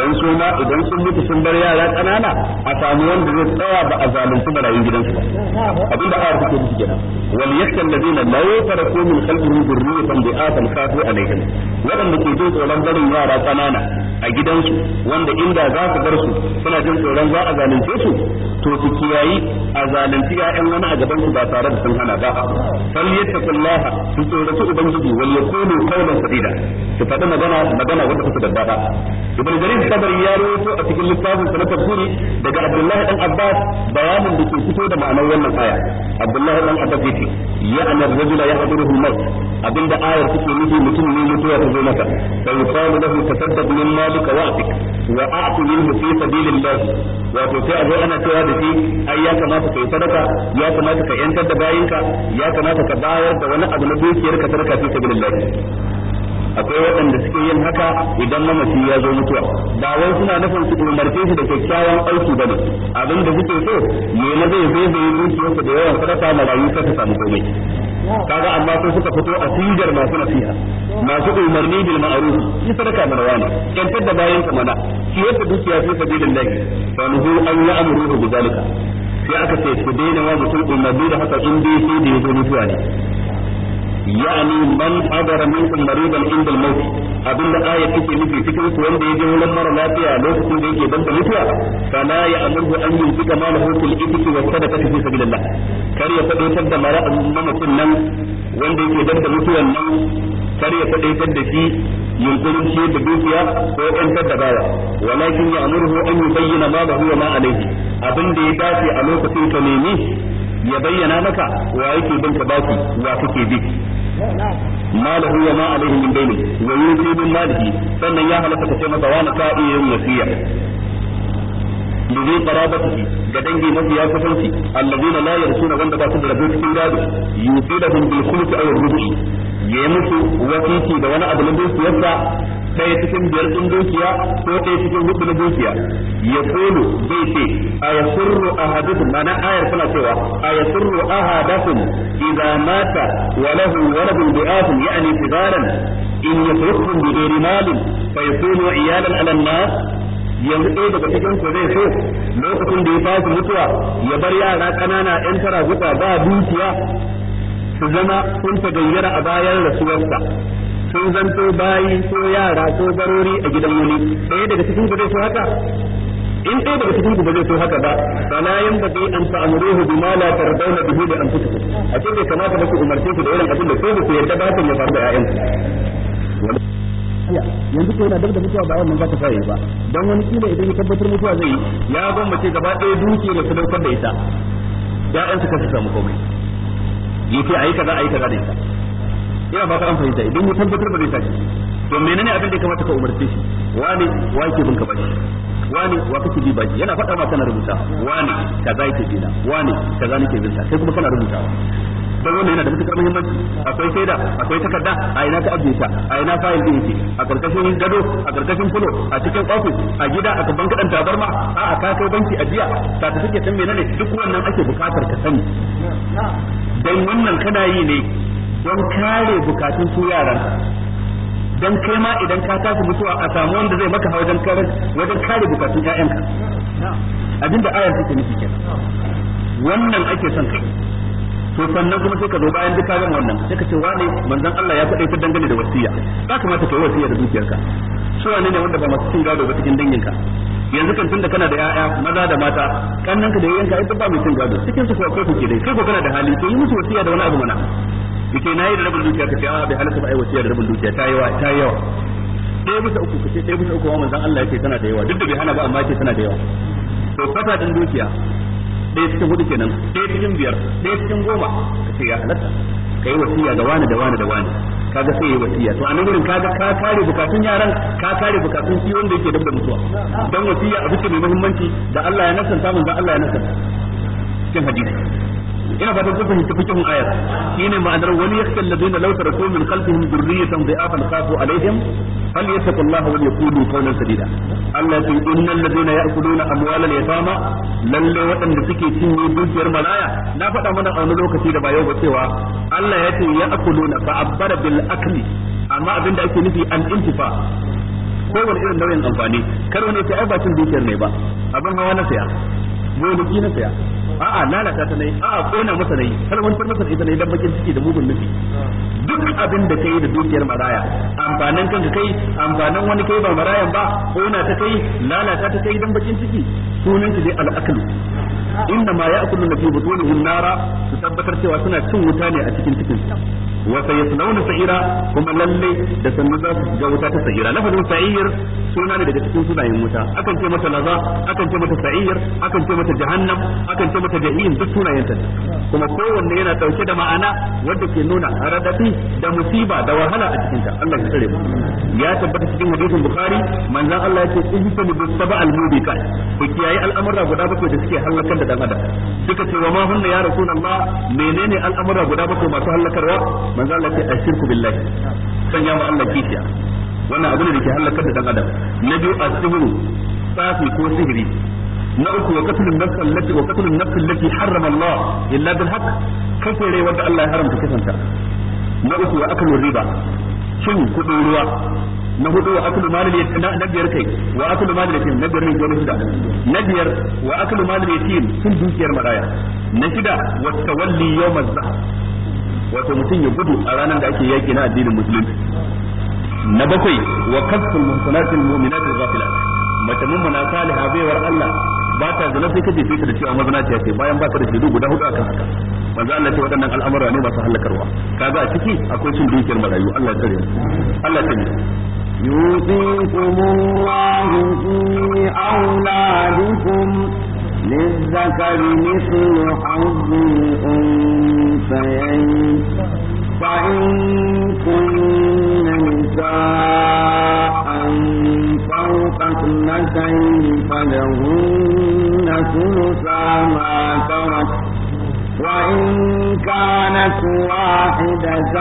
don su idan sun mutu sun bar yara ƙanana a samu wanda zai tsaya ba a zalunci barayin gidansu ba abinda ayar take nufi kenan wal yakkal ladina la yataraku min khalqihim dhurriyatan bi'atan khafu alaihim waɗanda ke jin tsoron barin yara tsanana a gidansu wanda inda za su bar su suna jin tsoron za a zalunce su to su kiyayi a zalunci ƴaƴan wani a gaban su ba tare da sun hana ba fal yattaqullaha su tsoraci ubangiji wal yakunu qawlan sadida su faɗi magana magana wanda take da daɗa ibn jarir tabari ya rawaito a cikin littafin sa na tafsiri daga Abdullahi dan Abbas bayanin da ke fito da ma'anar wannan aya Abdullahi dan Abbas yace ya anar rajula yahduruhu al-maut abinda ayar take nufi mutum ne mutuwa ta zo maka fa yuqalu lahu tasaddaq min malika wa'tik wa a'ti minhu fi sabilillah wato sai a zo ana cewa da shi ai ya kamata kai sadaka ya kamata ka yantar da bayinka ya kamata ka bayar da wani abu na dukiyar ka sadaka fi sabilillah akwai waɗanda suke yin haka idan mamaci ya zo mutuwa ba wai suna nufin su umarce shi da kyakkyawan aiki bane abin da suke so me na zai zai zai zuciyarsa da yawan sadaka marayu sai ta samu komai kaga amma sai suka fito a sigar masu nasiha masu umarni bil ma'ruf shi sadaka ne kyantar da bayan ka mana shi yadda dukiya fi sabilillahi fa nuhu an ya'muru bi dalika sai aka ce ku daina wa mutum umarni da haka in dai sai da yazo mutuwa ne يعني من حضر منكم مريضا عند الموت abinda aya take nufi cikin su wanda ya je wurin mara lafiya lokacin da yake banta mutuwa Kana ya amurhu an yi tuka ma lahu fil ifki wa sadaka fi sabilillah kar ya fadaitar da mara mamacin nan wanda yake banta mutuwan nan kar ya fadaitar da shi yunkurin ciyar da dukiya ko yantar da bawa walakin ya amurhu an yubayyana ma lahu wa ma alayhi abinda ya dace a lokacin ka nemi ya bayyana maka wa yake bin ka baki wa kake bi malahu wa ma alaihi min bayni wa min malihi sannan ya halaka ka ce masa wa na ka'i yin wasiya dubi qarabatihi ga dangi mafi ya kusanci alladina la yarsuna wanda ba su da rabu cikin gado yusibahum bil khulqi aw rubushi ya musu wasiki da wani abu na dukiyarsa ɗaya cikin biyar ɗin dukiya ko ɗaya cikin hudu na dukiya ya kulu zai ce a ya surru a hadisun ma'ana ayar suna cewa a ya surru a hadisun iza mata wa lahu waladun bi'atun ya'ni sigaran in yasrukum bi ghairi malin fa yakunu iyalan alamma yanzu ɗaya daga cikin ku zai so lokacin da ya tashi mutuwa ya bar yara ƙanana 'yan tara guda ba dukiya su zama sun tagayyara a bayan rasuwarsa sun zanto bayi ko yara ko barori a gidan wani ɗaya daga cikin ku su so haka in ɗaya daga cikin ku ba zai so haka ba fala yan baki an ta'amuruhu bima la tardawna bihi li a ce bai kamata ba ku umarce ku da irin abin da ko ba ku yarda ba ta ya faru da ƴaƴan yanzu ko yana dab da mutuwa ba mun za ta faye ba dan wani kila idan ya tabbatar mutuwa zai ya gwammace gaba ɗaya dukiya ne daukar da ita ya'yan su kasu samu komai yake ayi kaza ayi kaza da ita ina ba ka an fahimta idan ya tabbatar ba zai tashi to menene abin da ya kamata ka umarce shi wani wa yake bin ka bashi wani wa kake bi bashi yana faɗa ma kana rubuta wani kaza yake bi na wani kaza nake bin sa kai kuma kana rubutawa don wannan yana da matukar muhimmanci akwai shaida akwai takarda a ina ka ajiye a ina fayil din ki a karkashin gado a karkashin fulo a cikin ofis a gida a gaban kadan tabarma a a ka kai banki ajiya ka ta take san menene duk wannan ake bukatar ka sani dan wannan kana yi ne don kare bukatun su yaran dan kai ma idan ka tashi mutuwa a samu wanda zai maka wajen kare wajen kare bukatun ƴaƴanka abinda ayar take nufi kenan wannan ake son kai to sannan kuma sai ka zo bayan duka gama wannan sai ka ce wani manzon Allah ya faɗi ta dangane da wasiya za ka mata kai wasiya da dukiyarka su wani ne wanda ba masu cin gado ba cikin danginka yanzu kan tunda kana da yaya maza da mata kannan ka da yayanka ai ba mai cin gado cikin su ko kuke dai kai ko kana da hali to yi musu wasiya da wani abu mana yake nayi da rabin dukiya ka ce a ah, bai halatta ba ai wasiya da rabin dukiya ta yawa ta yawa dai bisa uku kace dai bisa uku wa manzon Allah yake tana da yawa duk da bai hana ba amma yake tana da yawa to fata din dukiya ɗaya cikin hudu kenan ɗaya cikin biyar ɗaya cikin goma ka ce ya halatta yi wasiya ga wani da wani da wani kaga sai yi wasiya to a nan gurin kaga ka kare bukatun yaran ka kare bukatun shi wanda yake dabda mutuwa dan wasiya abu ce mai muhimmanci da Allah ya nasanta mun da Allah ya nasanta cikin hadisi ina fatan kun fahimci fikihun ayar shine ma'anar wani yakhsha alladhina law taraku min khalfihim dhurriyatan dha'afan khafu alaihim fal yattaqullaha wal yaqulu qawlan sadida Allah ya ce innal ladina ya'kuluna amwalal yatama lalle waɗanda suke cinye dukiyar malaya na faɗa mana a wani lokaci da ba yau ba cewa Allah ya ce ya'kuluna fa abbara bil akli amma abinda ake nufi an intifa kowane irin nauyin amfani kar wani sai ai ba cin dukiyar ne ba abin hawa na saya gonaki na saya a'a lalata ta nayi a'a kona masa nayi wani masa ita nayi dan bakin ciki da mugun nufi duk abin da kai da dukiyar maraya amfanin kanka kai amfanin wani kai ba marayan ba kona ta kai lalata ta kai dan bakin ciki sunan ki dai al'aklu inna ma ya'kulu fi butunihi nara su tabbatar cewa suna cin wuta ne a cikin cikin wa sayaslawna sa'ira kuma lalle da sannu za su ga wuta ta sa'ira lafazin saiyyar suna ne daga cikin sunayen wuta akan ce mata laza akan ce mata sa'ir akan ce mata jahannam akan ce mata jahim duk sunayen ta kuma kowanne yana dauke da ma'ana wanda ke nuna radadi da musiba da wahala a cikin ta Allah ya tsare mu ya tabbata cikin hadisin bukhari manzon Allah yake ihsanu bis sab'al mubiqat ku kiyaye al'amura guda bakwai da suke halakar da dan adam suka ce wa ma hunna ya rasulullah menene al'amura guda bakwai masu halakarwa manzo Allah ce ashirku billahi sanya mu Allah kishiya wannan abin da ke halakar da dan adam na biyu asihru safi ko sihiri na uku wa qatlun nafs allati wa qatlun nafs allati harrama Allah illa bil haqq kafare wanda Allah ya haramta kasanta na uku wa aklu riba cin kudin ruwa na hudu wa aklu malil yatim na biyar kai wa aklu malil yatim na biyar ne ko shida na biyar wa aklu malil yatim sun dukiyar maraya na shida wa tawalli yawmaz zahab wato mutum ya gudu a ranar da ake yaki na addinin musulunci na bakwai wa kasful muhsanatil mu'minatil ghafilat mace muna saliha baiwar Allah ba ta zina sai kace sai da cewa ta ce bayan ba ta da shaidu guda hudu akan haka manzo Allah ce waɗannan al'amura ne masu halakarwa kaga a ciki akwai cin dukiyar marayu Allah ya tsare Allah yi يوصيكم الله في أولادكم للذكر مثل حظ الأنثيين فإن كن نساء فوق اثنتين فلهن ثلثا ما ترك وإن كانت واحدة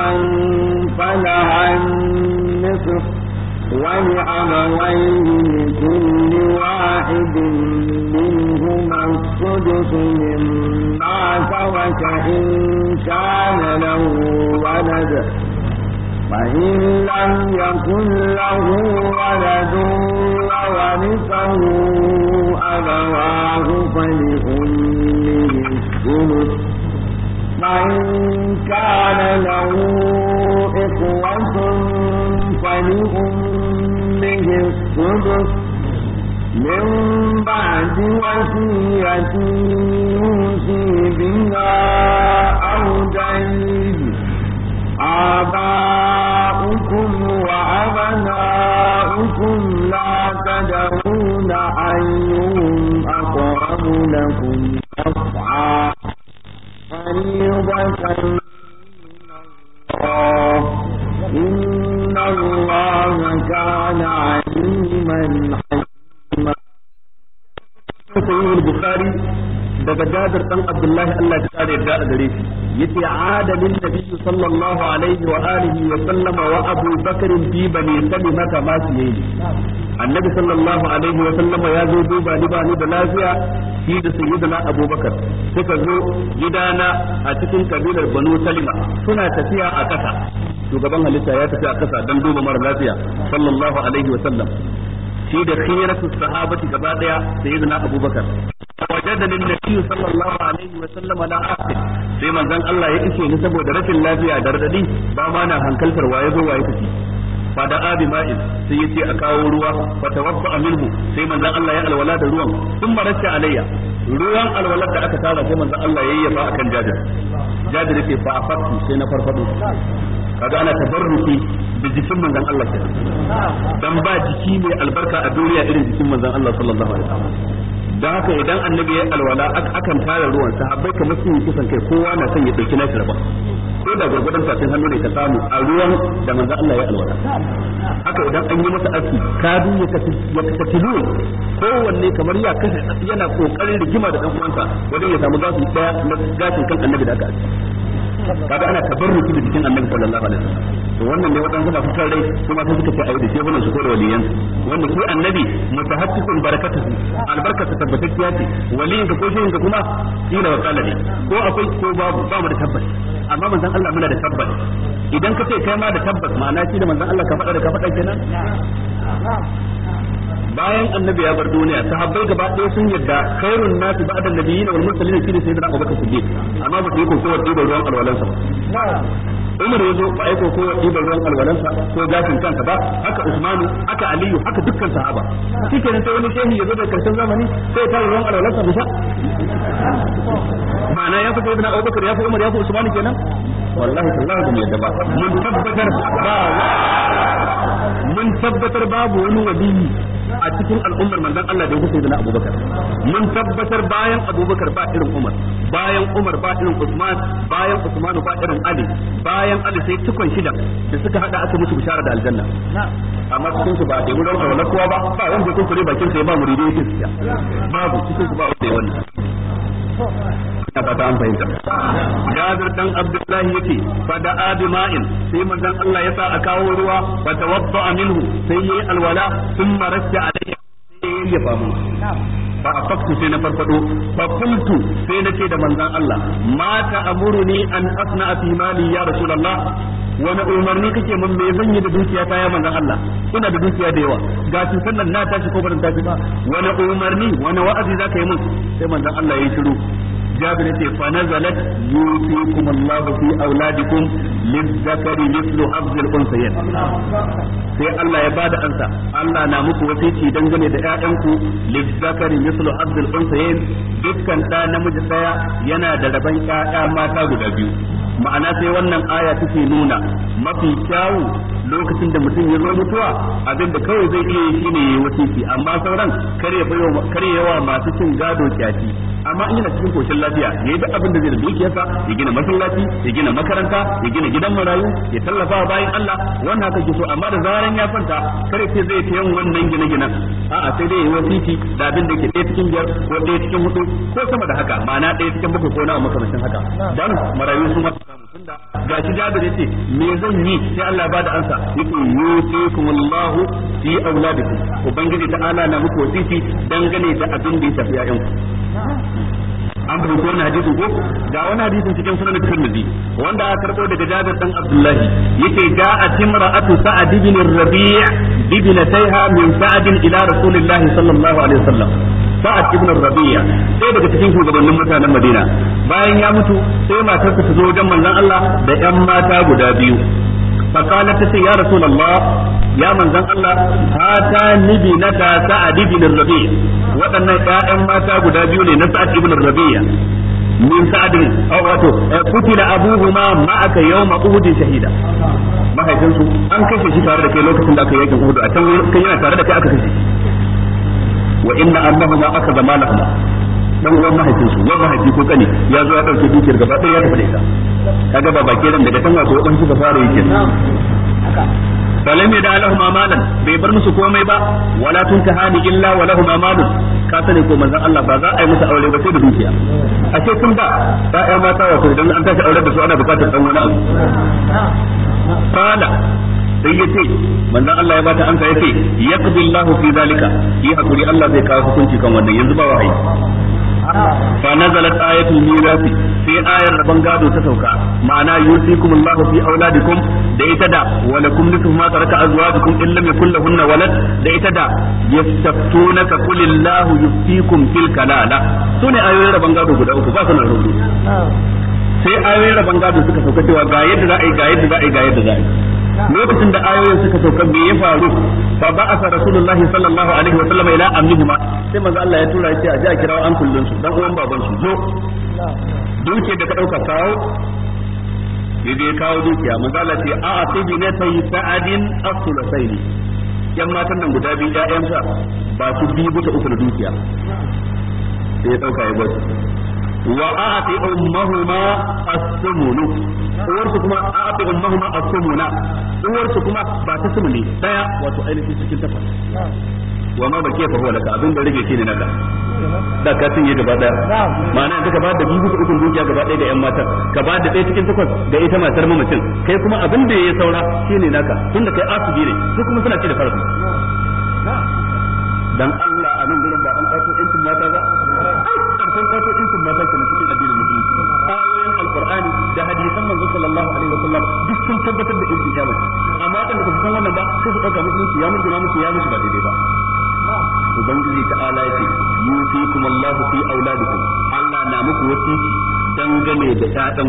فلها النصف ولأبويه لكل واحد السدس مما ترك إن كان له ولد فإن لم يكن له ولد وورثه أبواه فلأمه الثلث فإن كان له إخوة فلأمه السدس من بعد وسية يوصي بها أو دين آباؤكم وأبناؤكم لا تدرون أيهم أقرب لكم نفعا فريضة الله إن الله كان عليما cikin sahihul bukhari daga jabir dan abdullahi Allah ya kare da gare shi yace adalin nabi sallallahu alaihi wa alihi wa sallama wa abu bakr bi bani ma annabi sallallahu alaihi wa sallama ya zo duba ni bani da lafiya shi da sayyidina abubakar suka zo gidana a cikin kabilar banu salima suna tafiya a kasa shugaban halitta ya tafi a kasa dan duba mara lafiya sallallahu alaihi wa sallam shi da khiratu sahabati gaba ɗaya, sayyidina abubakar wajada lin nabi sallallahu alaihi wa sallam la aqil sai manzon Allah ya ishe ni saboda rashin lafiya da radadi ba ma na hankaltar waye zo waye kace fa da abi ma'in sai yace a kawo ruwa fa tawaffa minhu sai manzon Allah ya alwala da ruwan sun barata alayya ruwan alwalar da aka tara sai manzon Allah ya yayyafa akan jajir jajir yake fa afatu sai na farfado kaga ana tabarruki da jikin manzon Allah dan ba jiki mai albarka a duniya irin jikin manzon Allah sallallahu alaihi wasallam dan haka idan annabi ya alwala akan tara ruwan sahabbai kamar sun yi kusan kai kowa na son ya dauki nashi rabon ko da gurgurdan cikin hannu ne ta samu a ruwan da manzon Allah ya alwala haka idan an yi masa aski kadu ya katilu kowanne kamar ya kashe yana kokarin rigima da dan uwansa wajen ya samu gasu daya na gashin kan annabi da aka aski kaga ana tabarruki da jikin annabi sallallahu alaihi wasallam to wannan ne wadansu suka fitar rai kuma sai suka ce ayi da shi wannan su ko da waliyan wanda shi annabi mutahaqqiqun barakatuhu ta tabbatacciya ce waliyin ka ko shehin ka kuma kila wa kala ko akwai ko babu ba mu da tabbas amma manzon Allah muna da tabbas idan ka ce kai ma da tabbas ma'ana shi da manzon Allah ka faɗa da ka faɗa kenan bayan annabi ya bar duniya sahabbai gaba ɗaya sun yadda khairun nasu da annabiyyin wal mursalin shine sayyidina Abu su Siddiq amma ba su yi kokowa ɗiban ruwan alwalansa ba Umar yazo ba yi kokowa ɗiban ruwan alwalansa ko gashin kanka ba haka Usmanu haka Aliyu haka dukkan sahaba shike ne sai wani shehi yazo da karshen zamani sai ta ruwan alwalansa bisa ma'ana ya fi sayyidina Abu Bakar ya fi Umar ya fi Usmanu kenan wallahi tallahi ba mu yadda ba mun tabbatar ba mun tabbatar babu wani waliyi a a cikin al'ummar manzon Allah da hukunci da Abubakar mun tabbatar bayan Abubakar ba irin Umar bayan Umar ba irin Usman bayan Usman ba irin Ali bayan Ali sai tukun shida da suka hada aka musu bishara da aljanna amma cikin su ba da mun ranka wala kowa ba ba wanda kun kure bakin sai ba muridi yake siya babu cikin su ba wanda ya wannan kaza ta an fahimta jabir dan abdullahi yake fa da adima'in sai manzon Allah ya sa a kawo ruwa fa tawadda minhu sai yayi alwala thumma rasta alayhi sai ya famu fa afaktu sai na farfado fa qultu sai nake da manzon Allah ma ta'muruni an asna fi mali ya rasulullah wani umarni kake mun me zan yi da dukiya ta ya manzon Allah ina da dukiya da yawa ga cutar sannan na tashi ko ban tashi ba wani umarni wani wa'azi zaka yi mun sai manzon Allah ya shiru jabir yace fa nazalat yusikum Allah fi auladikum lidzakari mithlu hafzil unsayayn sai Allah ya bada ansa Allah na muku wasiki dangane da ƴaƴanku lidzakari mithlu hafzil unsayayn dukkan da namiji daya yana da rabon ƴaƴa mata guda biyu ma'ana sai wannan aya take nuna mafi kyawu lokacin da mutum ya zo mutuwa abin kawai zai iya yi shine yayi wasiki amma sauran kar ya bayo yawa masu cin gado kyaci amma in yana cikin koshin lafiya ya yi duk abin da zai da dukiyarsa ya gina masallaci ya gina makaranta ya gina gidan marayu ya tallafa wa bayan Allah wannan haka ke so amma da zaran ya kwanta kar ce zai ta wannan gine-ginen a'a sai dai yayi wasiki da abin da ke ɗaya cikin biyar ko ɗaya cikin hudu ko sama da haka ma'ana ɗaya cikin bakwai ko na makamashin haka dan marayu su ma tunda ga shi Jabir yace me zan yi sai Allah ba da ansa yake Allah fi auladikum ubangiji ala na muku wasiti dangane da abin da ya shafi ku an fahimci wannan hadisin ko ga wani hadisin cikin sunan Tirmidhi wanda aka karbo daga Jabir dan Abdullahi yake ja'a timra'atu Sa'ad ibn Rabi' bibnatayha min Sa'd ila Rasulillahi sallallahu alaihi wasallam sa'ad ibn rabiya sai daga cikin shugabannin mutanen madina bayan ya mutu sai matarsa ta zo dan manzon Allah da 'yan mata guda biyu faqalat ta ce ya rasulullah ya manzon Allah ta nibi na ta sa'ad ibn rabiya waɗannan ƴaƴan mata guda biyu ne na sa'ad ibn rabiya min sa'ad aw wato eh, kutila abuhuma ma'aka yawma uhudin shahida mahaifinsu an kashe shi tare da kai lokacin da aka yi yakin uhud a can kai yana tare da kai aka kashe wa inna annahuma akaza malahuma dan uwan mahaifinsu wani mahaifi ko kane ya zo ya dauke dukiyar gaba ɗaya ya tafi da ita kaga ba baki ran daga tanga ko dan suka fara yake falam yada lahum malan bai bar musu komai ba wala tunkahani illa wa lahum malun ka sani ko manzon Allah ba za a yi musu aure ba sai da dukiya a ce da ba ƴan mata wato idan an tashi aure da su ana bukatar dan wani abu qala sai ya ce manzan Allah ya bata amsa ya ce yaqdi Allah fi zalika yi hakuri Allah zai kawo hukunci kan wannan yanzu ba wahayi fa nazalat ayatu mirasi sai ayar rabon gado ta sauka ma'ana yusikum Allah fi auladikum da ita da walakum nisfu ma taraka azwajukum in lam yakul lahunna walad da ita da yastaftunaka qul Allahu yuftikum fil kalala sune ayoyin rabon gado guda uku ba suna rubutu sai ayoyin rabon gado suka sauka cewa ga yadda za a yi ga yadda za a yi ga yadda za a yi lokacin da ayoyin suka sauka me ya faru fa ba'atha rasulullahi sallallahu alaihi wa sallam ila amnihima sai manzo Allah ya tura shi a ji a kira an kullun su dan uwan baban su zo duke da ka dauka kawo ya je kawo dukiya manzo Allah ce a bi ne tayi sa'adin as yan matan nan guda biyu ƴaƴansa ba su biyu bisa uku da dukiya sai ya dauka ya bar wa a'ti ummahuma as-sumunu uwar su kuma a'ti ummahuma as-sumuna uwar su kuma ba ta sumuni daya wato ainihin cikin takwas wa ma bakiya fa huwa laka abin da rage shine naka da ka sun yi gaba daya ma'ana yanzu ka ba da biyu ukun dukiya gaba daya da yan matan ka ba da ɗaya cikin takwas da ita ma matar mamacin kai kuma abin da ya saura shine naka tunda kai asibi ne su kuma suna ci farko dan farko din sun mata kenan cikin addinin musulunci ayoyin alqur'ani da hadisan manzo sallallahu alaihi wasallam duk sun tabbatar da irin kiyama amma kan da ba san wannan ba sai su dauka musulunci ya mutu na musu ya mutu ba daidai ba ubangiji ta'ala yake yusikum Allahu fi auladikum Allah na muku wasiki dangane da ɗaɗan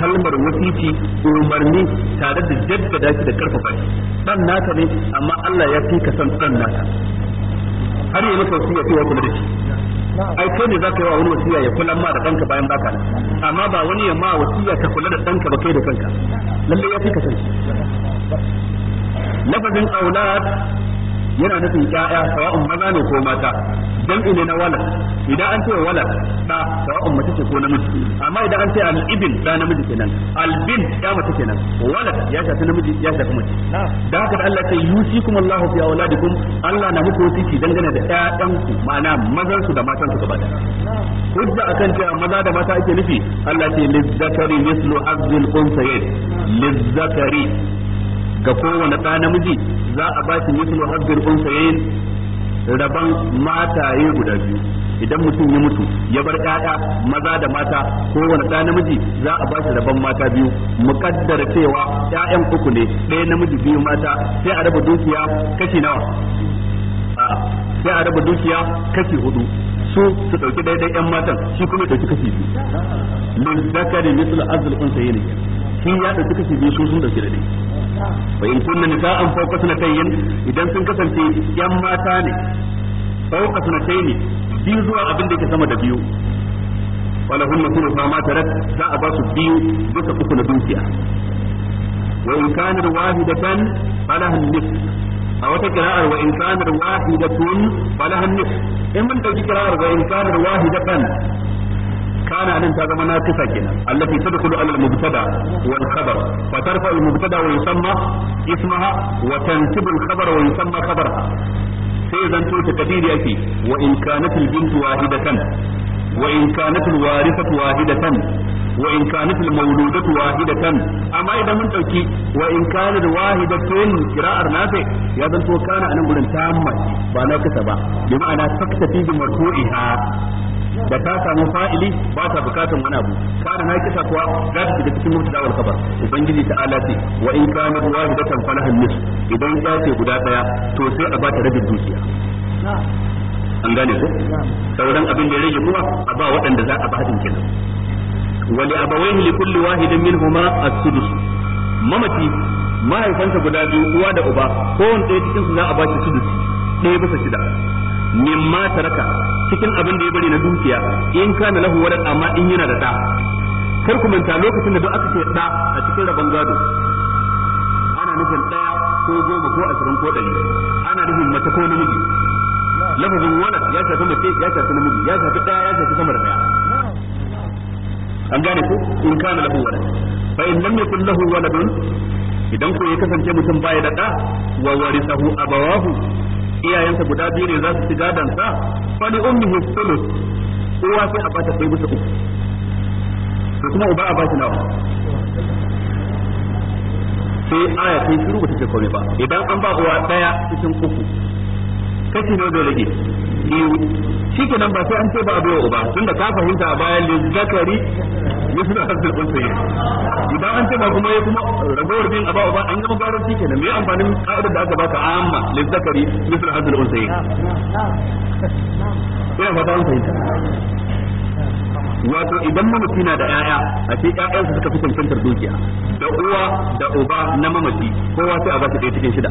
kalmar wasiti umarni tare da jaddada shi da karfafa shi dan naka ne amma Allah ya fi ka san dan naka har yi maka wasiya ya kuma da shi ai kai ne zaka yi wa wani wasiya ya kula ma da danka bayan baka amma ba wani ya ma wasiya ta kula da danka ba kai da kanka lalle ya fi ka sani lafazin aulad yana nufin ƴaƴa sawa'un maza ne ko mata dan ne na walad idan an ce walad da sawa'un mace ce ko namiji amma idan an ce al ibn da namiji kenan al bin da mace kenan walad ya shafi namiji ya shafi mace da haka da Allah ya ce yusikum Allahu fi auladikum Allah na muku wasiki dangane da ƴaƴan ku ma'ana mazan su da matan su gaba da hujja akan cewa maza da mata ake nufi Allah ce lizzakari mislu azil unsayayn lizzakari ga kowane ɗa namiji za a ba shi mutum haddin unsayin rabon mataye guda biyu idan mutum ya mutu ya bar ƴaƴa maza da mata kowane ɗa namiji za a ba shi rabon mata biyu muƙaddara cewa ƴaƴan uku ne ɗaya namiji biyu mata sai a raba dukiya kashi nawa sai a raba dukiya kashi hudu su su ɗauki ɗaya ɗayan matan shi kuma ɗauki kashi biyu min zakari misal azul unsayin shi ya dauki kashi biyu sun dauki rabi fa in kunna nisa'an fawqa sanatayn idan sun kasance yan mata ne fawqa sanatayn biyu zuwa abin da yake sama da biyu falahunna thulutha ma tarak za a ba su biyu duka uku na dukiya wa in kana wahidatan falahan nisf a wata kira'ar wa in kana wahidatun falahan nisf in mun dauki kira'ar wa in kana wahidatan kana nan ta zama naqisa kenan allati tadkhulu ala al-mubtada wal khabar fa tarfa al-mubtada wa yusamma ismaha wa tantibu al-khabar wa yusamma khabaraha sai zanto ta kadiri yake wa in kanat al-bint wahidatan wa in kanat al-warithatu wahidatan wa in kanat al amma idan mun dauki wa in kanat ya zanto kana anan ba na kasa ba bi ma'ana sakta fi da ta samu fa'ili ba ta bukatun wani abu kana na kisa kuwa za ta fita cikin mutu dawar kabar ubangiji ta alati wa in da wahidatan falahan nis idan ta ce guda daya to sai a ba ta rabin dukiya an gane ko sauran abin da ya rage kuma a ba waɗanda za a ba hadin kenan wani abawaihi li kulli wahidin minhuma as-sudus Mamaci mahaifansa guda biyu uwa da uba kowanne ɗaya cikin su za a ba shi sudus ɗaya bisa shida mimma taraka cikin abin da ya bari na dukiya in kana lahu walad amma in yana da ta kar ku manta lokacin da duk aka ce da a cikin rabon gado ana nufin daya ko goma ko ashirin ko ɗari ana nufin mace ko namiji lafazin walad ya shafi mace ya shafi namiji ya shafi daya ya shafi samar da daya an gane ku in kana lahu walad fa in lam yakul lahu waladun idan ko ya kasance mutum baya da da wa warisahu abawahu iyayensa guda biyu ne za su ci gadon sa fa li ummihi thuluth uwa sai a bata sai bisa uku to kuma uba a ba shi nawa sai aya sai shiru ba ta ce komai ba idan an ba uwa daya cikin uku kashi ne da rage biyu nan ba sai an ce ba a ba uba da ka fahimta a bayan li zakari mislu kunsa yi idan an ce ba kuma ya kuma ragowar bin aba uba an gama ke nan mai amfanin ka'adar da aka baka amma li zakari mislu hazzul unsayin ina fata an fahimta wato idan mamaci na da 'ya'ya a ce ƴaƴansa suka fi cancantar dukiya da uwa da uba na mamaci kowa sai a ba su ɗaya cikin shida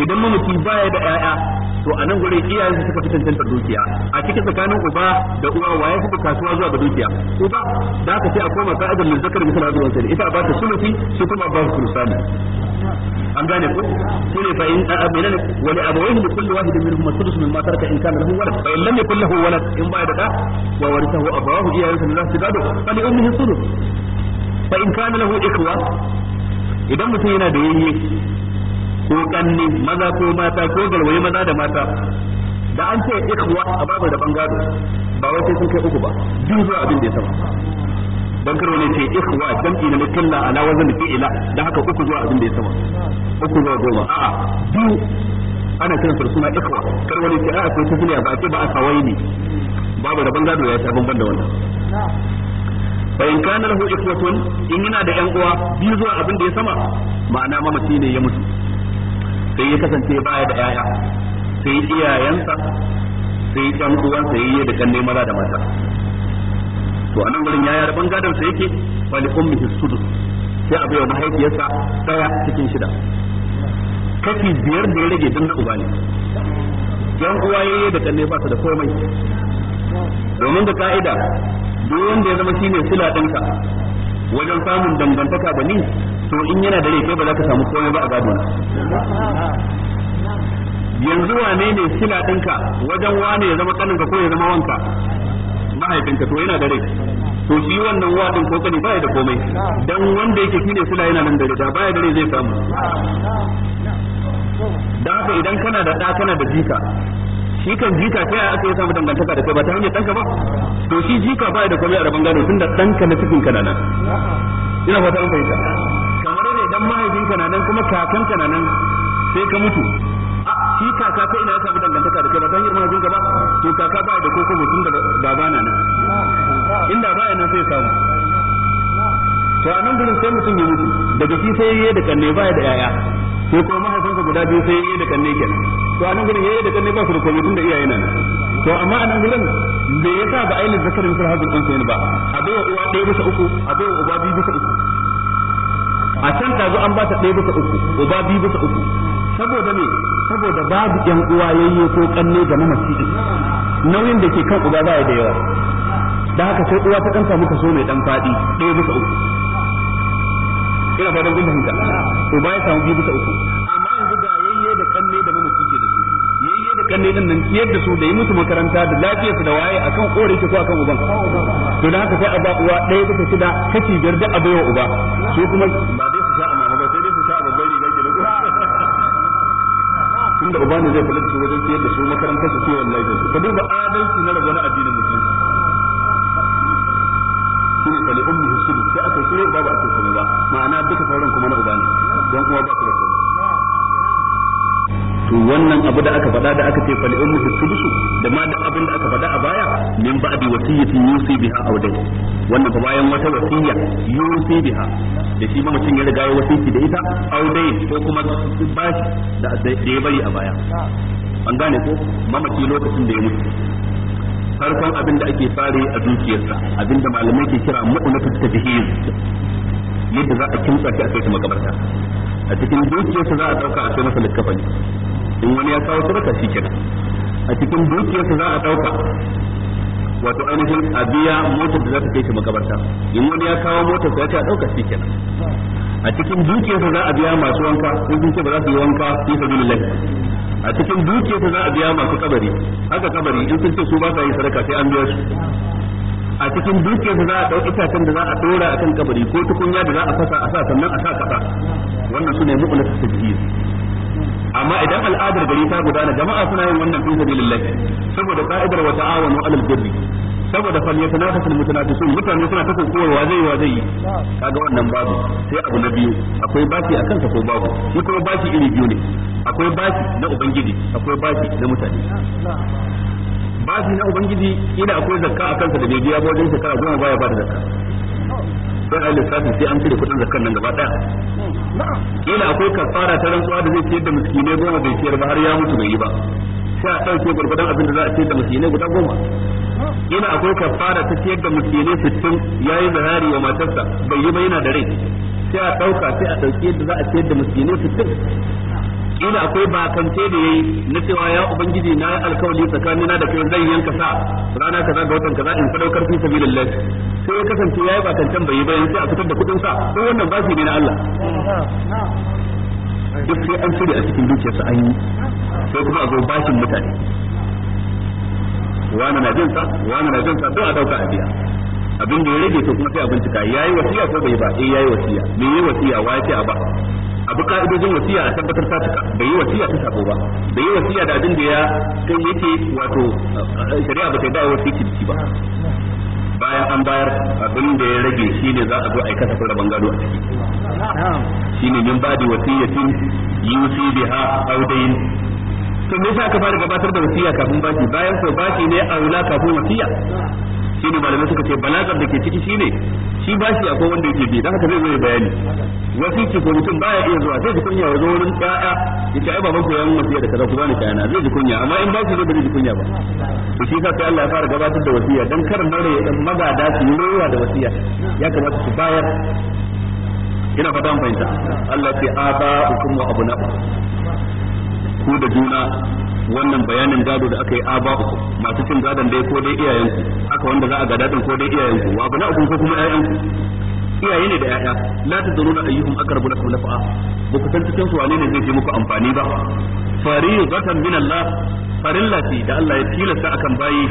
idan mamaci baya da ƴaƴa to a nan gurin iyayen suka fi tantance dukiya a cikin tsakanin uba da uwa waye fi kasuwa zuwa ga dukiya uba za ka ce a koma ka'idar min zakar misal azwan sai ita ba ta sulusi su kuma ba su sulusani an gane ko shine fa in amina wa li abawayhi li kulli wahidin minhum sudus mimma taraka in kana lahu walad fa in lam yakul lahu walad in baya da da wa warithahu abawahu iyayen sa lillahi gado fa li ummihi sudus fa in kana lahu ikhwa idan mutum yana da yayye ko kanni maza ko mata ko galwai maza da mata da an ce ikhwa a babu da bangado ba wai sai sun kai uku ba duk zuwa abin da ya sama dan karo ne ce ikhwa jam'i na mutalla ala wazn fi'ila da haka uku zuwa abin da ya sama uku zuwa goma a'a duk ana kiran su suna ikhwa kar wani ce a'a sai tafiya ba ce ba a kawai ne babu da bangado ya ta banda da fa bayan kana lahu ikhwatun in yana da yan uwa biyu zuwa abin da ya sama ma'ana mamaci ne ya mutu sai ya kasance baya da yaya sai iyayensa sai uwan sai yi da kanne maza da mata to anan gurin yaya rabon gadon sa yake fa ummi his sudus sai a bayyana mahaifiyarsa daya cikin shida kafi biyar da ya rage dan na uba ne yan uwa yayi da kanne ba su da komai domin da ka'ida duk wanda ya zama shine sila ɗinka wajen samun dangantaka da ni to in yana da laifi ba za ka samu komai ba a gado yanzu wane ne sila ɗinka wajen wane ya zama tsaninka ko ya zama wanka mahaifinka to yana da rai to shi wannan wadin ko kani baya da komai dan wanda yake shine sila yana nan da rai baya da rai zai samu da haka idan kana da ɗa kana da jika shi kan jika sai a aka yi samu dangantaka da kai ba ta hanyar ɗanka ba to shi jika ba da komai a rabon gado da ɗanka na cikin kanana nan ina fata an fahimta kamar ne dan mahaifin kananan kuma kakan kananan sai ka mutu shi kaka ta ina ya samu dangantaka da kai ba ta hanyar ka ba to kaka ba da koko mutum da babana na nan inda ba nan sai samu to a nan gurin sai mutum ya mutu daga shi sai yayi da kanne baya da yaya sai kuma mahaifinsa guda biyu sai yayi da kanne kenan to a nan gurin yayi da kanne ba su da komai tun da iyaye nan to amma a nan gurin me yasa ba ailin zakarin sun hazin ɗansa ba a bai wa uwa ɗaya bisa uku a bai wa uba biyu bisa uku a can zo an ba ta ɗaya bisa uku uba biyu bisa uku saboda me saboda babu ƴan uwa yayye ko kanne ga mamaci din nauyin da ke kan uba baya da yawa da haka sai uwa ta ɗan samu kaso mai ɗan faɗi ɗaya bisa uku ina fatan kun fahimta uba ya samu biyu bisa uku amma yanzu ga yayye da kanne da mamaki ke da su yayye da kanne din nan ciyar da su da yi musu makaranta da lafiyarsu da waye akan kore ki ko akan uban to dan haka sai a ba uwa ɗaya take kida kashi biyar da a uba su kuma ba dai su sha amma ba sai dai su sha a da riga ke da tunda uba ne zai kula da su wajen ciyar da su makarantar su kiwon lafiyar su ka duba adalci na rabon addinin musulmi shi ne fali ummi hisudu sai aka yi babu aka komai ba ma'ana duka sauran kuma na uba ne don kuma ba su da komai to wannan abu da aka faɗa da aka ce fali ummi hisudu da ma da abin da aka faɗa a baya min ba'di wasiyati yusi biha aw dai wannan fa bayan wata wasiyya yusi biha da shi mamacin ya riga ya wasiyi da ita aw dai ko kuma bashi da ya bari a baya an gane ko mamaki lokacin da ya mutu farkon abin da ake fare a dukiyarsa abin da malamai ke kira mu'unatu tajhiz yadda za a kimtsa shi a kai makabarta a cikin dukiyarsa za a dauka a kai masa likafani in wani ya kawo sadaka shi kenan a cikin dukiyarsa za a dauka wato ainihin a biya motar da za ta kai shi makabarta in wani ya kawo motar sa ya ce a ɗauka shi kenan a cikin dukiyarsa za a biya masu wanka in sun ce ba za su yi wanka fi sabilillah a cikin dukiyarsa za a biya masu kabari haka kabari in sun ce su ba sa yin sadaka sai an biya su a cikin dukiyarsa za a ɗauki itacen da za a ɗora akan kabari ko tukunya da za a fasa a sa sannan a sa kasa wannan su ne mu'ulat tajhir amma idan al'adar gari ta gudana jama'a suna yin wannan fi lillahi saboda ka'idar wa ta'awanu alal birri saboda fal yatanafas al mutanafisun mutane suna kowa wa zai wa zai kaga wannan babu sai abu na biyu akwai baki akan ta ko babu ni kuma baki iri biyu ne akwai baki na ubangiji akwai baki na mutane baki na ubangiji ina akwai zakka akan ta da bai biya wajen shekara goma baya ba da zakka sai a lissafi sai an cire kudin zakkan nan gaba daya ina akwai kafara ta rantsuwa da zai ce da miskinai goma bai ciyar ba har ya mutu bai yi ba sai a ɗauke gurgudan abin da za a ce da miskinai guda goma ina akwai kafara ta ciyar da miskinai sittin ya yi zahari wa matarsa bai yi ba yana da rai sai a ɗauka sai a ɗauki yadda za a ciyar da miskinai sittin kila akwai bakance da yayi na cewa ya ubangiji na yi alkawali tsakanin na da kai zan yanka sa rana kaza ga watan kaza in sadaukar fi sabilillah sai ya kasance yayi bakancan bai yi sai a fitar da kudin sa ko wannan bashi ne na Allah duk sai an shirya a cikin dukiyarsa an yi sai kuma a zo bashin mutane wani na jinsa wani na jinsa don a dauka a biya abin da ya rage to kuma sai a bincika yayi wasiya ko bai ba eh yayi wasiya me yayi wasiya wa ce a ba abu ka'idojin wasiya a tabbatar ta cika bai yi wasiya ta sabo ba bai yi wasiya da abin da ya kai yake wato eh, shari'a ba ta ba yake ciki ba bayan an bayar abin da ya rage shi ne za a zo a yi kasafin rabon gado a ciki Shi ne min badi wasiyatin yusi biha audayin. to me yasa aka fara gabatar da wasiya kafin baki bayan sau baki ne aula kafin wasiya shine malamai suka ce balagar da ke ciki shine shi shi akwai wanda yake bi haka zai zai bayani wasiki ko mutum baya iya zuwa zai ji kunya ya zo wurin ɗaya yace ai ba ku yan mafiya da kaza ku bani kayana zai ji kunya amma in shi zai ji kunya ba to shi sai Allah ya fara gabatar da wasiya dan karin dan magada su yi da wasiya ya kamata su bayar ina fata an fahimta Allah ce aba hukum wa abuna ku da juna wannan bayanin gado da aka yi aba uku masu cin gadon dai ko dai ku haka wanda za a gada ko dai ku wa bana ko kuma iyayenku iyaye ne da yaya la tadruna ayyuhum aqrabu lakum nafa'a ba ku san cikin su wane ne zai je muku amfani ba fariidatan min Allah farillati da Allah ya tilasta akan bayi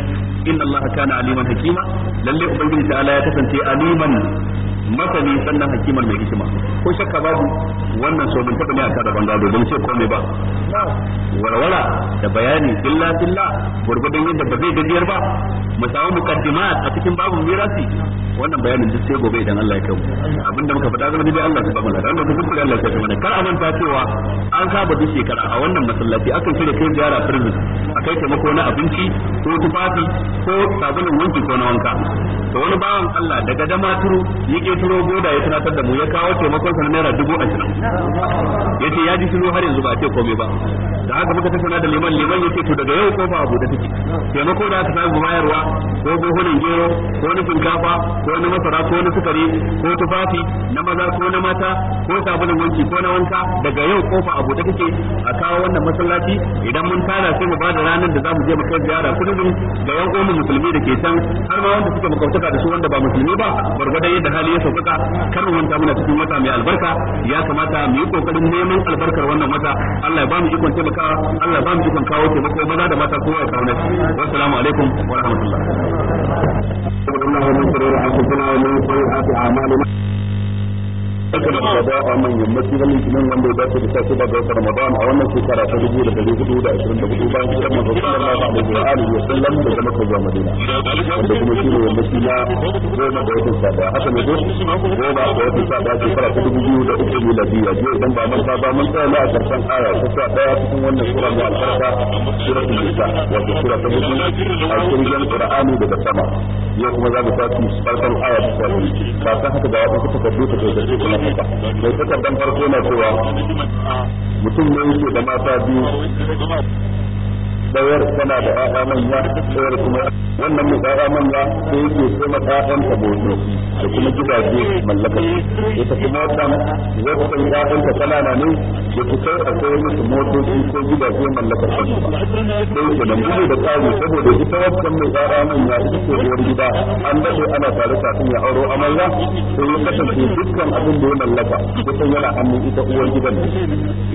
inna Allah kana aliman hakima lalle ubangiji ta'ala ya kasance aliman masani sannan hakiman mai hikima ko shakka babu wannan so mun taɓa ne a kada bangaro don ce komai ba warwara da bayani illa illa gurgudun yadda ba zai dajiyar ba mu samu mukaddimat a cikin babu mirasi wannan bayanin duk sai gobe idan Allah ya kai abinda muka faɗa zama dai Allah ya wa ta'ala da kuma Allah ya kai mana kar a manta cewa an saba duk shekara a wannan masallaci akan shirya kai ziyara kai ta taimako na abinci ko tufafi ko sabulun wanki ko na wanka to wani bawan Allah daga damaturu yake ya turo goda ya tunatar da mu ya kawo taimakon sanar naira dubu ashirin yace ya ji shiru har yanzu ba a ce komai ba da haka muka tattauna da liman liman ya ce to daga yau kofa a da take taimako da aka samu bayarwa ko buhunan gero ko na shinkafa ko na masara ko na sukari ko tufafi na maza ko na mata ko sabulun wanki ko na wanka daga yau kofa a da take a kawo wannan masallaci idan mun tara sai mu bada ranar da zamu je mu kai ziyara kullum ga yan uwan musulmi da ke can har ma wanda suke makwabtaka da su wanda ba musulmi ba gwargwadon yadda hali ya sauƙaƙa kar mu manta muna cikin wata mai albarka ya kamata mu yi kokarin neman albarkar wannan wata Allah ya ba mu ikon taimakawa Allah ya ba mu ikon kawo taimako maza da mata kowa ya kawo nashi wassalamu alaikum wa rahmatullah. aka da kada a man yammaci wani kinin wanda ya dace da sa ko ba ga wata ramadan a wannan shekara ta dubu da dari hudu da ashirin da hudu bayan kiran manzo sallallahu alaihi wa alihi wa sallam daga makka zuwa madina da kuma shi ne na goma da wata sada haka ne ko goma da wata sada shekara ta dubu biyu da uku miladiya je idan ba man ta ba man ta na a karshen aya ta sa daya cikin wannan sura mai albarka suratul nisa wato sura ta hudu a cikin qur'ani daga sama yau kuma za mu tafi farkon aya ta 40 ba ta haka da wata ta tabbata ta tabbata uku ba mai takardan farko na cewa mutum ne yake da mata biyu bayar tana da ƴaƴa manya bayar kuma wannan mu ƴaƴa manya sai yake kuma ƴaƴan ta bodo da kuma gidaje mallaka ita kuma wannan wannan ƴaƴan ta kanana ne da ku kusan akwai musu motoci ko gidaje mallaka ta sai ke da mutu da tsari saboda ita wannan mu ƴaƴa manya ita ce ruwan gida an daɗe ana tare ta kafin ya aro amarya sai ya kasance dukkan abin da ya mallaka kusan yana hannun ita uwar gidan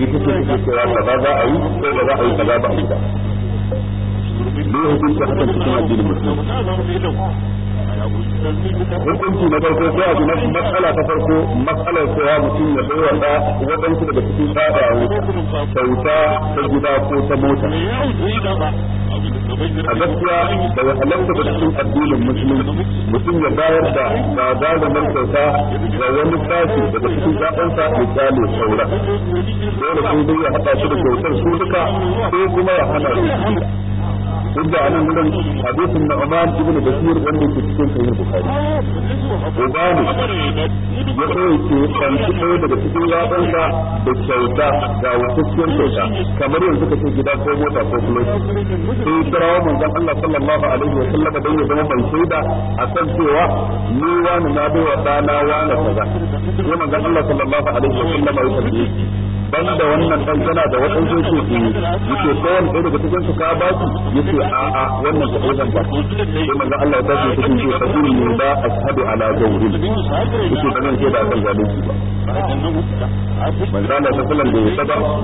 ita ce take cewa ba za a yi ko ba za a yi kaza ba a gida ne hukunci hakan cikin addinin musulunci hukunci na farko ko a na matsala ta farko matsalar cewa mutum ya bai wanda waɗansu daga cikin tsada kyauta ta gida ko ta mota a gaskiya da wahalarta da cikin addinin musulunci mutum ya bayar da gagarumar kyauta ga wani sashi daga cikin zaɓensa ya kyale saura dole sun ya haɗa shi da kyautar su duka ko kuma ya hana su duk da anan gudan hadisin na Umar ibn Bashir da ke cikin sahih Bukhari Ubani ya ɗauke kwanci ɗaya daga cikin yatsansa da kyauta ga watacciyar kyauta kamar yanzu ce gida ko mota ko kuloci sai ya zama ban shaida a cewa ni wani na bai wa banda wannan dan tana da waɗansu yake ke yake tsawon ɗaya daga cikin su ka ba su yake a a wannan ka ɗaukan ba sai manzo Allah ya tashi ya kace fa kullu ne ba ashhadu ala jawrin yake ba zan ce da kan zalunci ba manzo Allah ta kullum da yasa ba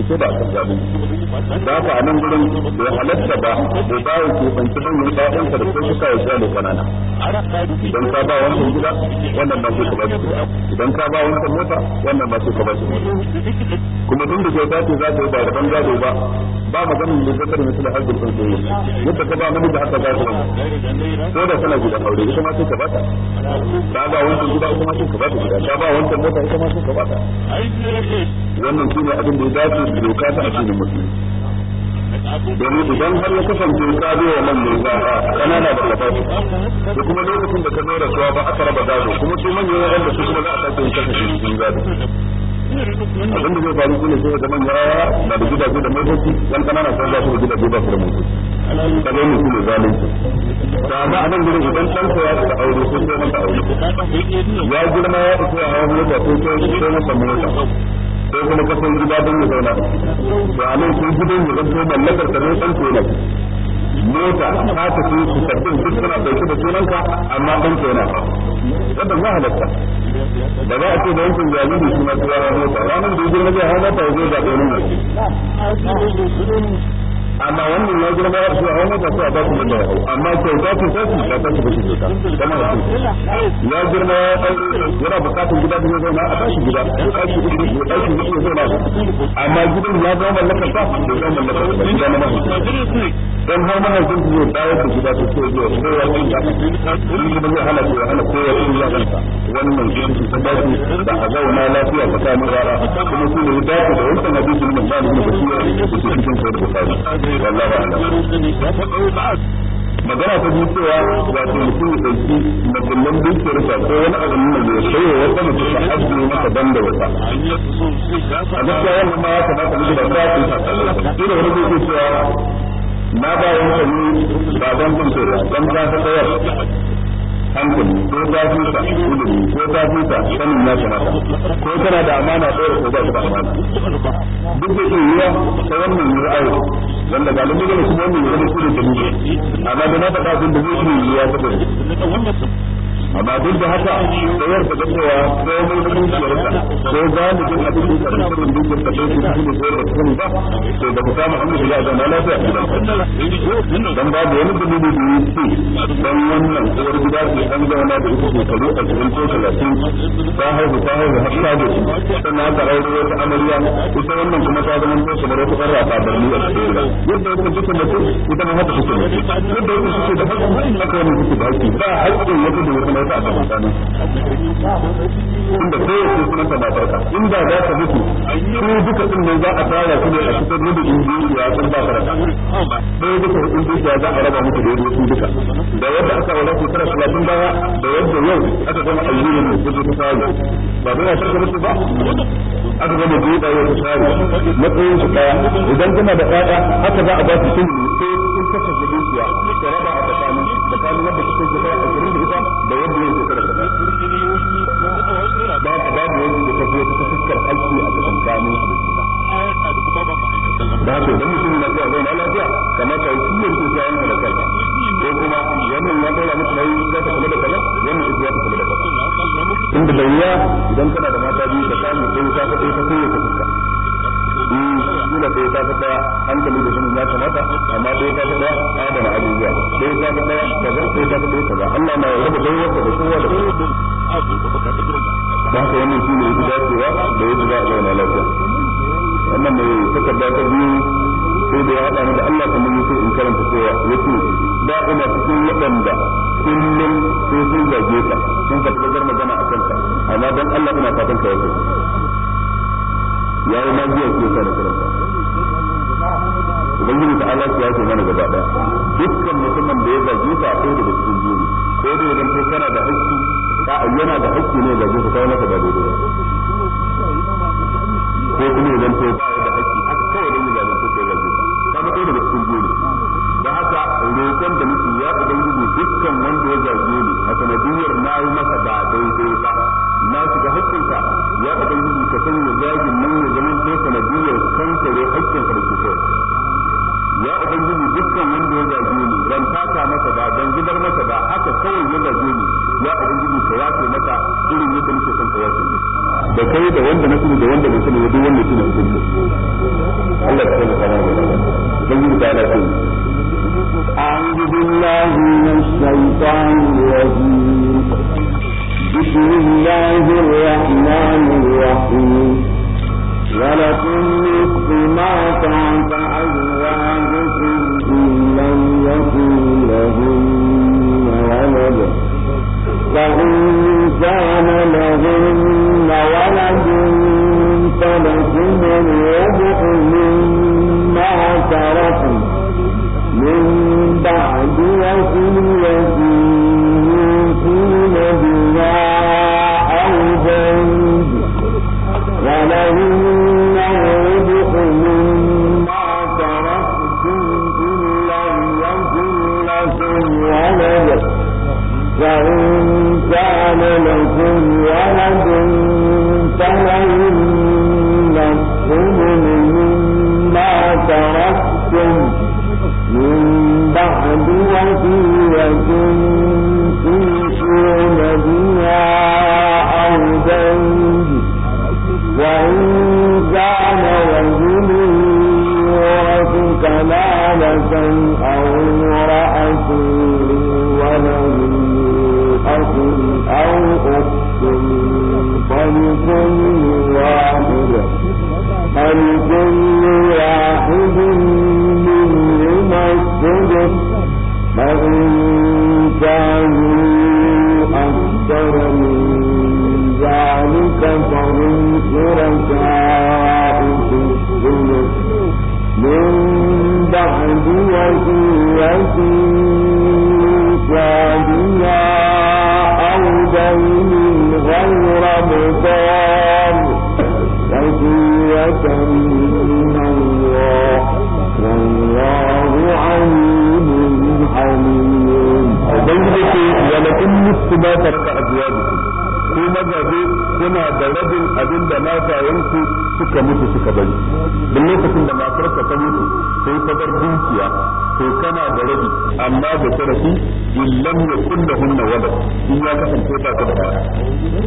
ce da kan zalunci da ka anan gurin da halatta ba da ba ku banci ban yi ɗayan ka da kai suka yi da kanana idan ka ba wannan gida wannan ba sai ka ba idan ka ba wannan mota wannan ba sai ka ba kuma tun da kyauta ce za ta yi ba da ban gado ba ba maganin da zakar mutu da harbin sun soyi yadda ka ba mani da haka za ta wani ko da tana guda aure ita ma sai ka bata ta ba wancan guda ita ma sai ka bata guda ta ba wancan mota ita ma sai ka bata wannan shine abin da ya dace da doka ta cikin musulmi domin idan har ya kasance ka biyo wa man mai zaha kanana da kafa da kuma lokacin da ka zo rasuwa ba aka raba gado kuma su manyan wanda su kuma za a sake yin kasashe cikin gado abin da zai faru shi ne sai ga manya na da gidaje da motoci yan kanana sun za su da da zalunci da amma anan gurin idan san ya da aure sai sai masa aure ya girma ya isa ya hawo mota sai sai sai masa mota sai kuma kasan gida don ya zauna da anan sai gidan ya zanto mallakar da ne san ko mota ta tafi su sabbin duk suna dauke da sunanka amma dan ka yana fa wannan ya halatta ba za a ce da yankin jariri suna tura mota ranar da ya girma zai hau mota ya zo zaɓe nuna amma wannan ya girma ya a wani da su da yawo amma kyauta ce su ta su bashi kyauta kuma ya girma ya yana bukatun gida da na a tashi gida ko tashi gida ko tashi gida ko zauna amma gidan ya zama mallakar ta ko zama mallakar ta gida na mahaifi dan har mahaifin su zai dawo da gida ta ce zai ko ya ta ni ba zai hana ko hana ko ya kanta wannan gidan ta ba su da a zauna lafiya tsakanin rara kuma su ne da da wannan hadisin manzo ne da shi ya ce da da magana ta biyu cewa wato mutum da ɗauki musulman dukiyar sa ko wani abin ne da ya wa wata mace ta ajiye maka ban da wata. A gaskiya wannan ma ya kamata mutum da ta fi sa wani zai cewa na ba wani ba baban kun sai ban ta ta tsayar. hankali ko zafin sa ilimi ko zafin sa sanin ya kamata ko tana da amana ko ko ba da amana duk da ke yiwa ta wannan ra'ayi wanda ga lumin kuma wannan yana da dalili amma da na faɗa abin da zai yi ya saboda amma duk da haka sayar da cewa ko mun kunciyarka ko galibin abin da ka rasa da duk da kai shi ne sayar da kuma ba to da kuma Muhammad ya zama lafiya gidan dan ba da wani dalili da yake dan wannan uwar gida ce dan zauna da ita shekaru a cikin ko 30 ta haihu ta haihu har ta da sannan aka aure wata amarya ita wannan kuma ta zama ko kamar wata karra ta barni a cikin gida yadda yake duka mutum ita ma haka take yadda yake da hakki haka ne take da hakki ba hakkin wata da wata wata a saman shanu inda barka inda za ka mutu duka din nan za a tara su ne a cikin rubu injiniya sun ba barka sai duka dukiya za a raba muku da yadda su duka da wanda aka wala ku tara baya da yau aka da ta tsaya ba dole a tarka musu ba aka ta tsaya matsayin su daya idan kuna da tsada haka za a ba su sun sai sun kasa da raba a tsakanin da kanuwar da suke shekara ashirin da ita da wanda ya shekara da ba ka babu wani da tafiye ta fuskar aiki a cikin kanu su da haka idan mutum na zuwa zauna lafiya kamata ya kiyar su ta yanka da kanka ko kuma wannan ya daura musu nauyi za ta kula da kaza wannan ita za ta kula da kaza inda da wuya idan kana da mata biyu da kamun sai ta kaɗai ta kowace eh kila ɗaya ta faɗa hankali da sanin ya kamata amma ɗaya ta faɗa adana abubuwa ɗaya ta faɗa kaza ɗaya ta faɗa kaza Allah na yarda da yawa da kowa da kowa da wannan shi ne ya dacewa da ya ji a zauna lafiya wannan mai takarda ta biyu sai da ya haɗa ni da Allah kamar yake in karanta kowa yake da ina cikin waɗanda kullum sai sun zage ka sun magana a kanka amma don Allah ina fatan ka yake ya yi magiya ke sa da karanta ubangiji ta Allah ya ce mana gaba daya dukkan mutumin da ya zage ta a daga cikin jini ko da idan ko kana da hakki ka ayyana da hakki ne zage ka kai masa da daidai ko kuma idan ko ba da hakki aka kawai da zage ko kai zage ka ka da cikin jini da haka roƙon da muke ya ubangiji dukkan wanda ya zage ni a sanadiyar na yi masa ba daidai ba na shiga hakkin ya ubangiji ka sanya zagin nan ya zama to sanadiyar kankare haƙƙin sa da ke kai ya ubangiji dukkan wanda ya zage ni ban taka masa ba ban gidar masa ba haka kawai ya zage ni ya ubangiji ka yafe masa irin yadda nake son ka yafe ni da kai da wanda na sani da wanda ban sani duk wanda shine hukunci Allah ya tsare ka da ubangiji ta Allah ya أعوذ بالله من الشيطان الرجيم بسم الله الرحمن الرحيم ولكم نصف ما تعطى أزواجكم إن لم يكن لهن ولد فإن كان لهن ولد فلكم الربع مما تركوا da matayensu suka mutu suka bari duk lokacin da matarka ta mutu sai ta bar dukiya to kana da rabi amma da sharafi in lam yakun lahunna walad in ya kasance ba ka da ba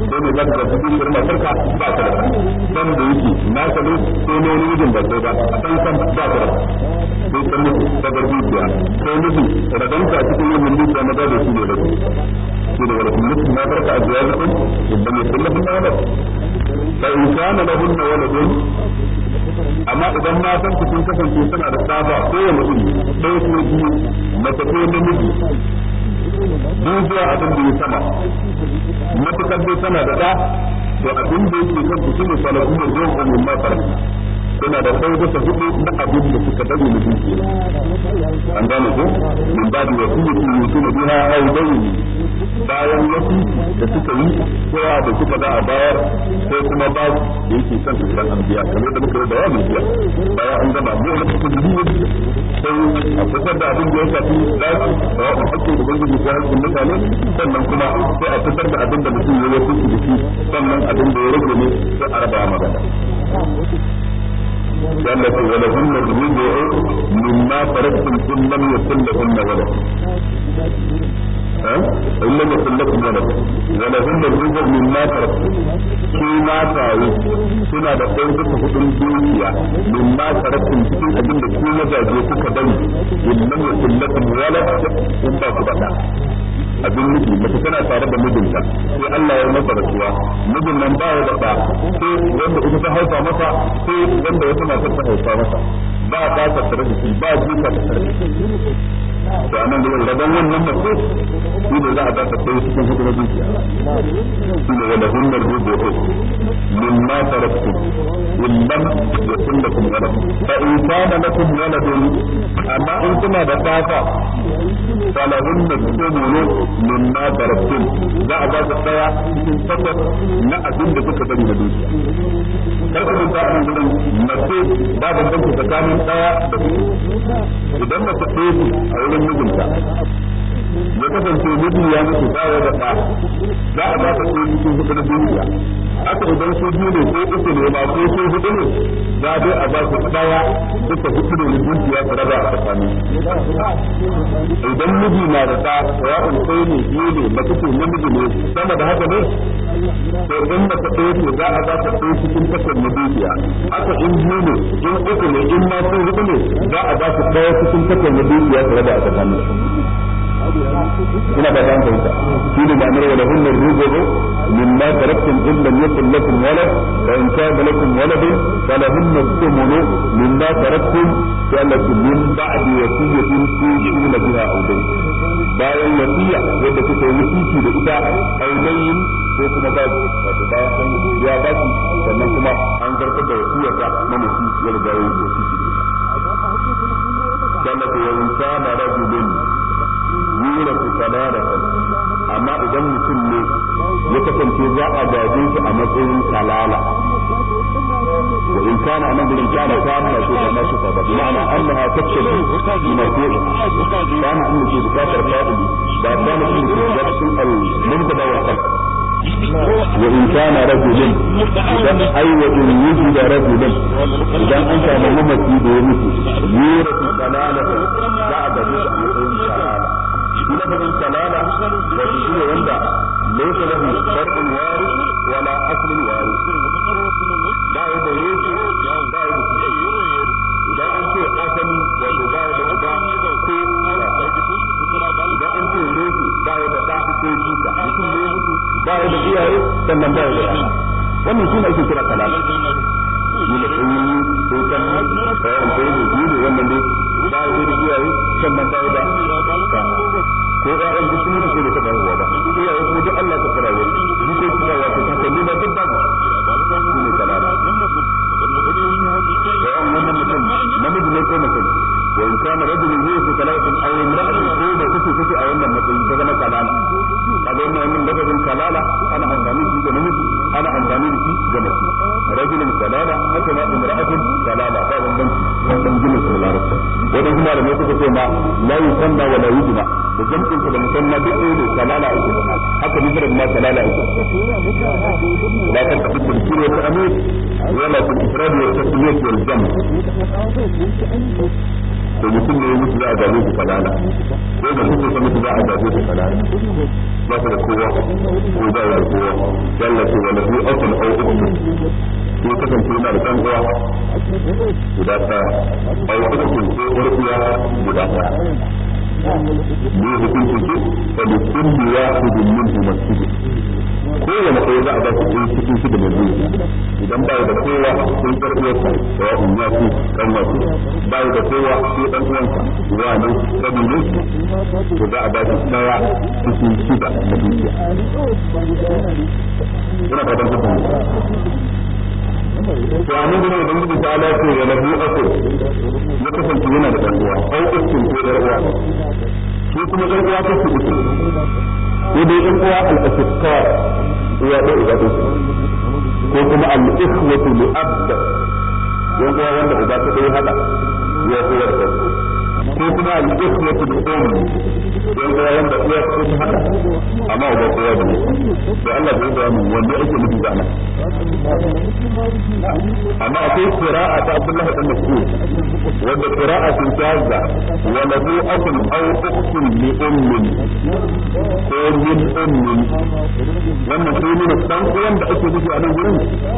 sai ne zaka ka cikin dukiyar matarka ba ka da ba dan da yake na ka ne sai ne ne gidan ba sai ba dan san ba ka da ba sai ta mutu ta bar dukiya sai mutu radanta cikin yin dukiya maza da shi ne da shi ne wala kullu ma barka azwajukum in lam yakun lahunna da la in kana lahunna waladun amma idan san ku sun kasance suna da tsaba ko ya mutum ɗaya ko biyu mace ko namiji duk zuwa abin da ya sama matukar dai tana da ɗa to abin da yake kan ku shine salafu da zuwa ummul matar suna da sai wata hudu na abin da suka dare mu dinki an gane ko min ba da wasu ne su ne biha au yi bayan wasu da suka yi ko da suka za a bayar ko kuma babu da yake son su kiran anbiya kamar da muka yi bayanin jiya bayan an gaba mu wani cikin duniya sai a fitar da abin da ya shafi zaki da wani hakkin ubangiji da sannan kuma sai a fitar da abin da mutum ya yi wasu da shi sannan abin da ya rage ne sai a raba magana قال لك ولهن الربع مما تركتم ان لم يكن لهن لم sai mataye suna da ɗan zuka hudun dukiya min ma tarakun cikin abin da ku mazaje kuka bari in lam yakun lakum wala in ba ku bada abin miji mace tana tare da mijinta sai Allah ya masa rasuwa mijin nan ba ya da sai wanda ita ta haifa masa sai wanda wata mata ta haifa masa ba ta tattare da shi ba jika tattare da shi to anan da rabon wannan mace shi ne za a dace da wasu sun hukumar dukiya shi ne wanda hundar rubu ko min ma taraktu fa in kana amma in kuna da fata falahunna tusumunu min ma taraktu za a ba su daya na abin da kuka bari da dukiya kar ku ta an gurin mace ba tsakanin daya da idan mace ɗaya a wurin mugunta kasance mutum ya mutu bawa da ba za a ba ta ko mutum hudu na duniya haka idan su biyu ne ko uku ne ba ko su hudu ne za dai a ba su ɗaya duka hudu ne na dukiya ta raba a tsakani idan miji na da ɗa ra'un sai ne biyu ne ba mace ce namiji ne sama da haka ne to in mace ɗaya ce za a ba ta ko cikin kasar na dukiya haka in biyu ne in uku ne in ma ko hudu ne za a ba su ɗaya cikin kasar na duniya ta raba a tsakani ina ba ta fahimta shi ne ma'anar wa lahun nan rubu'u mimma taraktum in lam yakun lakum walad fa in kana lakum waladun fa lahun nan thumunu mimma taraktum fa lakum min ba'di wasiyatin tusuna biha aw dayn bayan wasiya wanda kuka yi wasiki da ita aw dayn ko kuma ba su ba bayan ya ba sannan kuma an zartar da wasiyar ta mamaci ya riga ya yi wasiki da ita dan da yayin kana yurasu kalaratan amma idan mutum ne ya kasance za a gaje shi a matsayin kalala wa in kana nan gurin kana kana shi da nasu fa ba ma'ana annaha tattabi marfu'i kana in ke bukatar fa'ili ba kana in ke bukatar al-mubtada wal khabar وإن كان رجلا إذا أي وإن وجد رجلا إذا أنت مهمة في دونك يورث ضلالة بعد بدء يقوم ضلالة lafazin dalala wato shine wanda laysa lahu shar'un waris wala aslun waris ba ya da yake ba ya da idan an ce asali wato ba da uba ko da an ce lesu ba ya da ɗa ko jika mutum ne mutu ba ya da iyaye sannan ba ya da ɗa wannan shine ake kira dalala ni da da yi da san malamai suka ce ma la yusanna wa la yujma da jam'in da musanna duk ɗaya salala haka ma salala ta amir ifrad wa tasmiyat wal jam to mutum ne mutu za a gaje salala ko da san mutu za a gaje salala ba da kowa ko ba da kowa yalla ce asl au ko kasance yana da kan guda ɗaya ai kuma kunce ƙarfiya guda ɗaya ne hukuncin su fa bi kulli ya minhum min sijn kowane kai za a ba su ɗaya cikin shi da mai zuciya idan ba da kowa sun karɓi sa ya in ya kan wasu ba da kowa sai ɗan uwansa ya ne ɗan ne to za a ba su ɗaya cikin Su na zuciya ina fatan kuka to a nan gudun ubangiji ta ala na ya lahu ako ya kasance yana da ɗan'uwa ai iskin ko ɗan'uwa shi kuma ɗan'uwa ta su uku ko dai ɗan'uwa al'asifka uwa ɗan uba ɗin ko kuma al'ikhwatu li'abda ɗan'uwa wanda uba ta ɗaya haɗa ya fi yarda ko kuma al'ikhwatu li'um ɗan'uwa wanda uwa ta ɗaya haɗa amma uba kowa da ne da Allah bai da mu wanda ake nufi da Allah amma akwai qira'a ta Abdullahi dan Mas'ud wanda qira'a sun tazza wa lahu akun aw ukhtun li ummin ko min ummin wannan sai ne dan uwan da ake nufi a nan gurin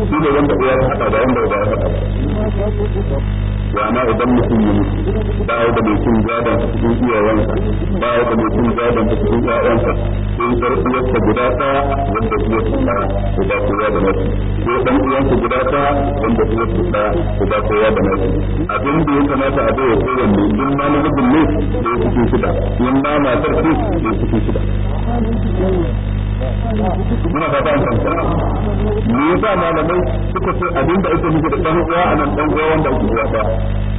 shine wanda uwa ta hada da wanda ba ya hada wa na idan mutum ya mutu ba ya da mutum gadon ta cikin iyayensa ba ya da mutum ta cikin iyayensa sun guda wanda guda kowa da ko uwansa guda wanda guda da da ya kamata a baiwa kowanne in ma namijin ne da ya cikin shida ma matar da ya cikin shida muna fata an me yasa malamai suka ce abinda ake nufi da dan uwa anan dan uwa wanda ake uwa ba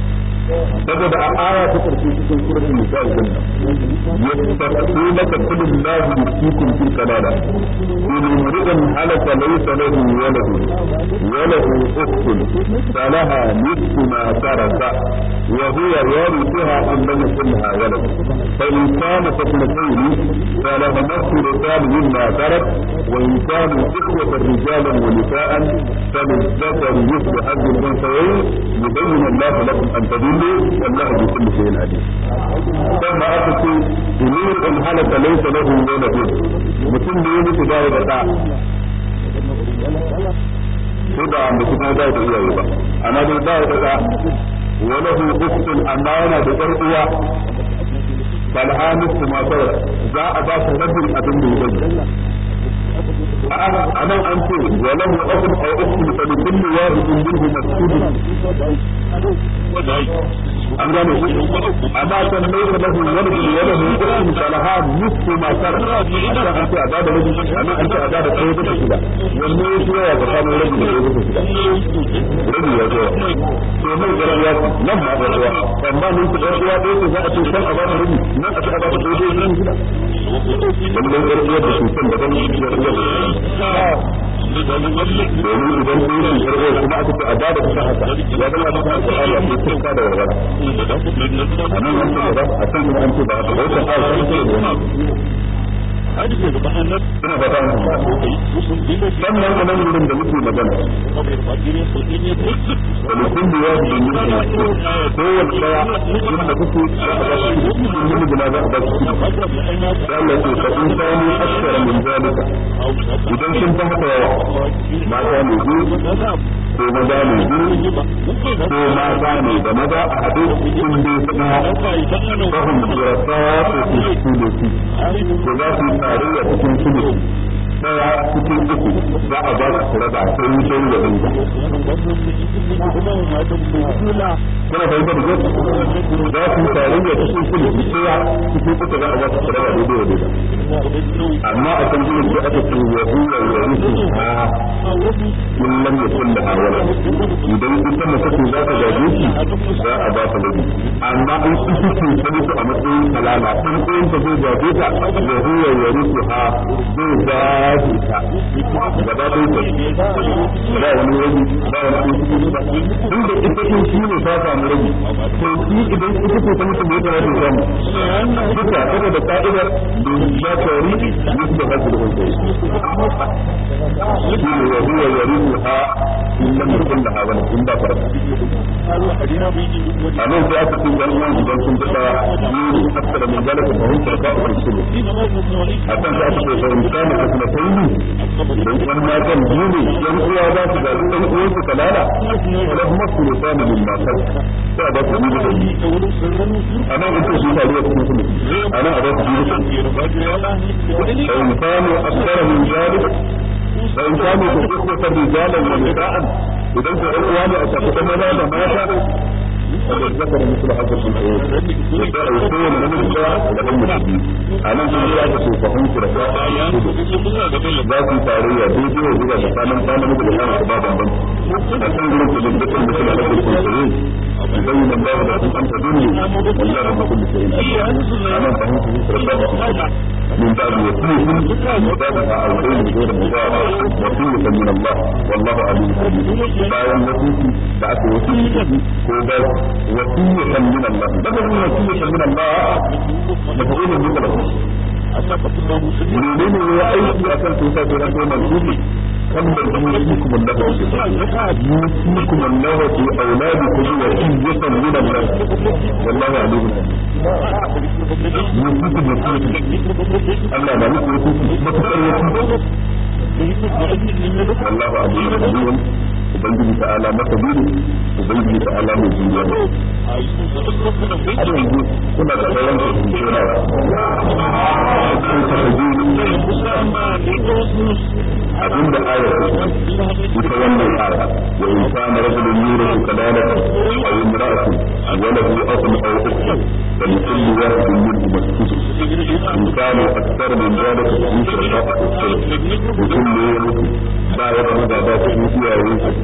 saboda a aya ta karshe cikin suratul nisa din yastafunaka qul Allahu yusikum fil kalala in imrun halaka laysa lahu walad walad ukhtun falaha nisfu ma taraka wa huwa yarithuha in lam yakunha walad fa in kana fatnatayn falaha nisfu rithalu mimma tarak wa in kana ikhwatan rijalan wa nisaan فللذكر مثل حظ الانثيين يبين الله لكم ان تدينوا lalle wallahu bi ba aka ce dunin in halaka da ya da da da ko da an mutu da da iyaye ba amma da da da da walahu ukhtun amma yana da za a abin da أنا أنت وله أخ أو أخت فلكل واحد منهم السدس an gane shi amma ta mai da lahu wani wani mun gurin salaha musu ma A aka an ce a bada rabi amma an ce a bada kai da shida wanne yake yawa ga rabi da kai shida rabi ya zo to mai garan ya nan ma ba zuwa amma mun ya dan uwa dai za a ce san a ta rabi nan a ce a ta kai da shida wannan garan ya da shi san da ban shi domin idan kun yi shirya kuma aka ce a da kusa haka ya zama da kuma al'ada mai kuka da warwara a nan an a san kuma an ce ba a wata a wata da wani ajiye da bayan nan ina ba nan wurin da muke magana alifin da ya fi da yin da kowane daya yin da kuke na za a ba su da Allah ka sun samu ashkara min zalika idan sun ta haka yawa ne ko maza ne ko ne da maza a haɗu sun dai suna su da su ko za su tarayya cikin kudu daya cikin uku za a ba su raba sai wucin da dinga kuna fahimta da zai za su yi tarayya sun kudu daya cikin uku za a ba su raba daidai da amma a kan gudun da aka ce wa hura wa rufe ha in lam ya kulla hawala idan ita mace ce za ta gaje shi za a ba ta rabi amma in ita sun ta mutu a matsayin kalala sun ɗayan sun zai sun ta sun hura sun rufe sun zai ba shafe ta gaba ɗaya ta ba wani rabi ba wani ɗaya tun da ita ce shi ne ta samu rabi to shi idan ita ce ta mutum ya ta rabi samu duka kada da ka'idar da ya tauri ya su da da hankali shi ne ya zuwa ya rubu ha in da mutum da hawa in ba farka a nan sai aka idan sun galaka a kan za a fahimta da kasance biyu idan matan biyu ne yan uwa za su gaji ɗan uwan su kalala wala kuma su ne samun yin matar sai a ba su biyu da biyu a nan ita su faruwa cikin kuma a nan a ba su biyu da biyu da in kanu aksara min zalika da in kanu ku kuka rijalan wa nisa'an idan ku ɗan uwa ne a shafi maza da mata وقد ذكر مثل هذا الشيء وكون من الجاء لهم الحديث أنا من الجاء سوفهم شركاء ذات تارية بيجي وزيغا فانا فانا مثل الله شبابا بم أسان قلت قد ذكر مثل هذا الشيء يبين الله لكم أن تدلوا والله رب كل شيء أنا فهمت مثل الله من بعد وصيه وبعدها على الخير بغير مضارع وصية من الله والله عليم حليم بايا الوصيه بعد وصيه كوباس وصية من الله بدل من وصية من الله مفعول من الله menene ya aiki a kan tuta da rago mai kuɗi kan da zama yi kuma da ba su yi kuma na wato auladi ku zuwa in ya san nuna ba wallahi a lokacin kuma ubangiji ta ala maka biyu ubangiji ta ala mai juriya ne har kuna da sauran su sun shona ba sun tafi abin da ayar ita wannan aya wa akthar min kullu ba ya da ba ta da kakanni ko ɗaya da sokoki da mai cin zabansa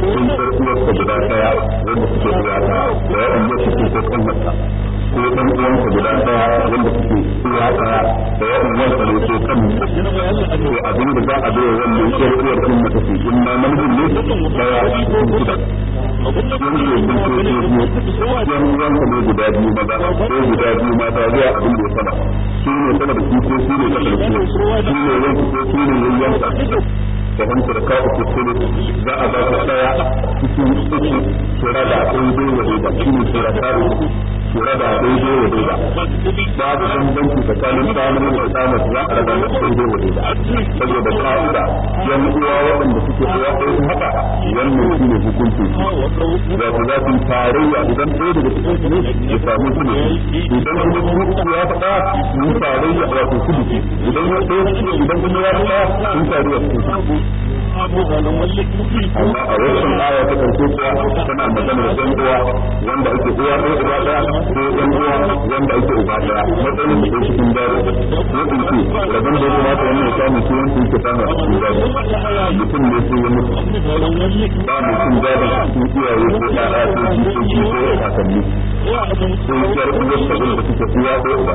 sun ɗarɗuwarsa guda ɗaya kuka suke biya ta da ya ɗan yake ko ƙannarsa ko dan uwansa guda daya wanda suke kowa daya da yawan wanda ne ko kan to abin da za a bai wannan kirkiyar kun mata ce in ma namijin ne daya cikin guda da ya bin ko ko biyu yan uwansa guda biyu maza ko guda biyu mata zuwa abin da ya sama su ne sama da ko su ne kasa da su ne yanki ko su ne yayyansa fahimtar ka uku kuma za a ba ku daya cikin uku sura da akwai dole da shi ne sura ta su raba daidai wa daida babu bambanci tsakanin samun da samun za a raba da daidai wa daida saboda ka'ida yan uwa waɗanda suke uwa ɗaya haka wannan shi ne hukuncin su za su za su tarayya idan ɗaya daga cikin su ya samu su ne idan kuma su ya faɗa mun tarayya wato su biki idan ya ɗaya idan kuma ya faɗa mun tarayya su amma a wasu aya ta karfe ta tana maganar ɗan uwa wanda ake uwa ɗaya uba ɗaya ko ɗan uwa wanda ake uba ɗaya matsayin da ɗaya cikin daro ko in ce rabon da ya kamata wannan samu shi wanda yake samu cikin daro mutum ne sai ya mutu ba mutum gadon a cikin iyaye ko ɗaya ko jikoki ko kakanni sai ya rubuta da suke uwa ko uba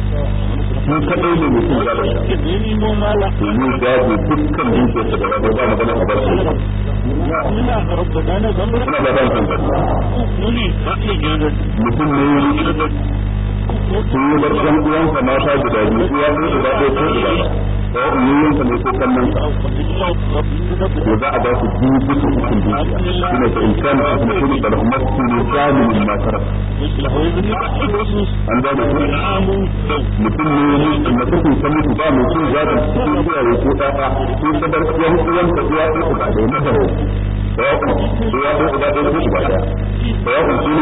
mun kaɗai ne mutum da ba shi mun gaji dukkan dukiyar ta gaba ba magana a barci ina ba ban san ba mutum ne sun yi bar ɗan uwansa mata guda biyu uwa ko uba ko ko uba ba ko uwansa ne ko kallon sa ko za a ba su biyu duka ukun dukiya shine ta insan a kuma kuma da rahmat su ne zalimin an ba da mutum ne na kurkun san mutu ba sun zaɓi ko iyaye ko da wani da wani da sawa'un su ne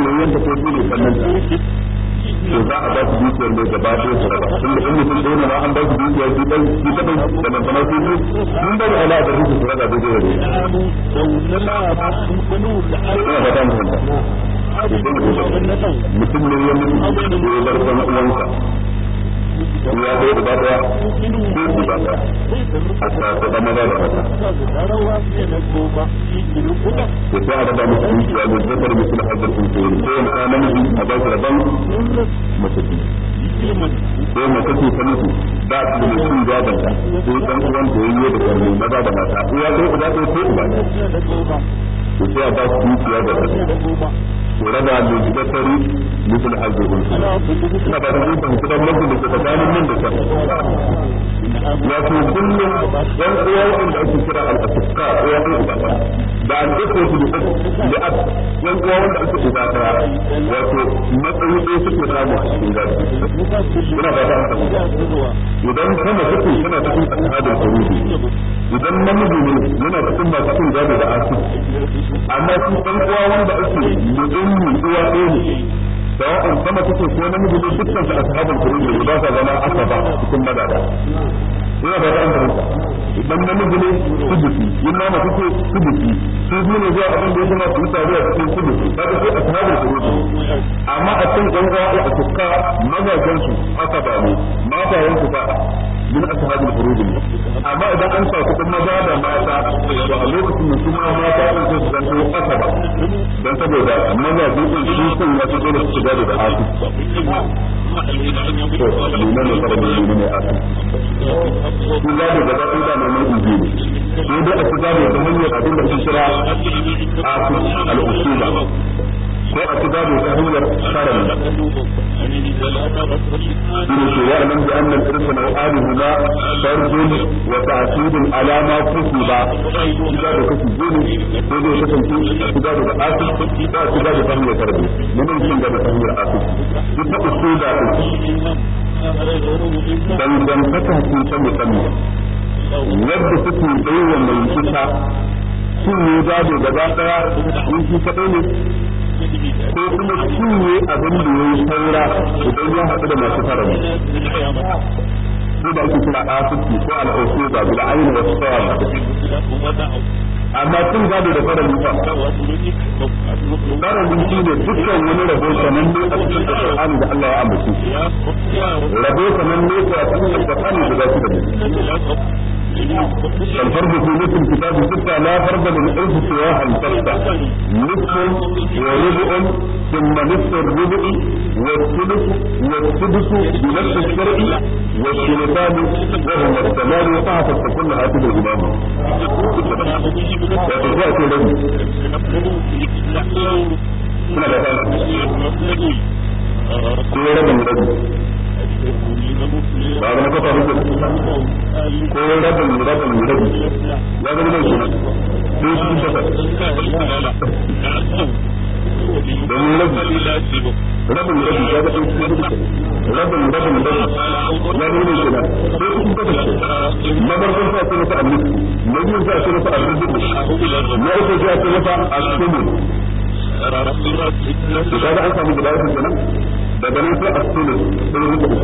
wani ko su ne kallon sa to za a ba su dukiyar mai gaba ɗaya su raba tun da in mutum ɗaya ma an ba su dukiyar su ɗai su kaɗai da nan sanar su sun bai ala da rufe su raba daidai wani. Ina fata mu fanta. Mutum ne ya mutu ya bar uwansa ya bai da bada ko ku bada a sasa da maza da mata da sai a raba musu dukiya da zakar musu da hajjar kuntoyi ko wani ɗan namiji a ba su rabon ko ta su da sun gaban ta sai ɗan uwan da ya yi da kwarmi maza da mata uwa ko uba ko uba to sai a ba su dukiya da su to raba da zubatari musul su ina ba da zuban kudan mabu da tsakanin nan da can wato kullum yan uwa wanda ake kira al-asqa uwa ɗan da an ɗauko su da da ab yan uwa wanda ake uba wato matsayi ɗaya suke samu a cikin gari ina ba da an idan kana suke kana cikin al'adar kurudu idan namiji ne yana cikin masu cin gado da asu amma su ɗan uwa wanda ake mutun mutuwa ɗaya ne sawa'un sama take ko namiji ne dukkan su ashabul qurun ne ba sa zama asaba cikin madada ina ba ta amfani idan namiji ne subuti in na mace ce subuti su biyu ne zuwa abin da ya kuma su mutane a cikin subuti kaga sai ashabul qurun amma a cikin ɗan uwa a tukka mazajen su asaba ne matayen su ba min ashabil furuj amma idan an sa kuɗin maza da mata to a lokacin da kuma mata kan sai su zanto asaba dan saboda maza su kan su kan wasu dole su gado da asu to liman da sabon liman ne asu kun gado da zaɓi da mai ubi ne a su gado da abin da ko a ci da ta hanyar haram irin su ya nan da annan kirsa na ali huna fardun wa ta'sidun alama kuku ba kida da kuku gani ko da kasance kida da asu ba kida da hanyar tarbi mun kin da hanyar asu duk da usuda dan dan fata kun san musamman yadda suke bayyana mai kusa sun ne gado gaba daya in shi kadai ne ko kuma shi ne abin da ya yi saura idan ya haɗu da masu fara farami ko da ake kira asibiti ko al'ausu ba bi da ainihin wasu sawa amma sun gado da farami fa farami shi ne dukkan wani rabo sanan ne a cikin alƙur'ani da Allah ya ambaci rabo sanan ne ko a cikin alƙur'ani da za su da mutum الفرد في نصف الكتاب ستة لا فرد للألف سواها الفتة نصف وربع ثم نصف الربع والثلث والسدس بنفس الشرع والثلثان وهما الثمان صحفت كل هاتف الإمام وتجاء كل كل ربع ربع ba ga maka faru ko rabin rabin rabi ya ga mai kenan don su saka don rabi rabin rabi ya ga ɗauki rabin rabin rabi ya ga mai kenan don su saka na farkon sa ce masa annabi na biyu sa ce masa annabi na uku sa ce masa annabi kaga an samu guda uku kenan daga nan sai a sulus sun rubuta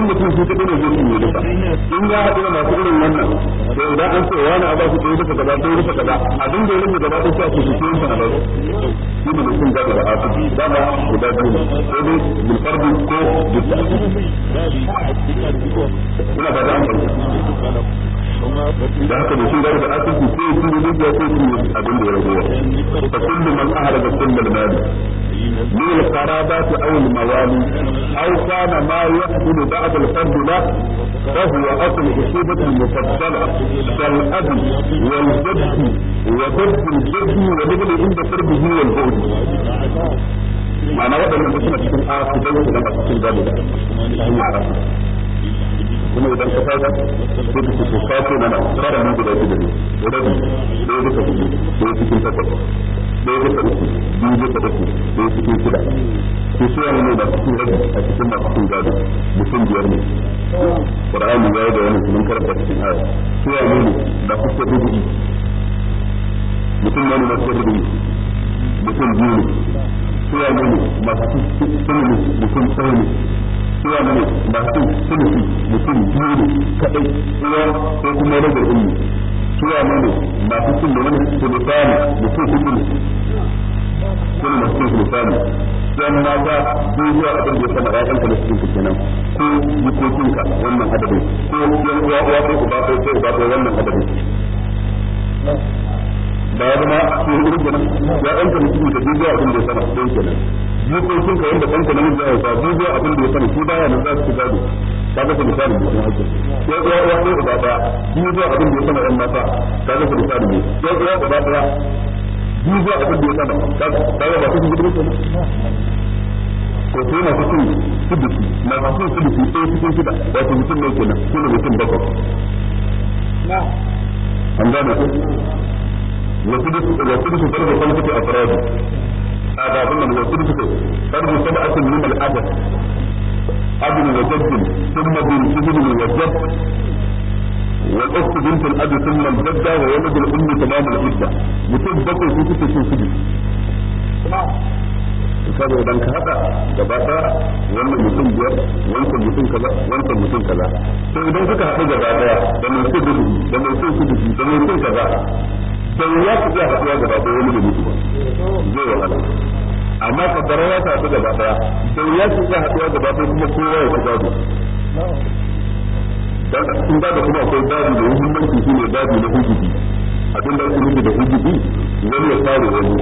in mutum su kadai ne zai yi duka in ya haɗu da masu irin wannan to idan an ce wani a ba su ɗaya gaba ɗaya duka gaba abin da ya rufe gaba ɗaya sai su cikin sana ba su da mutum mutum gaba da hafi dama guda biyu ne ko dai bilfarbi ko duka ina ba da an da haka da shi da da aka ku sai su ne da ko su abin da ya rago fa kullu man ahraja kullu mali min al-qarabat aw al-mawali aw kana ma yahdu ba'd al-fard la فهو أصل الخصوبة المفضلة كالأب والجد وضد الجد ونبل عند فرده والبعد معنى وضع المسلمة تكون آخذ وضع المسلمة تكون ذلك kuma idan ka fara sai ka ce ka ce mana fara mun guda shida ne rabi ɗaya bisa hudu ɗaya cikin takwas ɗaya bisa uku biyu bisa uku ɗaya cikin shida to su yana ne masu cin rabi a cikin masu cin gado mutum biyar ne Qur'ani ya yi da wani kuma karanta cikin aya su yana ne masu cin rabi mutum ne masu cin rabi mutum biyu ne su ne masu cin mutum tsaye uwa ne ba su sulusi mutum biyu ne kaɗai uwa ko kuma rabar ummi suwa ne ba su cin da wani sulusani mutum hudu ne kuma masu cin sulusani yan mata biyu zuwa abin da sama ya ɗanka da cikin ka kenan ko jikokinka wannan adadin ko yan uwa uwa ko uba ko uba ko wannan adadin ba ya zama su yi irin kenan ya ɗanka mutum da duk abin da ya sana don kenan jikokin ka yadda ɗanka na mutum ya sa duk abin da ya sana ko baya nan za su gado ka ga misali ne kuma haka ya ya ya ko ba ba duk abin da ya sana ɗan mata ka ga misali ne ya ya ba ba duk abin da ya sana ka ga ba su gudu kenan ko sai masu cin sidusi masu cin sidusi ɗaya cikin shida wato mutum ne kenan ko mutum bakwai an gane ko وسدس ضرب خمسة أفراد هذا ظن وسدس ضرب سبعة من الأبد أب وجد ثم بن سجن وجد والأخت بنت الأب ثم الجدة وولد الأم تمام العدة mutum bakwai su kuke so su idan ka haɗa gaba ɗaya wannan mutum biyar wancan mutum kaza wancan mutum kaza to idan suka haɗu gaba ɗaya da mai da mai da mai kaza da ya ku ga haɗuwa gaba ɗaya wani da mutu ba zai wahala amma kaddara ya ta gaba ɗaya da ya ku ga haɗuwa gaba ɗaya kuma kowa ya gado dan a cikin gado kuma akwai gado da muhimmanci shine gado na hujjubi abin da ake nufi da hujjubi wani ya fara wani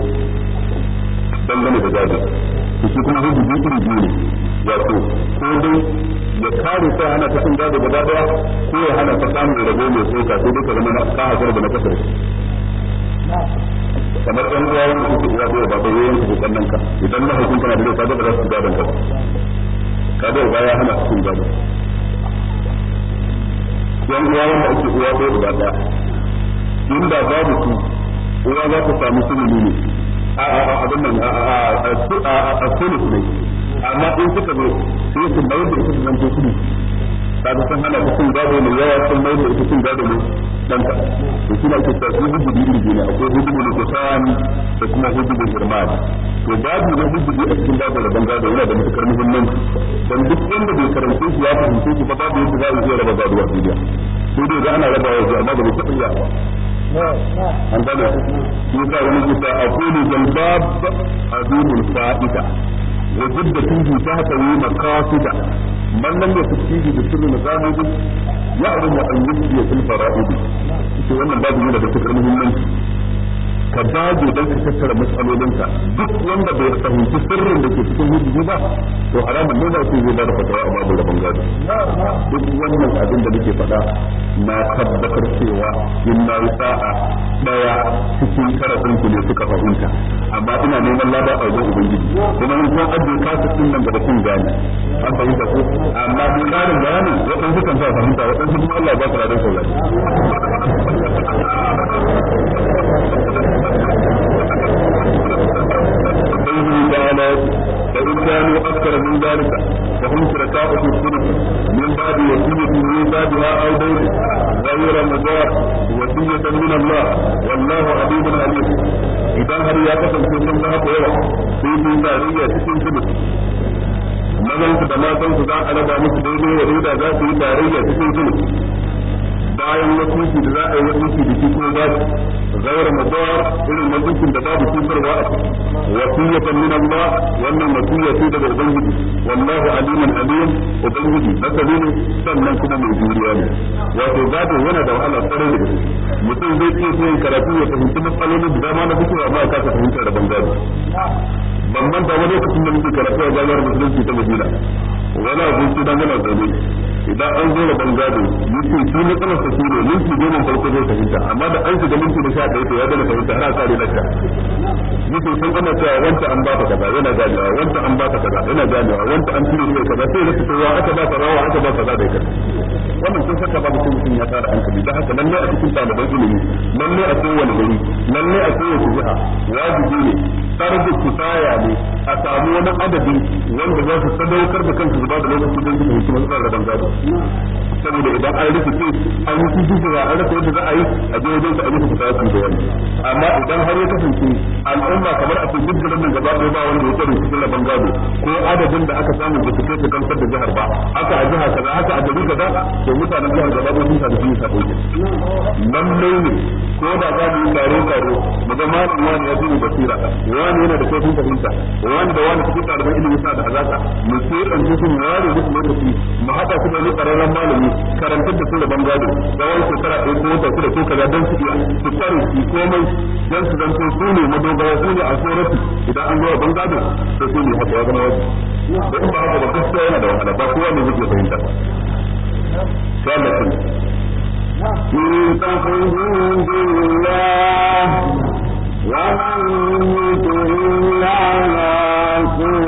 dangane da gado shi kuma hujjubi iri biyu ne wato ko dai ya kare sai hana ta gado gaba ko ya hana ta samun rabo mai tsoka sai duka zama na ka na kasar kamar ɗan uwa wanda kuke uwa ɗaya baban yayin ku kokannan ka idan na hukunta na da kaga ba za su gaban ka ba kaga uba ya hana su gaban ɗan uwa wanda ake uwa ɗaya uba ɗaya inda babu su uwa za ta samu sulhu ne a a abin nan a a a sulhu ne amma in suka zo sai su mai da su zanto sulhu kaga sun hana ku sun gado mai yawa sun mai da su sun gado mai dan ka to shi ne ake da iri ne akwai hudu da kusan da kuma da irmani to babu na hudu da cikin babu da banza da yana da matukar muhimmanci dan duk wanda bai karanta shi ya fahimce shi ba babu yadda za a iya raba gado a duniya dai ga ana raba wa amma ba ta iya ba an gane shi yasa wani fa'ida ta man lam yasfihi bi sirri mazahibi ya'lamu an yusbiya fil fara'idi ita wannan babu yana da tukar muhimmanci ka dage don ka tattara matsalolinka duk wanda bai fahimci sirrin da ke cikin hujji ba to haramun ne ba sai zai bada fatawa a babu da gado duk wannan abin da nake faɗa na tabbatar cewa in na yi sa'a daya cikin karatun ku ne suka fahimta amma ina neman lada a wajen ubangiji kuma in kun ajiye kasu din nan gaba kun gane an fahimta ko amma duk karin bayanin waɗansu kan sa fahimta waɗansu kuma Allah ya ba su ladan saurari الولايات فإن كانوا أكثر من ذلك فهم شركاء في الصلح من بعد وصية من بعدها أو دين غير مزار وصية من الله والله حبيب عليم إذا هل يقصد في سنة قوة في سنة cikin kudu mazan su da matan su za a raba musu daidai wa da za su yi tarayya cikin kudu bayan wasu da za a yi wasu da shi kuma su zaura madawar irin wasu da babu cutarwa a wasu ya wasiyyatan nuna ba wannan wasiyya su daga ubangiji wallahu aliman alim ubangiji na kalilu sannan kuma mai juriya ne wato gado yana da wahala kwarai da gaske mutum zai iya yin karatu ya fahimci matsalolin da dama na fitowa ba a kasa fahimtar da bangare ban manta wani lokacin da muke karatu a jami'ar musulunci ta Madina wani abinci dan gana zaune idan an zo rabon gado yake shi matsalar sa shine minti goma farko zai fahimta amma da an shiga minti da sha ɗaya to ya gane fahimta ana kare lakka yake sun ana cewa wanda an ba ka kaza yana ganewa wanda an ba ka kaza yana ganewa wanda an tilo ne kaza sai rasa cewa aka ba kaza wa aka ba kaza da ita wannan sun saka ba sai mutum ya tsara an kabi da haka lalle a cikin ɗaliban ilimi lalle a kowane gari lalle a kowace jiha wajibi ne tarbi tsaya ne a samu wani adadi wanda za su sadaukar da kansu ba da lokacin don su yi fahimci matsalar rabon gado saboda idan an rufe ce an yi su duka an rufe yadda za a yi a je wajen su a rufe ta su da wani amma idan har ya kasance al'umma kamar a ce duk nan gaba ɗaya ba wanda ya tsare cikin laban gado ko adadin da aka samu da suke su kansar da jihar ba haka a jihar kaza aka a gari kaza to mutanen jihar gaba ɗaya sun sami sun yi sabo nan ne ko da za mu yi taro taro mu ga malin wani ya zuru basira wani yana da kaifin fahimta wani da wani cikin ɗaliban ilimin sa da hazaka mu sai ɗan su mu ware duk lokaci mu haɗa su da wani ƙararren malami karantar da sun rabon gado tsawon shekara ɗaya ko wata su da su kaza don su iya su tsare su komai don su zanto su ne madogara su ne a tsoratu idan an zo rabon gado to su ne haka ya zama wasu don ba haka ba gaskiya yana da wahala ba kowa ne zai fahimta إن تخرجوا بالله ومن يطع الله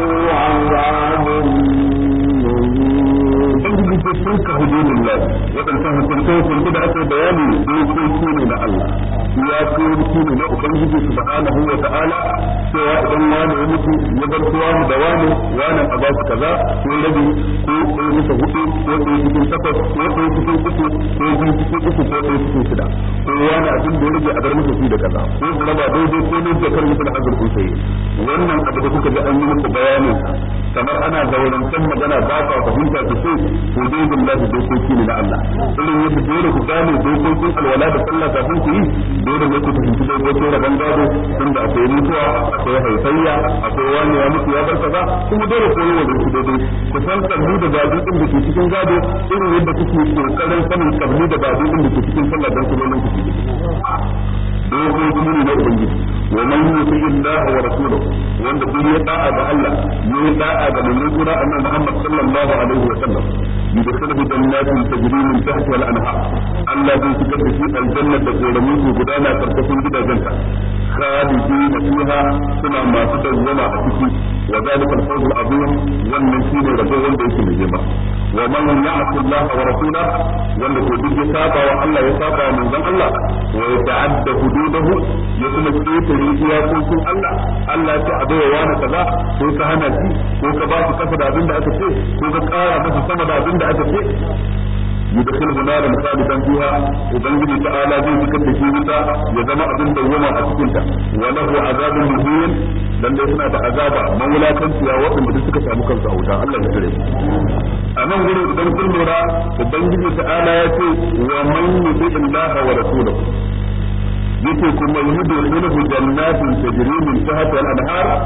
ذلك هدوء الله وقد انتهى فرطوه فرطوه بأسر بيانه ويقول سنة إلى الله ya koro kini na ubangiji subhanahu wa ta'ala cewa idan wani ya mutu ya bar wani da wani wani a basu kaza ko rabi ko ɗaya bisa hudu ko ɗaya cikin takwas ko ɗaya cikin uku ko biyu cikin uku ko ɗaya cikin shida ko wani abin da ya rage a bar masa shi da kaza ko su raba daidai ko ne kar mutu da azurfin sai wannan abu da kuka ji an yi muku bayanin kamar ana zaurantar magana ba ka fahimta ku sai ko dai billahi dokoki ne na Allah irin yadda dole ku gane dokokin alwala da sallah kafin ku yi dole ne ku fahimci dokokin rabon gado tunda akwai mutuwa akwai haifayya akwai wani ya mutu ya bar kaza kuma dole ku yi wajen daidai ku san kalli da gado din da ke cikin gado irin yadda kuke kokarin sanin kalli da gado din da ke cikin sallah dan ku nan ku dogon kuma na ubangiji wa man yuti illaha wa rasulahu wanda duk ya da'a ga Allah ne da'a ga manzon sura annabi Muhammad sallallahu alaihi wa sallam yudkhiluhu jannatin tajri min tahtiha al-anhar Allah zai shigar da shi aljanna da goramin su gudana karkashin gidajenta خالدين فيها سنة ما تدوما أتكي وذلك الفوز العظيم والنسيب الرجل بيت الجمع ومن يعص الله ورسوله والذي يسابع وألا يسابع من ذن الله ويتعدى حدود dahu ya kuma ƙetare iyakokin Allah Allah ya ce a baiwa wani kaza ko ka hana shi ko ka ba kafa kasa da abin da aka ce ko ka ƙara masa sama da abin da aka ce يدخله نارا خالدا فيها وبنجي تعالى زي تكد في متى يزما ابن دوما اتكنتا وله عذاب مهين dan dai suna da azaba na waɗanda suka samu kansu a wuta Allah ya tare a nan gurin idan kun lura ubangiji ta'ala ya ce wa man yuti illaha wa rasulahu yake kuma yudkhuluhu jannatin tajri min tahtiha al-anhar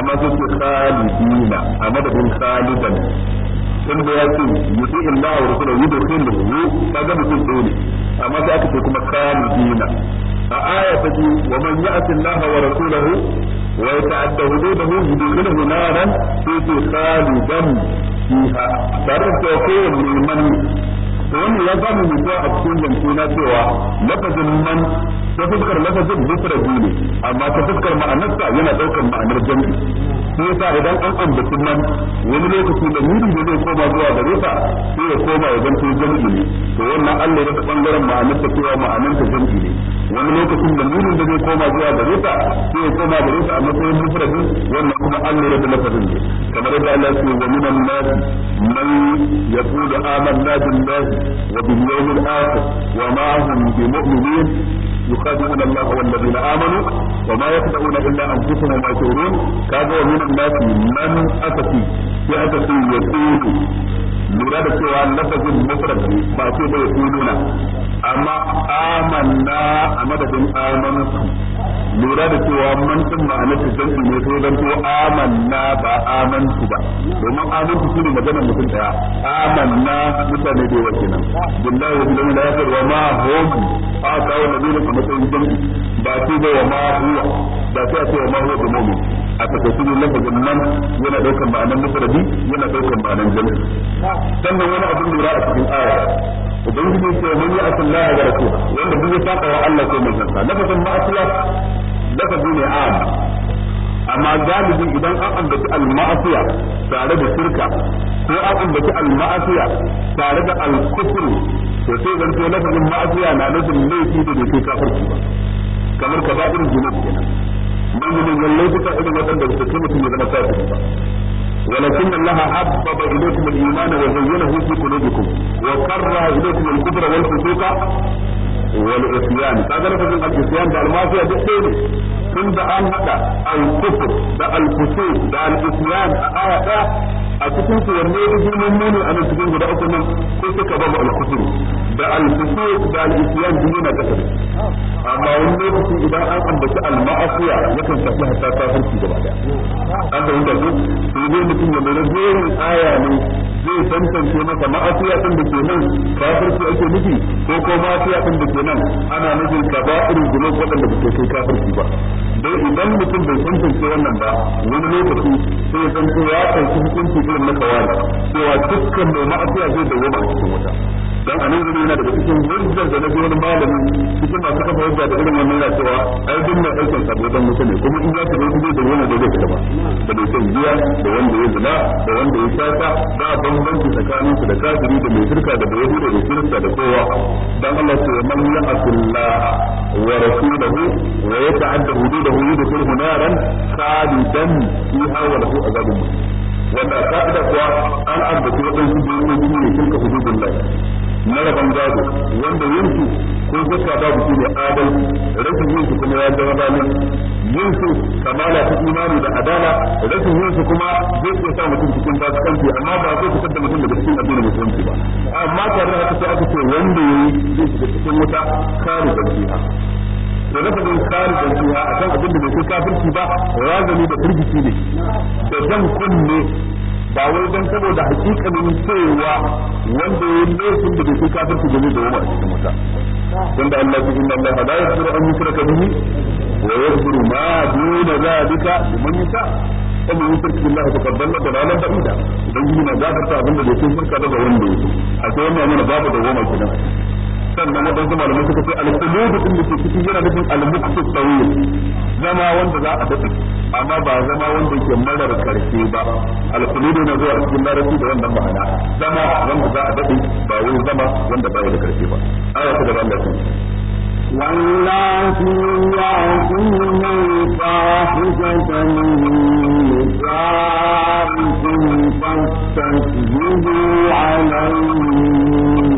amma su ce khalidina a madadin khalidan tun da ya ce yuti illa wa rasuluhu yudkhuluhu kaga mutum ɗaya ne amma sai aka ce kuma khalidina a aya ta ji wa man ya'ti Allah wa rasulahu wa yata'adda hududahu yudkhuluhu naran sai ce khalidan fiha tare da kowanne man wannan ya samu mutuwa a cikin zance na cewa lafazin man ta fuskar lafazin mufradi ne amma ta fuskar ma'anarsa yana ɗaukar ma'anar jami'i sai yasa idan an ambaci nan wani lokaci da mutum da zai koma zuwa da rufa sai ya koma ya zanto jam'i ne to wannan Allah ya ta bangaren ma'anar ta cewa ma'anar ta jam'i ne wani lokacin da mutum da zai koma zuwa da rufa sai ya koma da rufa a matsayin mufradi wannan kuma Allah ya ta lafazin ne kamar yadda Allah ya ce wa minan nas man yaqulu amanna billahi wa bil yawmil akhir wa ma hum mu'minin يخادعون الله والذين آمنوا وما يخدعون إلا أنفسهم وما يشعرون كذا ومن الناس من أتتي يأتي يقول lura da cewa lafazin mufrad ba su bai yaquluna amma amanna a madadin amantu lura da cewa man din ma'anar ta jam'i ne sai dan amanna ba amantu ba domin amantu su ne maganar mutum daya amanna mutane da yawa kenan billahi wa billahi la yakar wa ma hum a kawo da dole a matsayin jam'i ba su bai wa ma huwa ba sai a ce wa ma huwa da mu'min a takaice ne lafazin nan yana daukan ba'anan mufradi yana daukan ba'anan jam'i sannan wani abin lura a cikin aya ubangiji ce mun yi asin laha da rasul wanda duk ya saka wa Allah ko mai zansa lafazin da lafazi ne am amma galibi idan an ambaci al-ma'asiya tare da shirka ko an ambaci al-ma'asiya tare da al-kufr to sai zan to lafazin ma'asiya na nufin laifi da bai kafirci ba kamar kaba'ir junub kenan manyan manyan laifuka irin wadanda ba su mutum ya zama kafiri ba ولكن الله حبب إليكم الإيمان وزينه في قلوبكم وكره إليكم الكفر والفسوق wal isyan kaga lafazin al isyan da al mafiya duk ɗaya ne tun da an hada al kufr da al fusuq da al isyan a aya ɗaya a cikin su wanne ya girman muni a cikin guda uku nan ko suka ba al kufr da al fusuq da al isyan duk yana kasa amma wani lokaci idan an ambaci al ya kan tafi hatta kafirci gaba daya an da wanda duk sai dai mutum ya mai jerin aya ne zai tantance masa ma'afiya din da ke nan kafirci ake nufi ko ko ma'afiya din da ke yanzu nan ana nufin kaba'ir zunub waɗanda ba kai kafirci ba dai idan mutum bai tantance wannan ba wani lokaci sai san ya ɗauki hukunci irin na kawai cewa dukkan mai ma'asiya zai da a cikin wuta dan anan zai yana daga cikin wajen da na wani malami cikin masu kafa wajen da irin wannan yana ai duk mai aikin sabo dan mutane kuma in za ka zo da wani da zai fita ba da mai shan giya da wanda ya zina da wanda ya da ba bambanci tsakanin su da kafiri da mai shirka da bai da mai shirka da kowa dan Allah ce man da wa rasulahu wa yata'adda hududahu yudkhulhu naran khalidan fiha wa lahu azabun wanda ka'ida kuwa an ambaci waɗansu dokoki ne tilka hududun lai na rabon gado wanda yinsu ko zakka babu shi ne adalci rashin yinsu kuma ya zama zalunci yinsu kamala ta imani da adala rashin yinsu kuma zai iya sa mutum cikin fasikanci amma ba zai fitar da mutum daga cikin addinin musulunci ba amma tare da haka sai aka ce wanda yayi zai shiga cikin wuta kare tarjiha da lafazin kharijin fiha akan abin da bai kai kafirci ba razani da firgici ne da dan kunne ba wai dan saboda hakikanin cewa wanda ya yi laifin da bai kai kafirci da zai dawo a cikin wuta wanda Allah ya inna Allah la da an da bihi wa yaghfiru ma duna zalika liman yasha kuma yin sarki Allah ta kabbala da ranar ba'ida idan gina gafarta abin da bai kai shirka daga wanda ya so a sai wannan mana babu da goma kenan sannan wadansu malamai suka ce al-qulubu din da ke cikin yana nufin al-muqtu tawil zama wanda za a dace amma ba zama wanda ke marar karshe ba al-qulubu na zuwa cikin larabci da wannan ma'ana zama wanda za a dace ba wai zama wanda ba da karshe ba aya ta gaban Allah واللاتي يعصين الفاحشة من نسائكم فاستشهدوا عليهم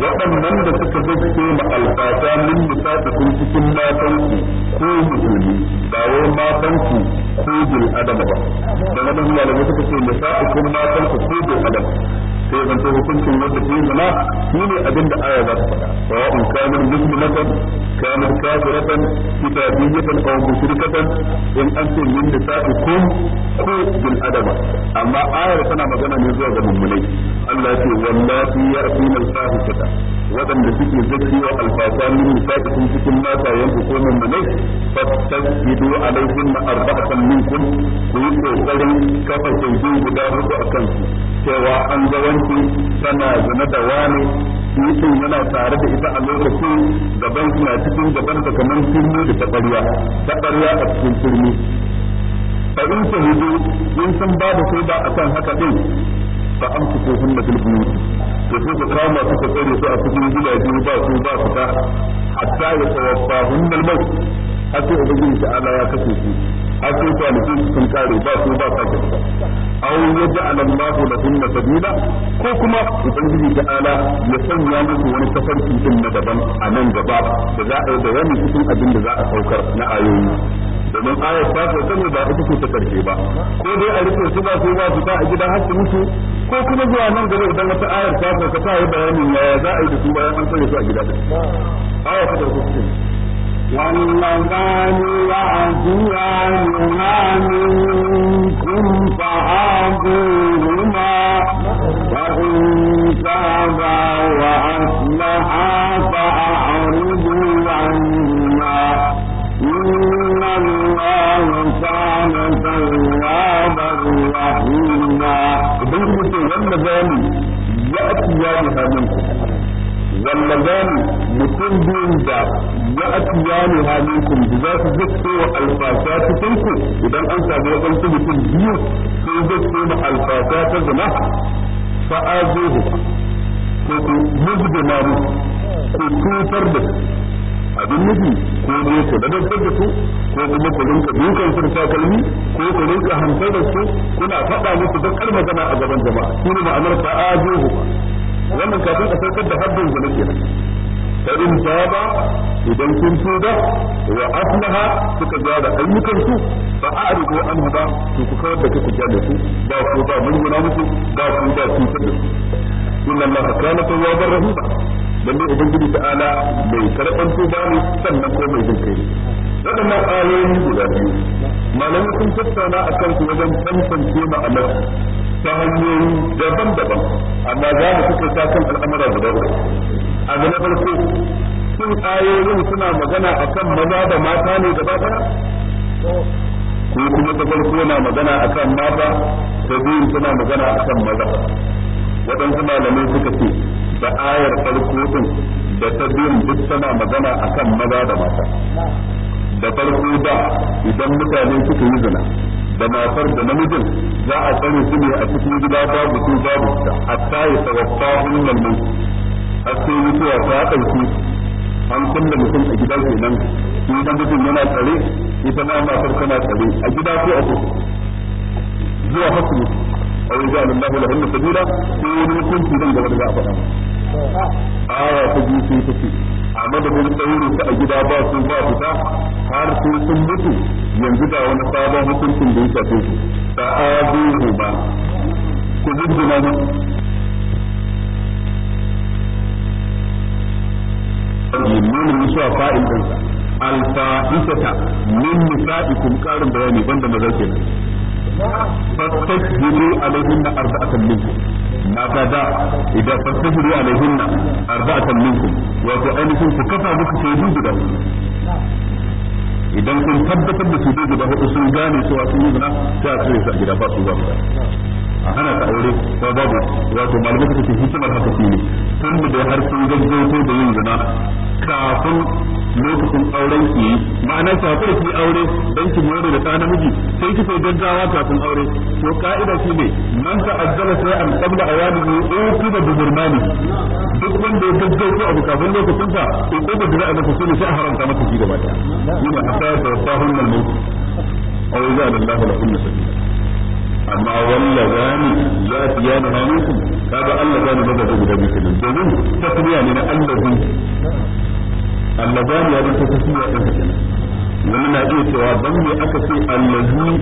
waɗannan da suka zaske ma alfata min musafiqun cikin matanku ko musulmi ba wai matanku ko bil adama ba da na dan malamai suka ce musafiqun matanku ko bil adama sai zan to hukuncin wanda ke zama shi ne abin da aya za ta faɗa sawa'un kamar muslimatan kamar kafiratan kitabiyatan aw mushrikatan in an ce min musafiqun ko bil adama amma ayar tana magana ne zuwa ga mummunai Allah ya ce wallahi ya fi nan fahishata waɗanda suke zakiyo alfasa min nisa'ikum cikin mata yanzu ko min manai fastajidu alaihin arba'atan minkum ku yi kokarin kafa shaidu guda hudu a kansu cewa an ga wanki tana zina da wani mutum yana tare da ita a lokacin gaban na cikin gaban da kamar turmi da taɓarya taɓarya a cikin turmi fa in shahidu in sun ba da shaida akan haka din fa amsikuhunna fil buyut to sai ku kama su ku tsare su a cikin gidaje ba su ba su ta hatta ya tawaffahunna al-maut har sai ubangiji ta'ala ya kashe su har sai kwanakin su sun kare ba su ba sake su aw yaj'al Allahu lahunna sabila ko kuma ubangiji ta'ala ya sanya musu wani tafarki din na daban a nan gaba da za a yi bayani cikin abin da za a saukar na ayoyi domin ayar ta ce ne ba ita ce ta karshe ba ko dai a rufe su ba su ba su ta a gida har su mutu ko kuma zuwa nan gaba idan wata ayar ta ka ta yi bayanin yaya za a yi da su bayan an sauya su a gida da ayar ta sauka su واللذان يعدوانها منكم فعادوهما فإن وأصلحا kana tawwaban ya mutum biyun da ya atiya ni halin ku da za su gaske wa alfasa cikin ku idan an samu wadansu mutum biyu sai gaske ma alfasa ta zama fa'azuhu ko ku mujbima ku tutar da su abin nufi ko ne ku da dabbar da su ko kuma ku rinka dukan su da takalmi ko ku rinka hamsar da su kuna faɗa musu bakar magana a gaban jama'a shine ma'anar fa'ajuhu wannan kafin a saukar da haddin zalunci fa in taba idan kun tuba wa aslaha suka gyara ayyukan su fa a'ridu anhu ba to ku kawar da kuka da su ba ku ba mun guna musu ba ku ba ku da su inna allaha kana tawwabar rahima lalle ubangiji ta'ala bai karban tuba ne sannan ko mai jin kai waɗannan ayoyi guda biyu malamai sun tattauna akan su wajen tantance ma'anar ta hanyoyi daban-daban amma za mu suka sa kan al'amura guda uku abu na farko sun ayoyin suna magana a kan maza da mata ne gaba ɗaya ko kuma ta farko na magana a kan mata da biyu suna magana a kan maza waɗansu malamai suka ce da ayar farko din da ta biyun duk tana magana a kan maza da mata da farko da idan mutane suka yi zina da matar da namijin za a tsare su ne a cikin gida babu su babu ta a ya tawaffa hannun nan a sai mutuwa ta ɗauki an kulle mutum a gida kenan in dan mutum yana tsare ita na matar tana tsare a gida ko a kusa zuwa hakuri a wajen Allah lahunna sabila sai wani mutunci zan gaba da za a faɗa aya ta biyu sun ta a madadin ɗaure su a gida ba su ba fita har sai sun mutu yanzu da wani sabon hukuncin da ya shafe su ta'aduhu ba ku zudduna ne limanin musu a fa'in ɗansa alfahishata min nisa'ikum ƙarin bayani banda maza kenan fastajiru alaihinna arba'atan minkum mata da idan fastajiru alaihinna arba'atan minkum wato ainihin ku kafa muku shaidu guda idan kun tabbatar da shaidu guda hudu sun gane cewa sun yi zina sai a tsare ba su ba a hana ta aure ko babu wato malamai suka ce hikimar haka shi ne tun da har sun gaggauto da yin zina kafin lokacin auren ki ma'ana ta hakura ki aure dan ki more da ta namiji sai ki sai gaggawa kafin aure to ka'ida shi ne man sai an qabla o uqiba da burmani duk wanda ya gaggauto abu kafin lokacin sa ko da za'a masa sai sai haramta maka ki gaba ta. yana asara ta sahun nan ne أو جعل الله لكم سبيلا amma walla zani ya biya da hannunkum kaga Allah zani ba da guda biyu kenan domin tasmiya ne na Allah Allah zani ya rubuta tasmiya din kenan wani na iya cewa ban ne aka ce allah zani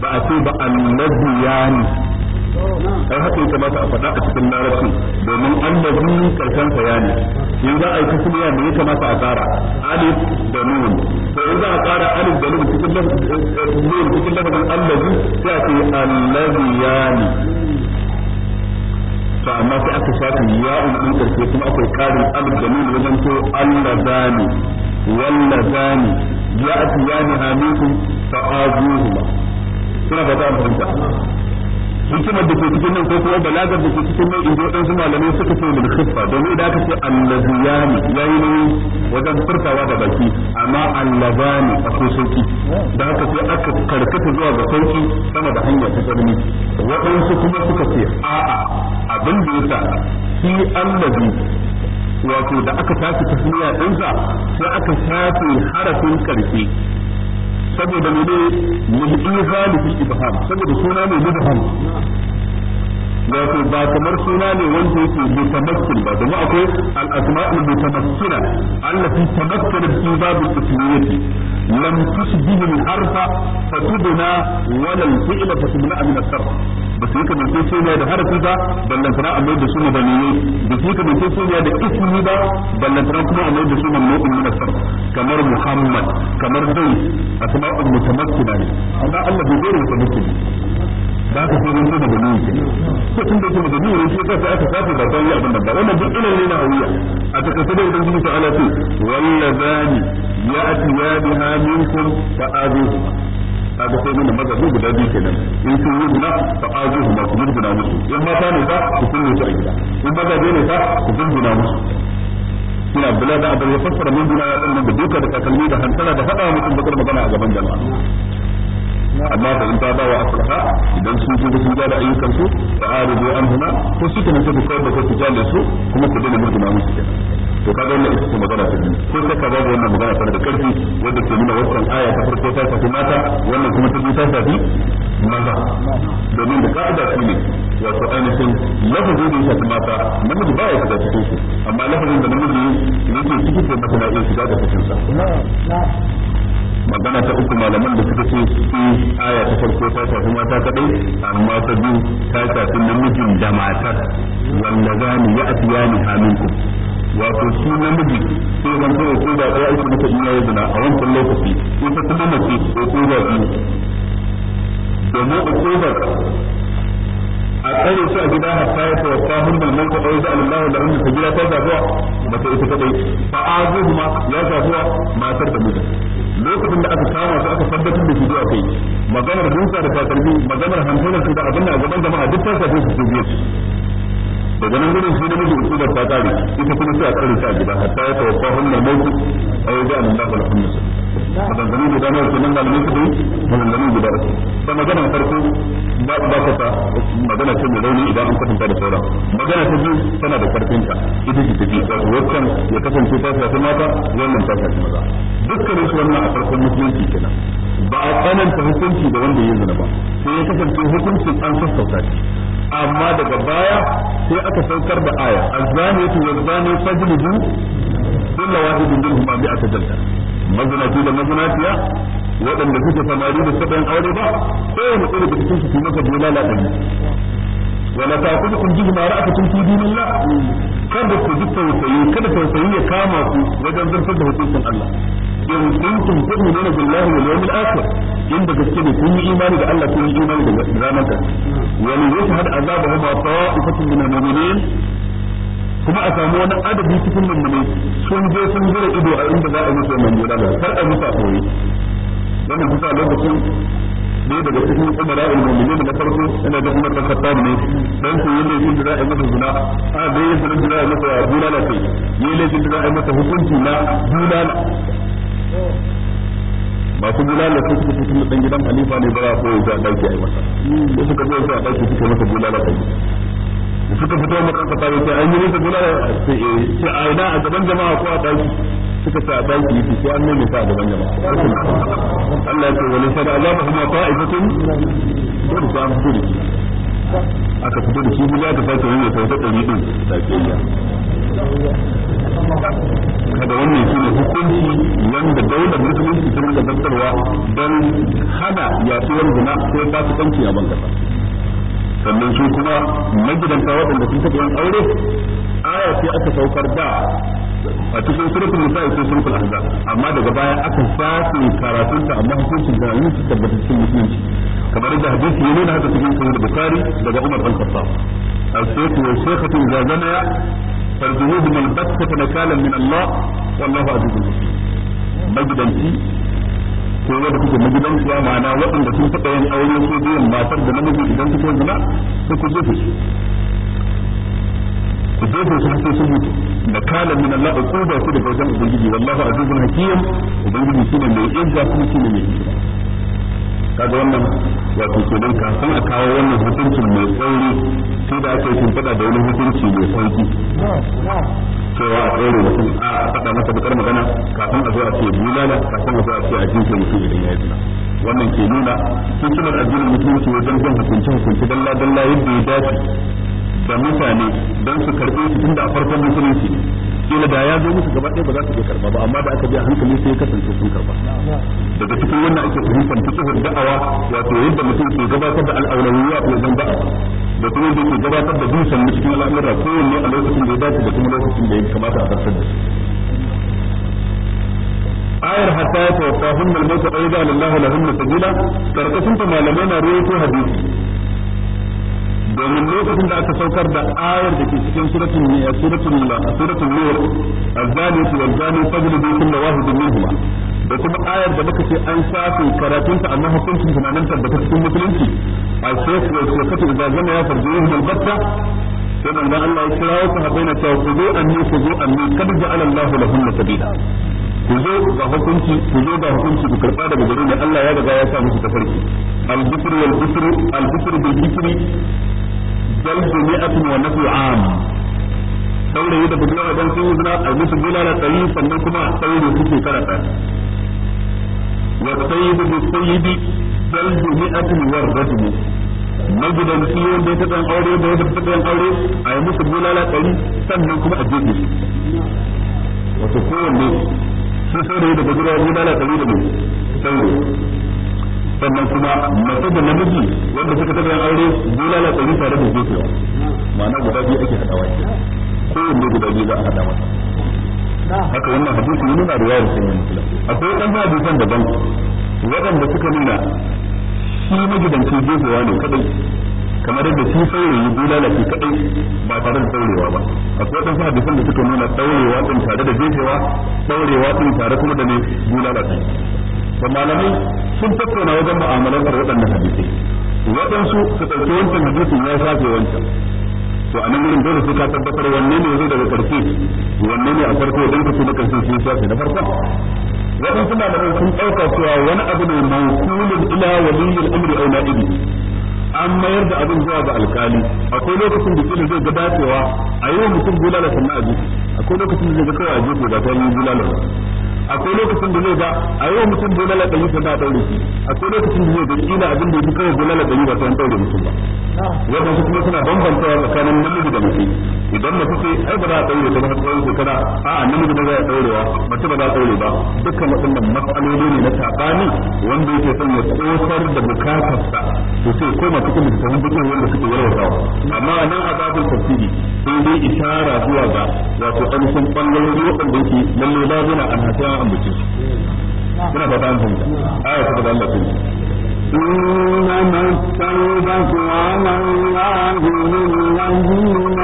ba a ce ba allaziyani har haka ya kamata a faɗa a cikin larabcin domin allazi karshen saya ne in za a yi tasmiya ne ya kamata a tsara alif da nun to in za a tsara alif da nun cikin eh, eh, nun cikin lafazin allazi sai a ce allazi yani to amma sai aka shafi ya'un din karshe kuma akwai ƙarin alif da nun wajen to allazani wallazani ya'tiyani hamikum fa'azuhuma suna fata an fahimta hikimar da ke cikin nan ko kuma balagar da ke cikin nan in waɗansu malamai suka ce min khifa domin idan aka ce allaziyani yayi ne wajen furtawa da baki amma allazani akwai sauki da aka ce aka karkata zuwa ga sauki sama da hanya ta tsarni waɗansu kuma suka ce a'a abin da yasa shi allazi wato da aka tafi tafiya ɗinsa sai aka tafi harafin karshe saboda ne ne mulkiha da fil ibham saboda suna ne mudham wato ba kamar suna ne wanda yake mutamassil ba domin akwai al asma'ul mutamassila allati tamassalat fi babil ismiyyati lam tusbihu al harfa fatubna wala al fi'la fatubna min al sarf ba su yi kamar suniya da harafi ba ballantana a mai da su mabaniyai ba su yi kamar suniya da ismi ba ballantana kuma a mai da su mamnu'un min asar kamar muhammad kamar zai asma'ul mutamakkina ne amma Allah bai zai mutamakkin ba ka sai mun da bani ke ko tun da kuma da ni ne sai ka aka safa da bani abin da ba wannan duk ilal ne na hawiya a ta sai da ubangiji ta ala ce wallazani ya'ti ya biha minkum fa azuhu kaga sai mun mazabi guda biyu kenan in kun yi guda fa ajuhu ma kun guda musu in mata ne fa ku kun musu a gida in mazabi ne fa ku kun guda musu ina bula da abin ya fassara mun guda ya tsara da duka da takalmi da hantara da faɗa mutum bakar magana a gaban jama'a amma fa in ta ba wa aslaha idan sun ji sun ga da ayyukan su fa aridu an huna ko su kuma su kawar da su su jale su kuma ku dena murtuna musu kenan to kaga wannan ita ce magana ta biyu ko sai ka babu wannan magana ta da karfi wanda ke nuna wannan aya ta farko ta shafi mata wannan kuma ta biyu ta shafi maza domin da ka'ida su ne wato ainihin lafazin da ya shafi mata namiji ba ya shiga cikin su amma lafazin da namiji yake cikin da mata na iya shiga da cikin sa magana ta uku malaman da suka ce su aya ta farko ta shafi mata kadai amma ta biyu ta shafi namijin da matar wanda za mu yi mu ni ku wato su namiji su zan ko ko da ɗaya ake mata iya yanzu a wancan lokaci ko ta tuna mace ko ko da biyu domin ko da a tsare su a gida hatta ya fa wasahum bil man qad yuza Allahu lahum gida ta zabuwa ba ta ita kadai fa ma ya zabuwa matar da mijin lokacin da aka kama su aka tabbatar da su zuwa kai maganar dusa da takalmi maganar hantarar su da abin da a gaban jama'a duk ta shafe su su daga nan gudun shi namiji hukumar ta kare ita kuma sai a tsari ta a gida hatta ya tawaffa hannun mautu a yau da Allah ba lafiya nan guda nawa kenan malamai su dai maganganu guda su ta magana farko ba ba ka ta magana ce mai rauni idan an kwatanta da sauran magana ta biyu tana da karfin ta ita ce ta biyu wato wakan ya kasance ta shafi mata wannan ta shafi maza dukkanin su wannan a farkon musulunci kenan ba a tsananta hukunci da wanda ya zina ba sai ya kasance hukuncin an sassauta shi amma daga baya sai aka saukar da aya azaniyatu wazani fajlidu kullu wahidin minhum bi atajalta mazanati da mazanatiya waɗanda suke samari da sabon aure ba kowane mutum da cikin su maka bulala ɗari wala ta'khudhukum bihima ra'atun fi dinillah kada ku ji tausayi kada tausayi ya kama ku wajen zartar da hukuncin Allah in kuntum tu'minuna billahi wal yawmil akhir in da gaske ne kun yi imani da Allah kun yi imani da ranar ka wa li yashhad azabahuma ta'ifatun min al-mu'minin kuma a samu wani adadi cikin mummune sun je sun jira ido a inda za a musu wannan jira da kar a musu a koyi wannan kusa lokacin ne daga cikin umara al-mu'minin na farko ina da umar da khattab ne dan su yin da a yi masa guna a da yin da a masa bulala la yin ne da za a yi masa hukunci na bulala la bulala su suka fito dan gidan halifa ne ba za a a dauke yi masa sai suka zo su a dauke suka masa bulala kai suka fito maka makarkata ne sai an yi nisa guna sai eh, a ina a gaban jama'a ko a daki suka sa daki yi sai an nome sa a gaban jama'a Allah ya ce wani sada Allah ba kuma ta'ifatun ko da an fito da shi aka fito da shi kuma aka fata yin sai wata ɗari ɗin da ke yi kada wannan shi ne hukunci wanda daular musulunci ta rinka zartarwa don hana yaduwar guna ko su kanci a ban sannan su kuma magidanta waɗanda sun taɓa yin aure aya sai aka saukar da a cikin suratul da sai suratul ahzab amma daga baya aka karatun karatunta amma hukuncin da yin su tabbata cikin musulunci kamar da hadisi ne na haka cikin sahih bukhari daga umar bin khattab al-sayyid wa shaykhatu idza zanaya min al-batta nakalan min Allah wallahu azizun magidanci sai wanda kuke magidanciya ma'ana waɗanda sun taɓa yin aure ko biyan matar da namiji idan suka yi zina sai ku jefe su ku jefe su sai sun mutu da kalan min Allah uquba su da wajen ubangiji wallahu azizun hakim ubangiji shine mai izza kuma shine mai hikima kaga wannan wato kenan ka san a kawo wannan mutuncin mai sauri sai da aka yi fada da wani hukunci mai sauki cewa a tsere mutum a faɗa masa bakar magana kafin a zo a ce bulala kafin a zo a ce a jinke mutum idan ya yi wannan ke nuna sun suna addinin musulunci wajen jan hukunce hukunci dalla dalla yadda ya dace da mutane don su karɓe tun da a farkon musulunci kila da ya zo musu gaba ɗaya ba za su je karɓa ba amma da aka biya hankali sai kasance sun karɓa daga cikin wannan ake fahimtar ta tsohon da'awa wato yadda mutum ke gabatar da al'aulawiyya ko zan da'a da kuma yadda ke gabatar da dusan cikin al'amura kowanne a lokacin da ya dace da kuma lokacin da ya kamata a kasar da shi ayar hatta ya tawaffahun malmauta aida lillahi lahunna sabila karkashin ta malamai na ruwaito hadisi domin lokacin da aka saukar da ayar da ke cikin suratul niya suratul suratul nur az-zani wal zani fajlidu kullu wahidin minhuma da kuma ayar da muka ce an safe ta amma hukuncin tunanin da cikin musulunci a shekhu wa shekatu idan zama ya farjiyin balbatta sai manzon Allah ya kirawo ku habaina ta ku zo anni ku zo anni kad ja'ala Allah lahum sabila ku zo ga hukunci ku zo ga hukunci ku karba daga gurin da Allah ya riga ya sa musu tafarki al-bukru wal-bukru al-bukru bil-bukri jalbu mi'atun da budurwa dan sun yi zina a musu saurayi su wa bi wanda aure da ta taɓa aure a yi musu bulala tsari sannan kuma a jefe wato kowanne sun da bulala da sannan kuma mace da namiji wanda suka taɓa aure bulala ɗari tare da jefewa ma'ana guda biyu ake wa ko kowanne guda biyu za a hada masa haka wannan hadisi ne na riwayar sai yin musulun akwai ɗan hadisan daban wanda suka nuna shi magidanci jefewa ne kadai kamar yadda shi saurayi bulala shi kadai ba tare da daurewa ba akwai wadansu hadisan da suka nuna daurewa din tare da jefewa daurewa din tare kuma da ne bulala din da malamai sun tattauna wajen da waɗannan hadisai waɗansu su ɗauki wancan hadisin ya shafe wancan to a nan gurin dole sai ka tabbatar wanne ne zai daga karshe wanne ne a farko dan ka ce na karshe sai shafe na farko waɗansu malamai sun ɗauka cewa wani abu ne mawkulun ila waliyil amri au na'ibi an mayar da abin zuwa ga alkali akwai lokacin da kila zai ga dacewa a yi wa mutum bulala sannan a akwai lokacin da zai ga kawai a jiki ba ta yi bulala akwai lokacin da zai ga a yau mutum bulala ɗari sai a ɗaure shi akwai lokacin da zai ga kila abin da yake kai kawai ɗari ba sai an ɗaure mutum ba su kuma suna bambantawa tsakanin namiji da mace idan mace sai ai ba za a ɗaure ta ba tsawon shekara a'a namiji ba za a ba mace ba za a ɗaure ba dukkan waɗannan matsaloli ne na saɓani wanda yake son ya tsofar da bukatarsa to sai kuma ta san dukkan wanda suke yalwatawa amma a nan a babin tafsiri sai dai isara zuwa ga wato sun ɓangarori waɗanda yake lallai ba an hata an ambace su muna fata an fahimta aya ta da Allah إنما التوبة على الله يعملون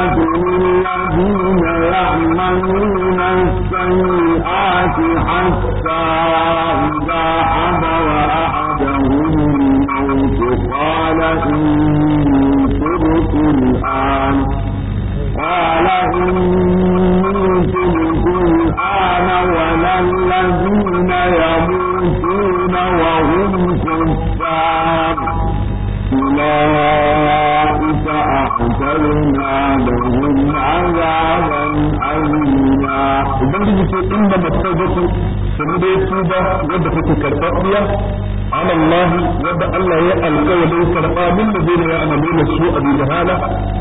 مثل الذين يعملون السيئات حتى فأنذرنا لهم عذابا أليما وبنجي في إن التوبة سنبي توبة ودفت كالتقوية على الله ودع الله يألقى ولو سرقا من الذين يعملون السوء بجهالة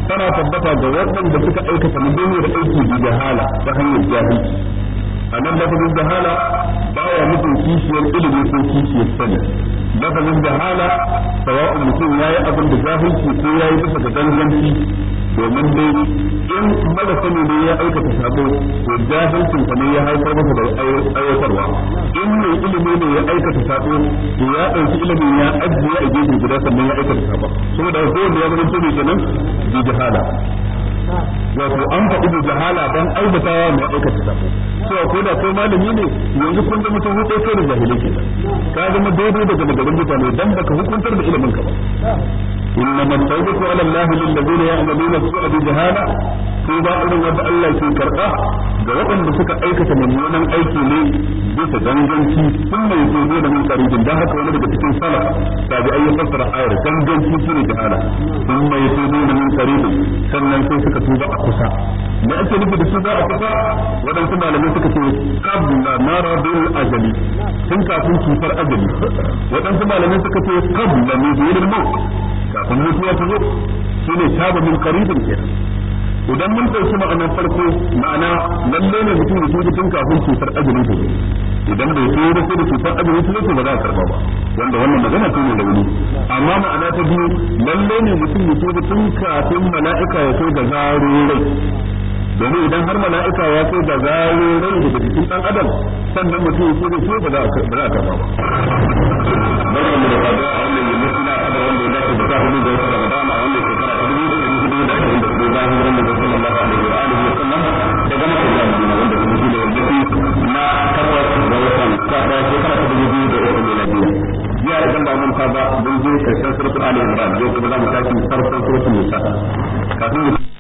فلا تبقى جوابا بسك أيك فمدين رأيك بجهالة فهي الجاهل أنا لفظ الجهالة بايا مثل كيشير إلي بيكون كيشير سنة da hala sawa'un mutum ya yi abin da jahilci ko ya yi bisa ga danganci domin dai in mara sani ne ya aikata sabo to jahilcin sa ne ya haifar masa da aiwatarwa in mai ilimi ne ya aikata sabo to ya ɗauki ilimin ya ajiye a gefe guda sannan ya aikata sabo saboda ko da ya zama to kenan bi jahala wato an faɗi da jahala dan albatawa mai aikata zafi cewa ko da kai malami ne yanzu kun zama ta hukunta da jahilai ke ka zama daidai daga magarin mutane dan baka hukuntar da ilimin ka ba إنما التوبة على الله للذين يعملون السوء بجهالة توبة إلى ود الله في كرقة da waɗanda suka aikata mummunan aiki ne bisa ganganci sun mai zozo da mutarigin don haka wani daga cikin sala ta bi ayyukan fassara ayar ganganci su sun mai zozo da mutarigin sannan sai suka a kusa me ake nufi da a kusa waɗansu malamai suka ce qabla maradil ajali tun kafin cutar ajali waɗansu malamai suka ce kafin mutuwa ta zo ne taba min qaribin ke idan mun dauki ma'anar farko ma'ana lalle ne mutum da tuba tun kafin cutar ajalin ta zo idan bai so da sai da cutar ajalin ku zo ba za a karba ba wanda wannan magana ce da rauni amma ma'ana ta biyu lalle ne mutum da tuba tun kafin mala'ika ya kai ga zaro rai domin idan har mala'ika ya kai ga zaro rai daga jikin ɗan adam sannan mutum ya tuba sai ba za a karba ba sha hudu ga wata Ramadan a wannan shekara ta dubu da hudu da ashirin da hudu bayan wanda wanda na takwas ga watan sha ta dubu da Jiya idan ba mun ba mun je karshen suratul Ali Imran yau kuma za mu tashi farkon suratul Nisa. Kafin mu